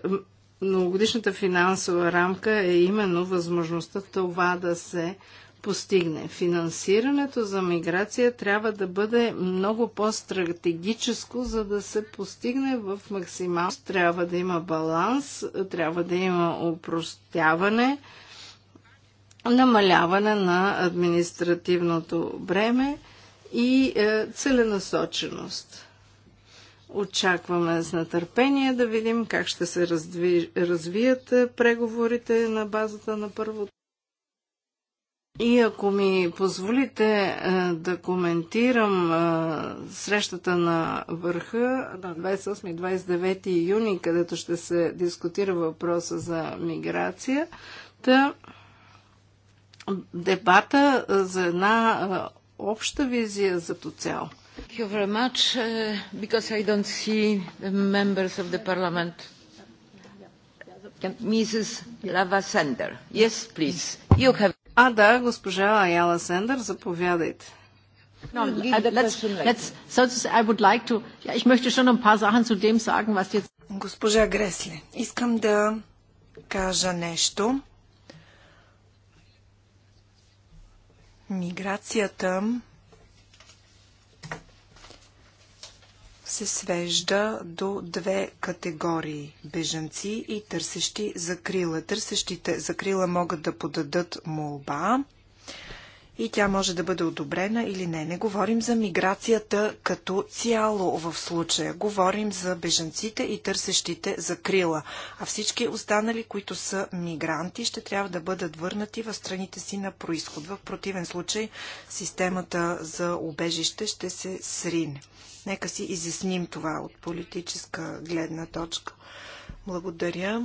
многогодишната финансова рамка е именно възможността това да се постигне. Финансирането за миграция трябва да бъде много по-стратегическо, за да се постигне в максималност. Трябва да има баланс, трябва да има упростяване, намаляване на административното бреме и е, целенасоченост. Очакваме с нетърпение да видим как ще се разви... развият е, преговорите на базата на първото. И ако ми позволите е, да коментирам срещата на върха на 28-29 юни, където ще се дискутира въпроса за миграция, та дебата за една обща визия за то цяло. Thank you very much, uh, because I don't see the members of the parliament. Mrs. Lava Sender. Yes, please. You have... А, да, госпожа Аяла Сендер, заповядайте. No, let's, let's, so I would like to, ja, ich möchte schon ein paar Sachen zu dem sagen, was jetzt... Госпожа Гресли, искам да кажа нещо Миграцията се свежда до две категории – бежанци и търсещи закрила. Търсещите закрила могат да подадат молба – и тя може да бъде одобрена или не. Не говорим за миграцията като цяло в случая. Говорим за бежанците и търсещите за крила. А всички останали, които са мигранти, ще трябва да бъдат върнати в страните си на происход. В противен случай системата за убежище ще се срине. Нека си изясним това от политическа гледна точка. Благодаря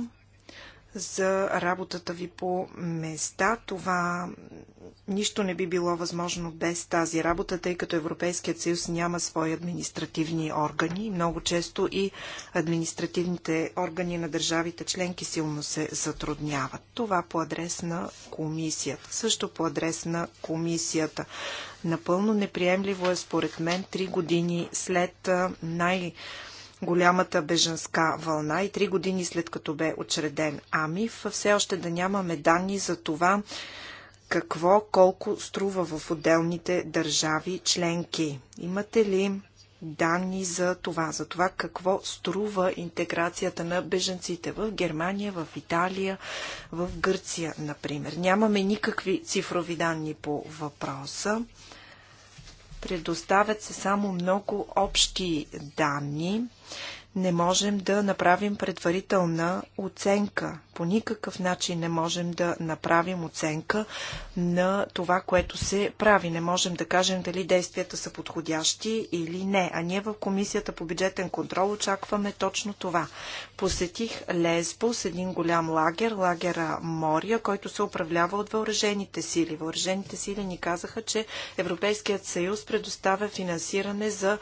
за работата ви по места. Това нищо не би било възможно без тази работа, тъй като Европейският съюз няма свои административни органи. Много често и административните органи на държавите членки силно се затрудняват. Това по адрес на комисията. Също по адрес на комисията. Напълно неприемливо е според мен три години след най- голямата бежанска вълна и три години след като бе учреден АМИФ, все още да нямаме данни за това какво, колко струва в отделните държави членки. Имате ли данни за това, за това какво струва интеграцията на беженците в Германия, в Италия, в Гърция, например. Нямаме никакви цифрови данни по въпроса предоставят се само много общи данни, не можем да направим предварителна оценка. По никакъв начин не можем да направим оценка на това, което се прави. Не можем да кажем дали действията са подходящи или не. А ние в Комисията по бюджетен контрол очакваме точно това. Посетих с един голям лагер, лагера Мория, който се управлява от въоръжените сили. Въоръжените сили ни казаха, че Европейският съюз предоставя финансиране за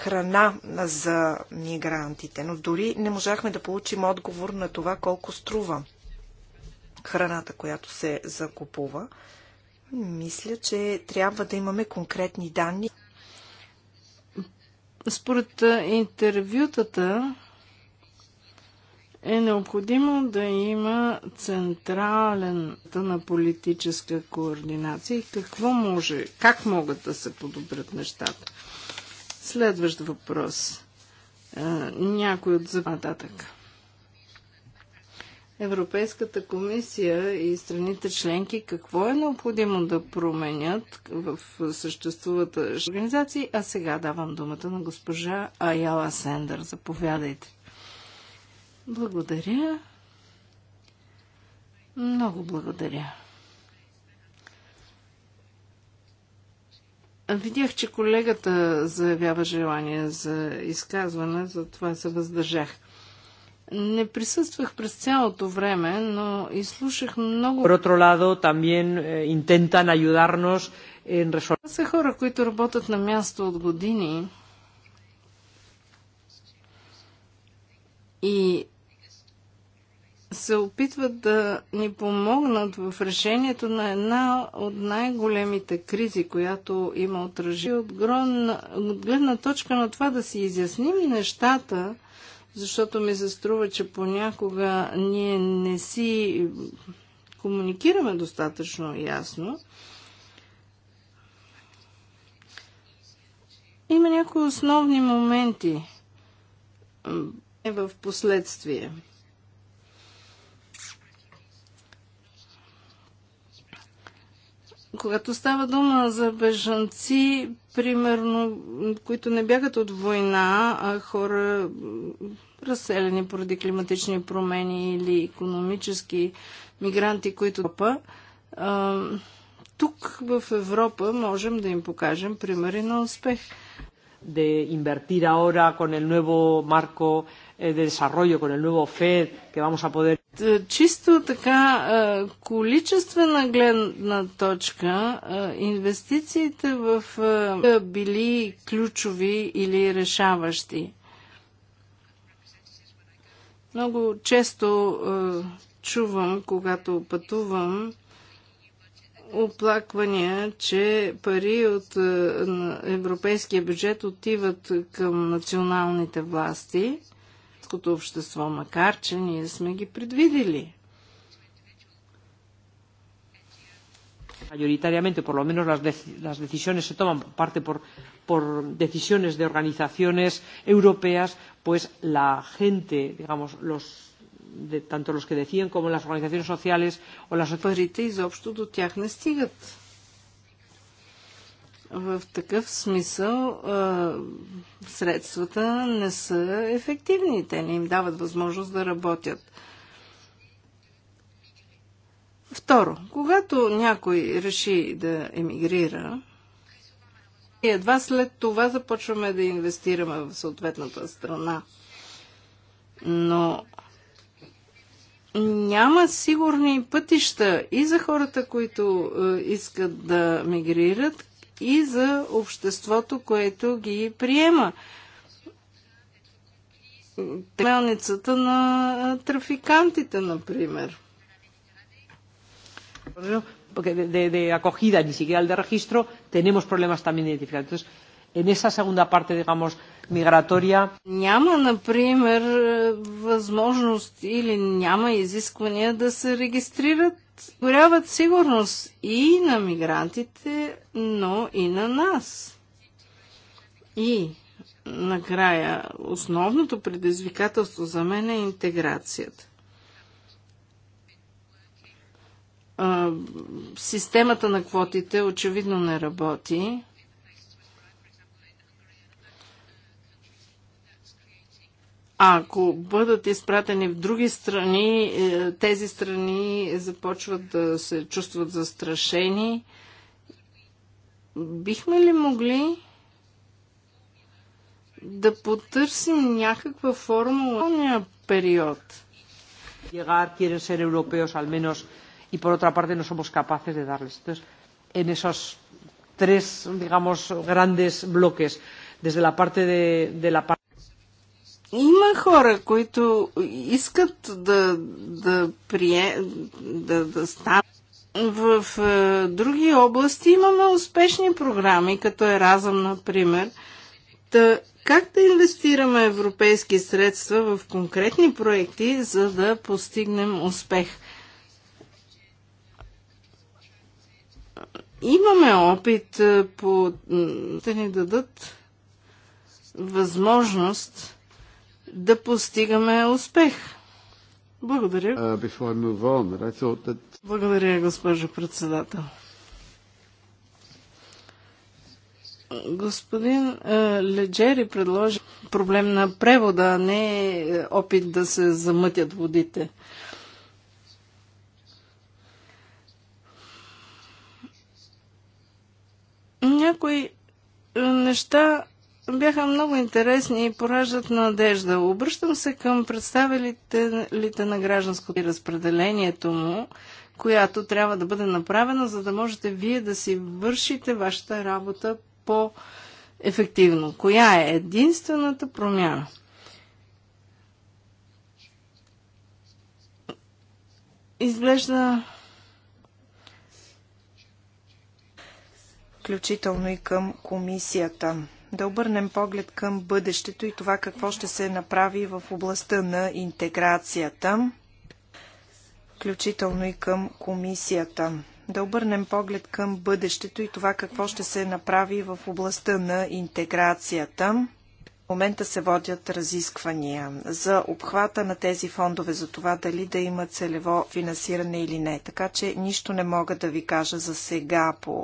храна за мигрантите, но дори не можахме да получим отговор на това колко струва храната, която се закупува. Мисля, че трябва да имаме конкретни данни. Според интервютата е необходимо да има централен на политическа координация и какво може, как могат да се подобрят нещата. Следващ въпрос. Някой от нататък. Европейската комисия и страните членки какво е необходимо да променят в съществувата организации, а сега давам думата на госпожа Аяла Сендър. Заповядайте. Благодаря. Много благодаря. Видях, че колегата заявява желание за изказване, затова се въздържах. Не присъствах през цялото време, но изслушах много... Por otro lado, también eh, intentan ayudarnos en resolver... са хора, които работят на място от години и се опитват да ни помогнат в решението на една от най-големите кризи, която има отражи от, от гледна точка на това да си изясним нещата, защото ми се струва, че понякога ние не си комуникираме достатъчно ясно. Има някои основни моменти е в последствие – Когато става дума за бежанци, примерно, които не бягат от война, а хора разселени поради климатични промени или економически мигранти, които топа, тук в Европа можем да им покажем примери на успех. De invertir ahora con el nuevo marco Eh, de desarrollo con el nuevo FED que vamos a poder. Чисто така е, количествена гледна точка, е, инвестициите в е, били ключови или решаващи. Много често чувам, когато пътувам, оплаквания, че пари от европейския бюджет отиват към националните власти – гражданското общество, макар че ние сме ги предвидели. mayoritariamente, por lo menos las, las decisiones se toman parte por, por decisiones de organizaciones europeas, pues la gente, digamos, los, de, tanto los que decían como las organizaciones sociales o las autoridades. В такъв смисъл средствата не са ефективни. Те не им дават възможност да работят. Второ, когато някой реши да емигрира, и едва след това започваме да инвестираме в съответната страна. Но няма сигурни пътища и за хората, които искат да мигрират, и за обществото, което ги приема. Мелницата на трафикантите, например. Porque de, de, de acogida, ni siquiera el de registro, tenemos problemas también de identificar. Entonces, en esa segunda parte, digamos, migratoria. Няма, например, възможност или няма изисквания да се регистрират осигуряват сигурност и на мигрантите, но и на нас. И накрая, основното предизвикателство за мен е интеграцията. системата на квотите очевидно не работи. Ако бъдат изпратени в други страни, тези страни започват да се чувстват застрашени. Бихме ли могли да потърсим някаква формула период? Llegar, quieren ser europeos al menos y por otra parte no somos capaces de darles. Entonces, en esos tres, digamos, grandes bloques, desde la parte de, de la parte има хора, които искат да, да, прие, да, да станат. В е, други области имаме успешни програми, като е Разъм, например. Та, как да инвестираме европейски средства в конкретни проекти, за да постигнем успех? Имаме опит е, по... да ни дадат възможност да постигаме успех. Благодаря. Uh, on, that... Благодаря, госпожо председател. Господин uh, Леджери предложи проблем на превода, а не е, опит да се замътят водите. Някои е, неща бяха много интересни и пораждат надежда. Обръщам се към представителите на гражданското и разпределението му, която трябва да бъде направена, за да можете вие да си вършите вашата работа по ефективно. Коя е единствената промяна? Изглежда включително и към комисията да обърнем поглед към бъдещето и това какво ще се направи в областта на интеграцията, включително и към комисията. Да обърнем поглед към бъдещето и това какво ще се направи в областта на интеграцията. В момента се водят разисквания за обхвата на тези фондове, за това дали да има целево финансиране или не. Така че нищо не мога да ви кажа за сега по